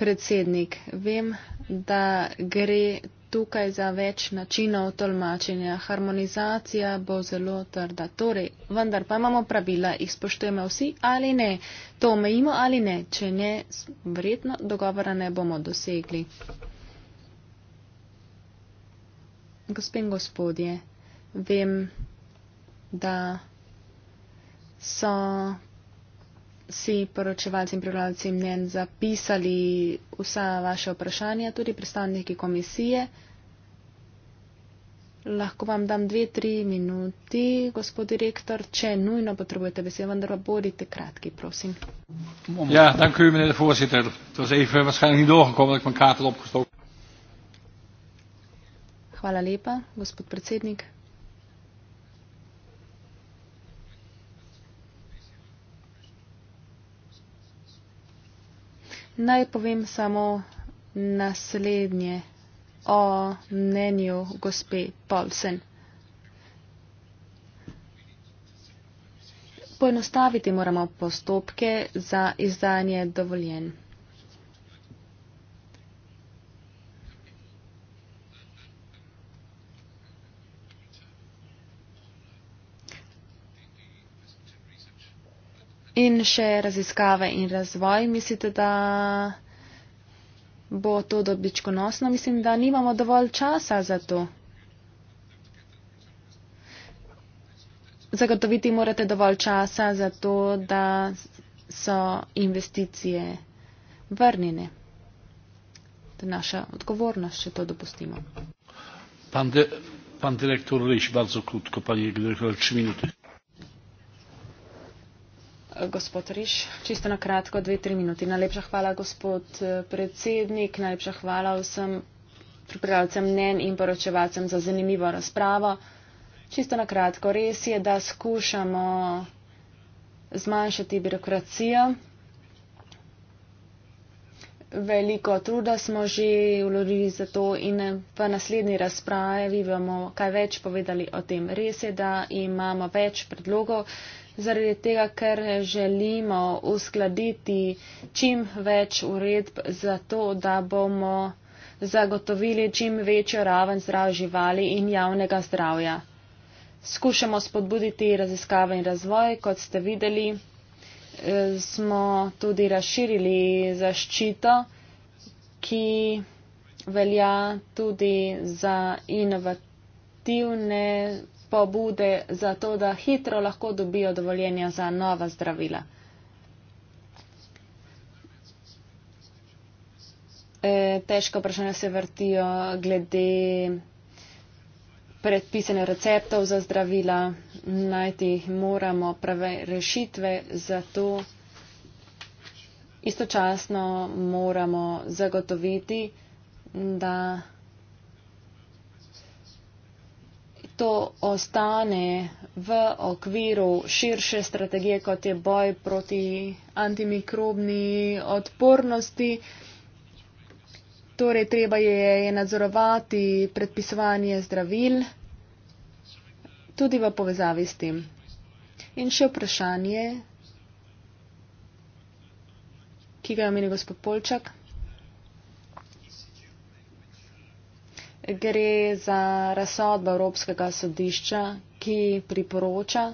predsednik. Vem, da gre tukaj za več načinov tolmačenja. Harmonizacija bo zelo trda. Torej, vendar pa imamo pravila, jih spoštujemo vsi ali ne. To omejimo ali ne. Če ne, verjetno dogovora ne bomo dosegli. Gospe in gospodje, vem, da so si poročevalci in prevladci mnen zapisali vsa vaše vprašanja, tudi predstavniki komisije. Lahko vam dam dve, tri minuti, gospod direktor, če nujno potrebujete besedo, vendar pa bodite kratki, prosim. Ja, dank u, meneer de voorzitter. Het was even waarschijnlijk niet doorgekomen dat ik mijn kaart had opgestoken. Hvala lepa, gospod predsednik. Naj povem samo naslednje o mnenju gospe Paulsen. Poenostaviti moramo postopke za izdanje dovoljen. In še raziskave in razvoj, mislite, da bo to dobičkonosno, mislim, da nimamo dovolj časa za to. Zagotoviti morate dovolj časa za to, da so investicije vrnjene. To je naša odgovornost, če to dopustimo. Pan, de, pan direktor Liš, bardzo krótko, pani direktor, 3 minuty. Gospod Riš, čisto na kratko, dve, tri minuti. Najlepša hvala, gospod eh, predsednik, najlepša hvala vsem pripravljalcem mnen in poročevalcem za zanimivo razpravo. Čisto na kratko, res je, da skušamo zmanjšati birokracijo. Veliko truda smo že vložili za to in eh, v naslednji razpravi bomo kaj več povedali o tem. Res je, da imamo več predlogov, zaradi tega, ker želimo uskladiti čim več uredb zato, da bomo zagotovili čim večjo raven zdrav živali in javnega zdravja. Skušamo spodbuditi raziskave in razvoj, kot ste videli, eh, smo tudi razširili zaščito, ki velja tudi za inovativne pobude za to, da hitro lahko dobijo dovoljenja za nova zdravila. E, Težko vprašanje se vrtijo glede predpisane receptov za zdravila. Najti moramo prave rešitve za to. Istočasno moramo zagotoviti, da to ostane v okviru širše strategije, kot je boj proti antimikrobni odpornosti. Torej, treba je nadzorovati predpisovanje zdravil tudi v povezavi s tem. In še vprašanje, ki ga je omenil gospod Polčak. gre za razsodbo Evropskega sodišča, ki priporoča,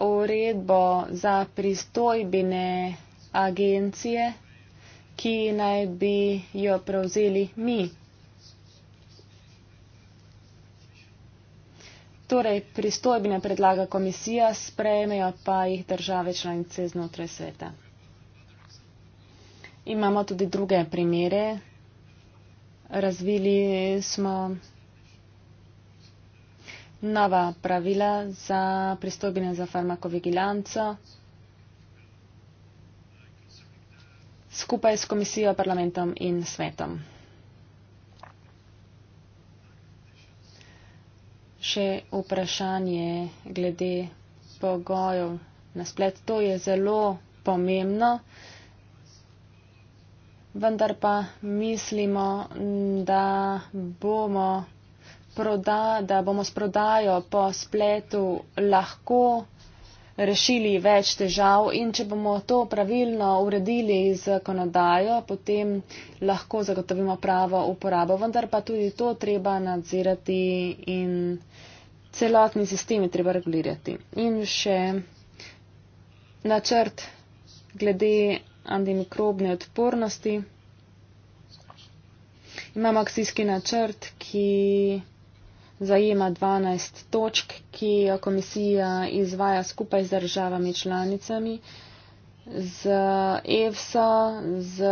uredbo za pristojbine agencije, ki naj bi jo prevzeli mi. Torej, pristojbine predlaga komisija, sprejmejo pa jih države članice znotraj sveta. Imamo tudi druge primere. Razvili smo nova pravila za pristojbine za farmakovigilanco. skupaj s komisijo, parlamentom in svetom. Še vprašanje glede pogojev na splet. To je zelo pomembno vendar pa mislimo, da bomo, proda, da bomo s prodajo po spletu lahko rešili več težav in če bomo to pravilno uredili z zakonodajo, potem lahko zagotovimo pravo uporabo, vendar pa tudi to treba nadzirati in celotni sistem je treba regulirati. In še načrt glede antimikrobne odpornosti. Imam akcijski načrt, ki zajema 12 točk, ki jo komisija izvaja skupaj z državami članicami, z EFSA, z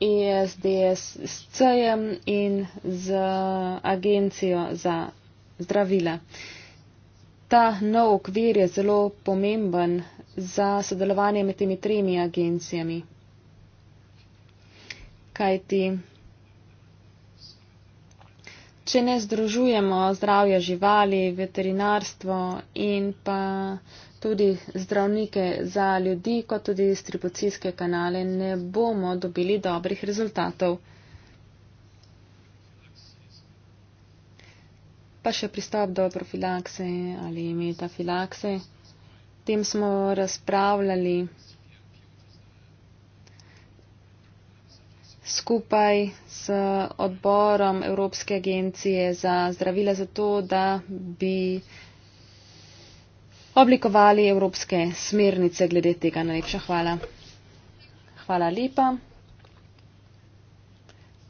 ESDSC-jem in z Agencijo za zdravila. Ta nov okvir je zelo pomemben za sodelovanje med temi tremi agencijami. Kajti, če ne združujemo zdravja živali, veterinarstvo in pa tudi zdravnike za ljudi, kot tudi distribucijske kanale, ne bomo dobili dobrih rezultatov. Pa še pristop do profilakse ali metafilakse tem smo razpravljali skupaj s odborom Evropske agencije za zdravila za to, da bi oblikovali evropske smernice glede tega. Najlepša hvala. Hvala lepa.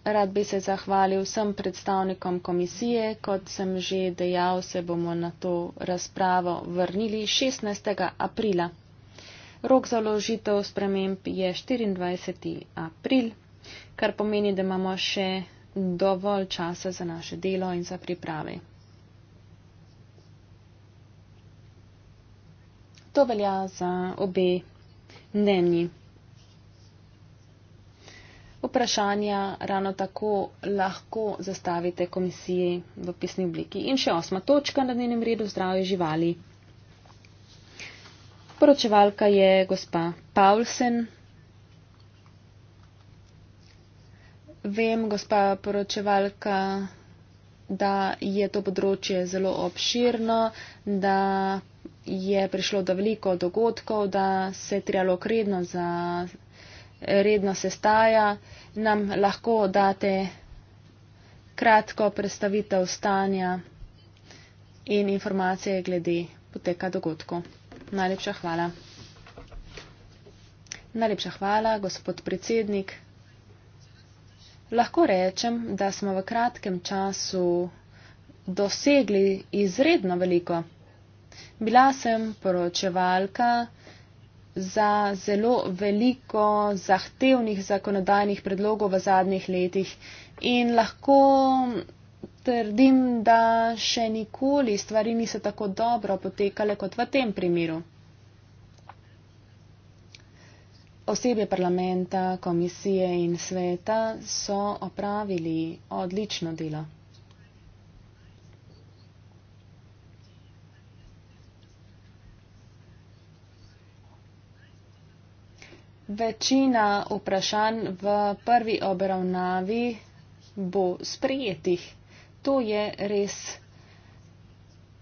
Rad bi se zahvalil vsem predstavnikom komisije, kot sem že dejal, se bomo na to razpravo vrnili 16. aprila. Rok za vložitev sprememb je 24. april, kar pomeni, da imamo še dovolj časa za naše delo in za priprave. To velja za obe mnenji vprašanja rano tako lahko zastavite komisiji v pisni obliki. In še osma točka na dnevnem redu zdravje živali. Poročevalka je gospa Paulsen. Vem, gospa poročevalka, da je to področje zelo obširno, da je prišlo do veliko dogodkov, da se je trialo kredno za redno sestaja, nam lahko date kratko predstavitev stanja in informacije glede poteka dogodkov. Najlepša hvala. Najlepša hvala, gospod predsednik. Lahko rečem, da smo v kratkem času dosegli izredno veliko. Bila sem poročevalka, za zelo veliko zahtevnih zakonodajnih predlogov v zadnjih letih in lahko trdim, da še nikoli stvari niso tako dobro potekale kot v tem primeru. Osebje parlamenta, komisije in sveta so opravili odlično delo. Večina vprašanj v prvi obravnavi bo sprejetih. To je res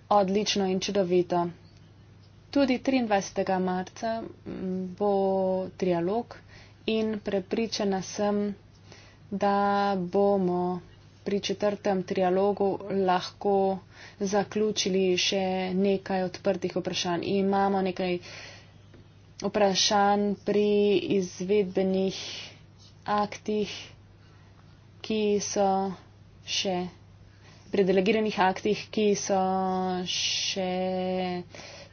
odlično in čudovito. Tudi 23. marca mm, bo trialog in prepričana sem, da bomo pri četrtem trialogu lahko zaključili še nekaj odprtih vprašanj. Imamo nekaj uh, vprašanj pri izvedbenih aktih, ki so še pri delegiranih aktih, ki so še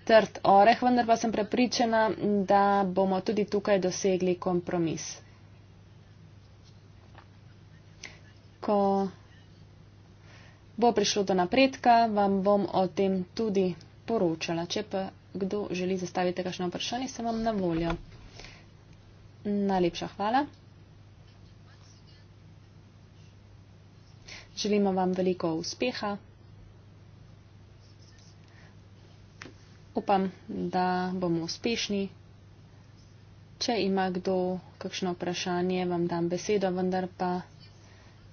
trd oreh, vendar pa sem prepričana, da bomo tudi tukaj dosegli kompromis. Ko bo prišlo do napredka, vam bom o tem tudi poročala. Če pa kdo želi zastaviti kakšno vprašanje, sem vam na voljo. Najlepša hvala. Želimo vam veliko uspeha. Upam, da bomo uspešni. Če ima kdo kakšno vprašanje, vam dam besedo, vendar pa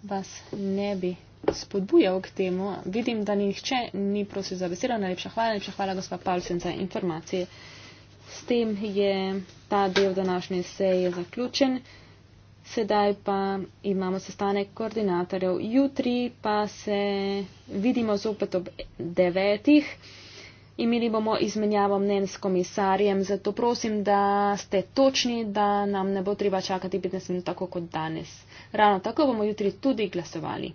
vas ne bi spodbujal k temu. Vidim, da nihče ni prosil za besedo. Najlepša hvala, najlepša hvala, gospa Palsen, za informacije. S tem je ta del današnje seje zaključen. Sedaj pa imamo sestanek koordinatorjev. Jutri pa se vidimo zopet ob devetih. Imeli bomo izmenjavo mnen s komisarjem, zato prosim, da ste točni, da nam ne bo treba čakati 15 minut tako kot danes. Ravno tako bomo jutri tudi glasovali.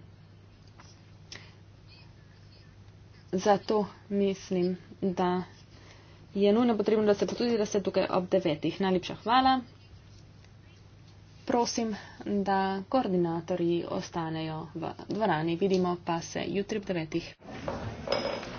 zato mislim, da je nujno potrebno, da se potrudite, da ste tukaj ob devetih. Najlepša hvala. Prosim, da koordinatorji ostanejo v dvorani. Vidimo pa se jutri ob devetih.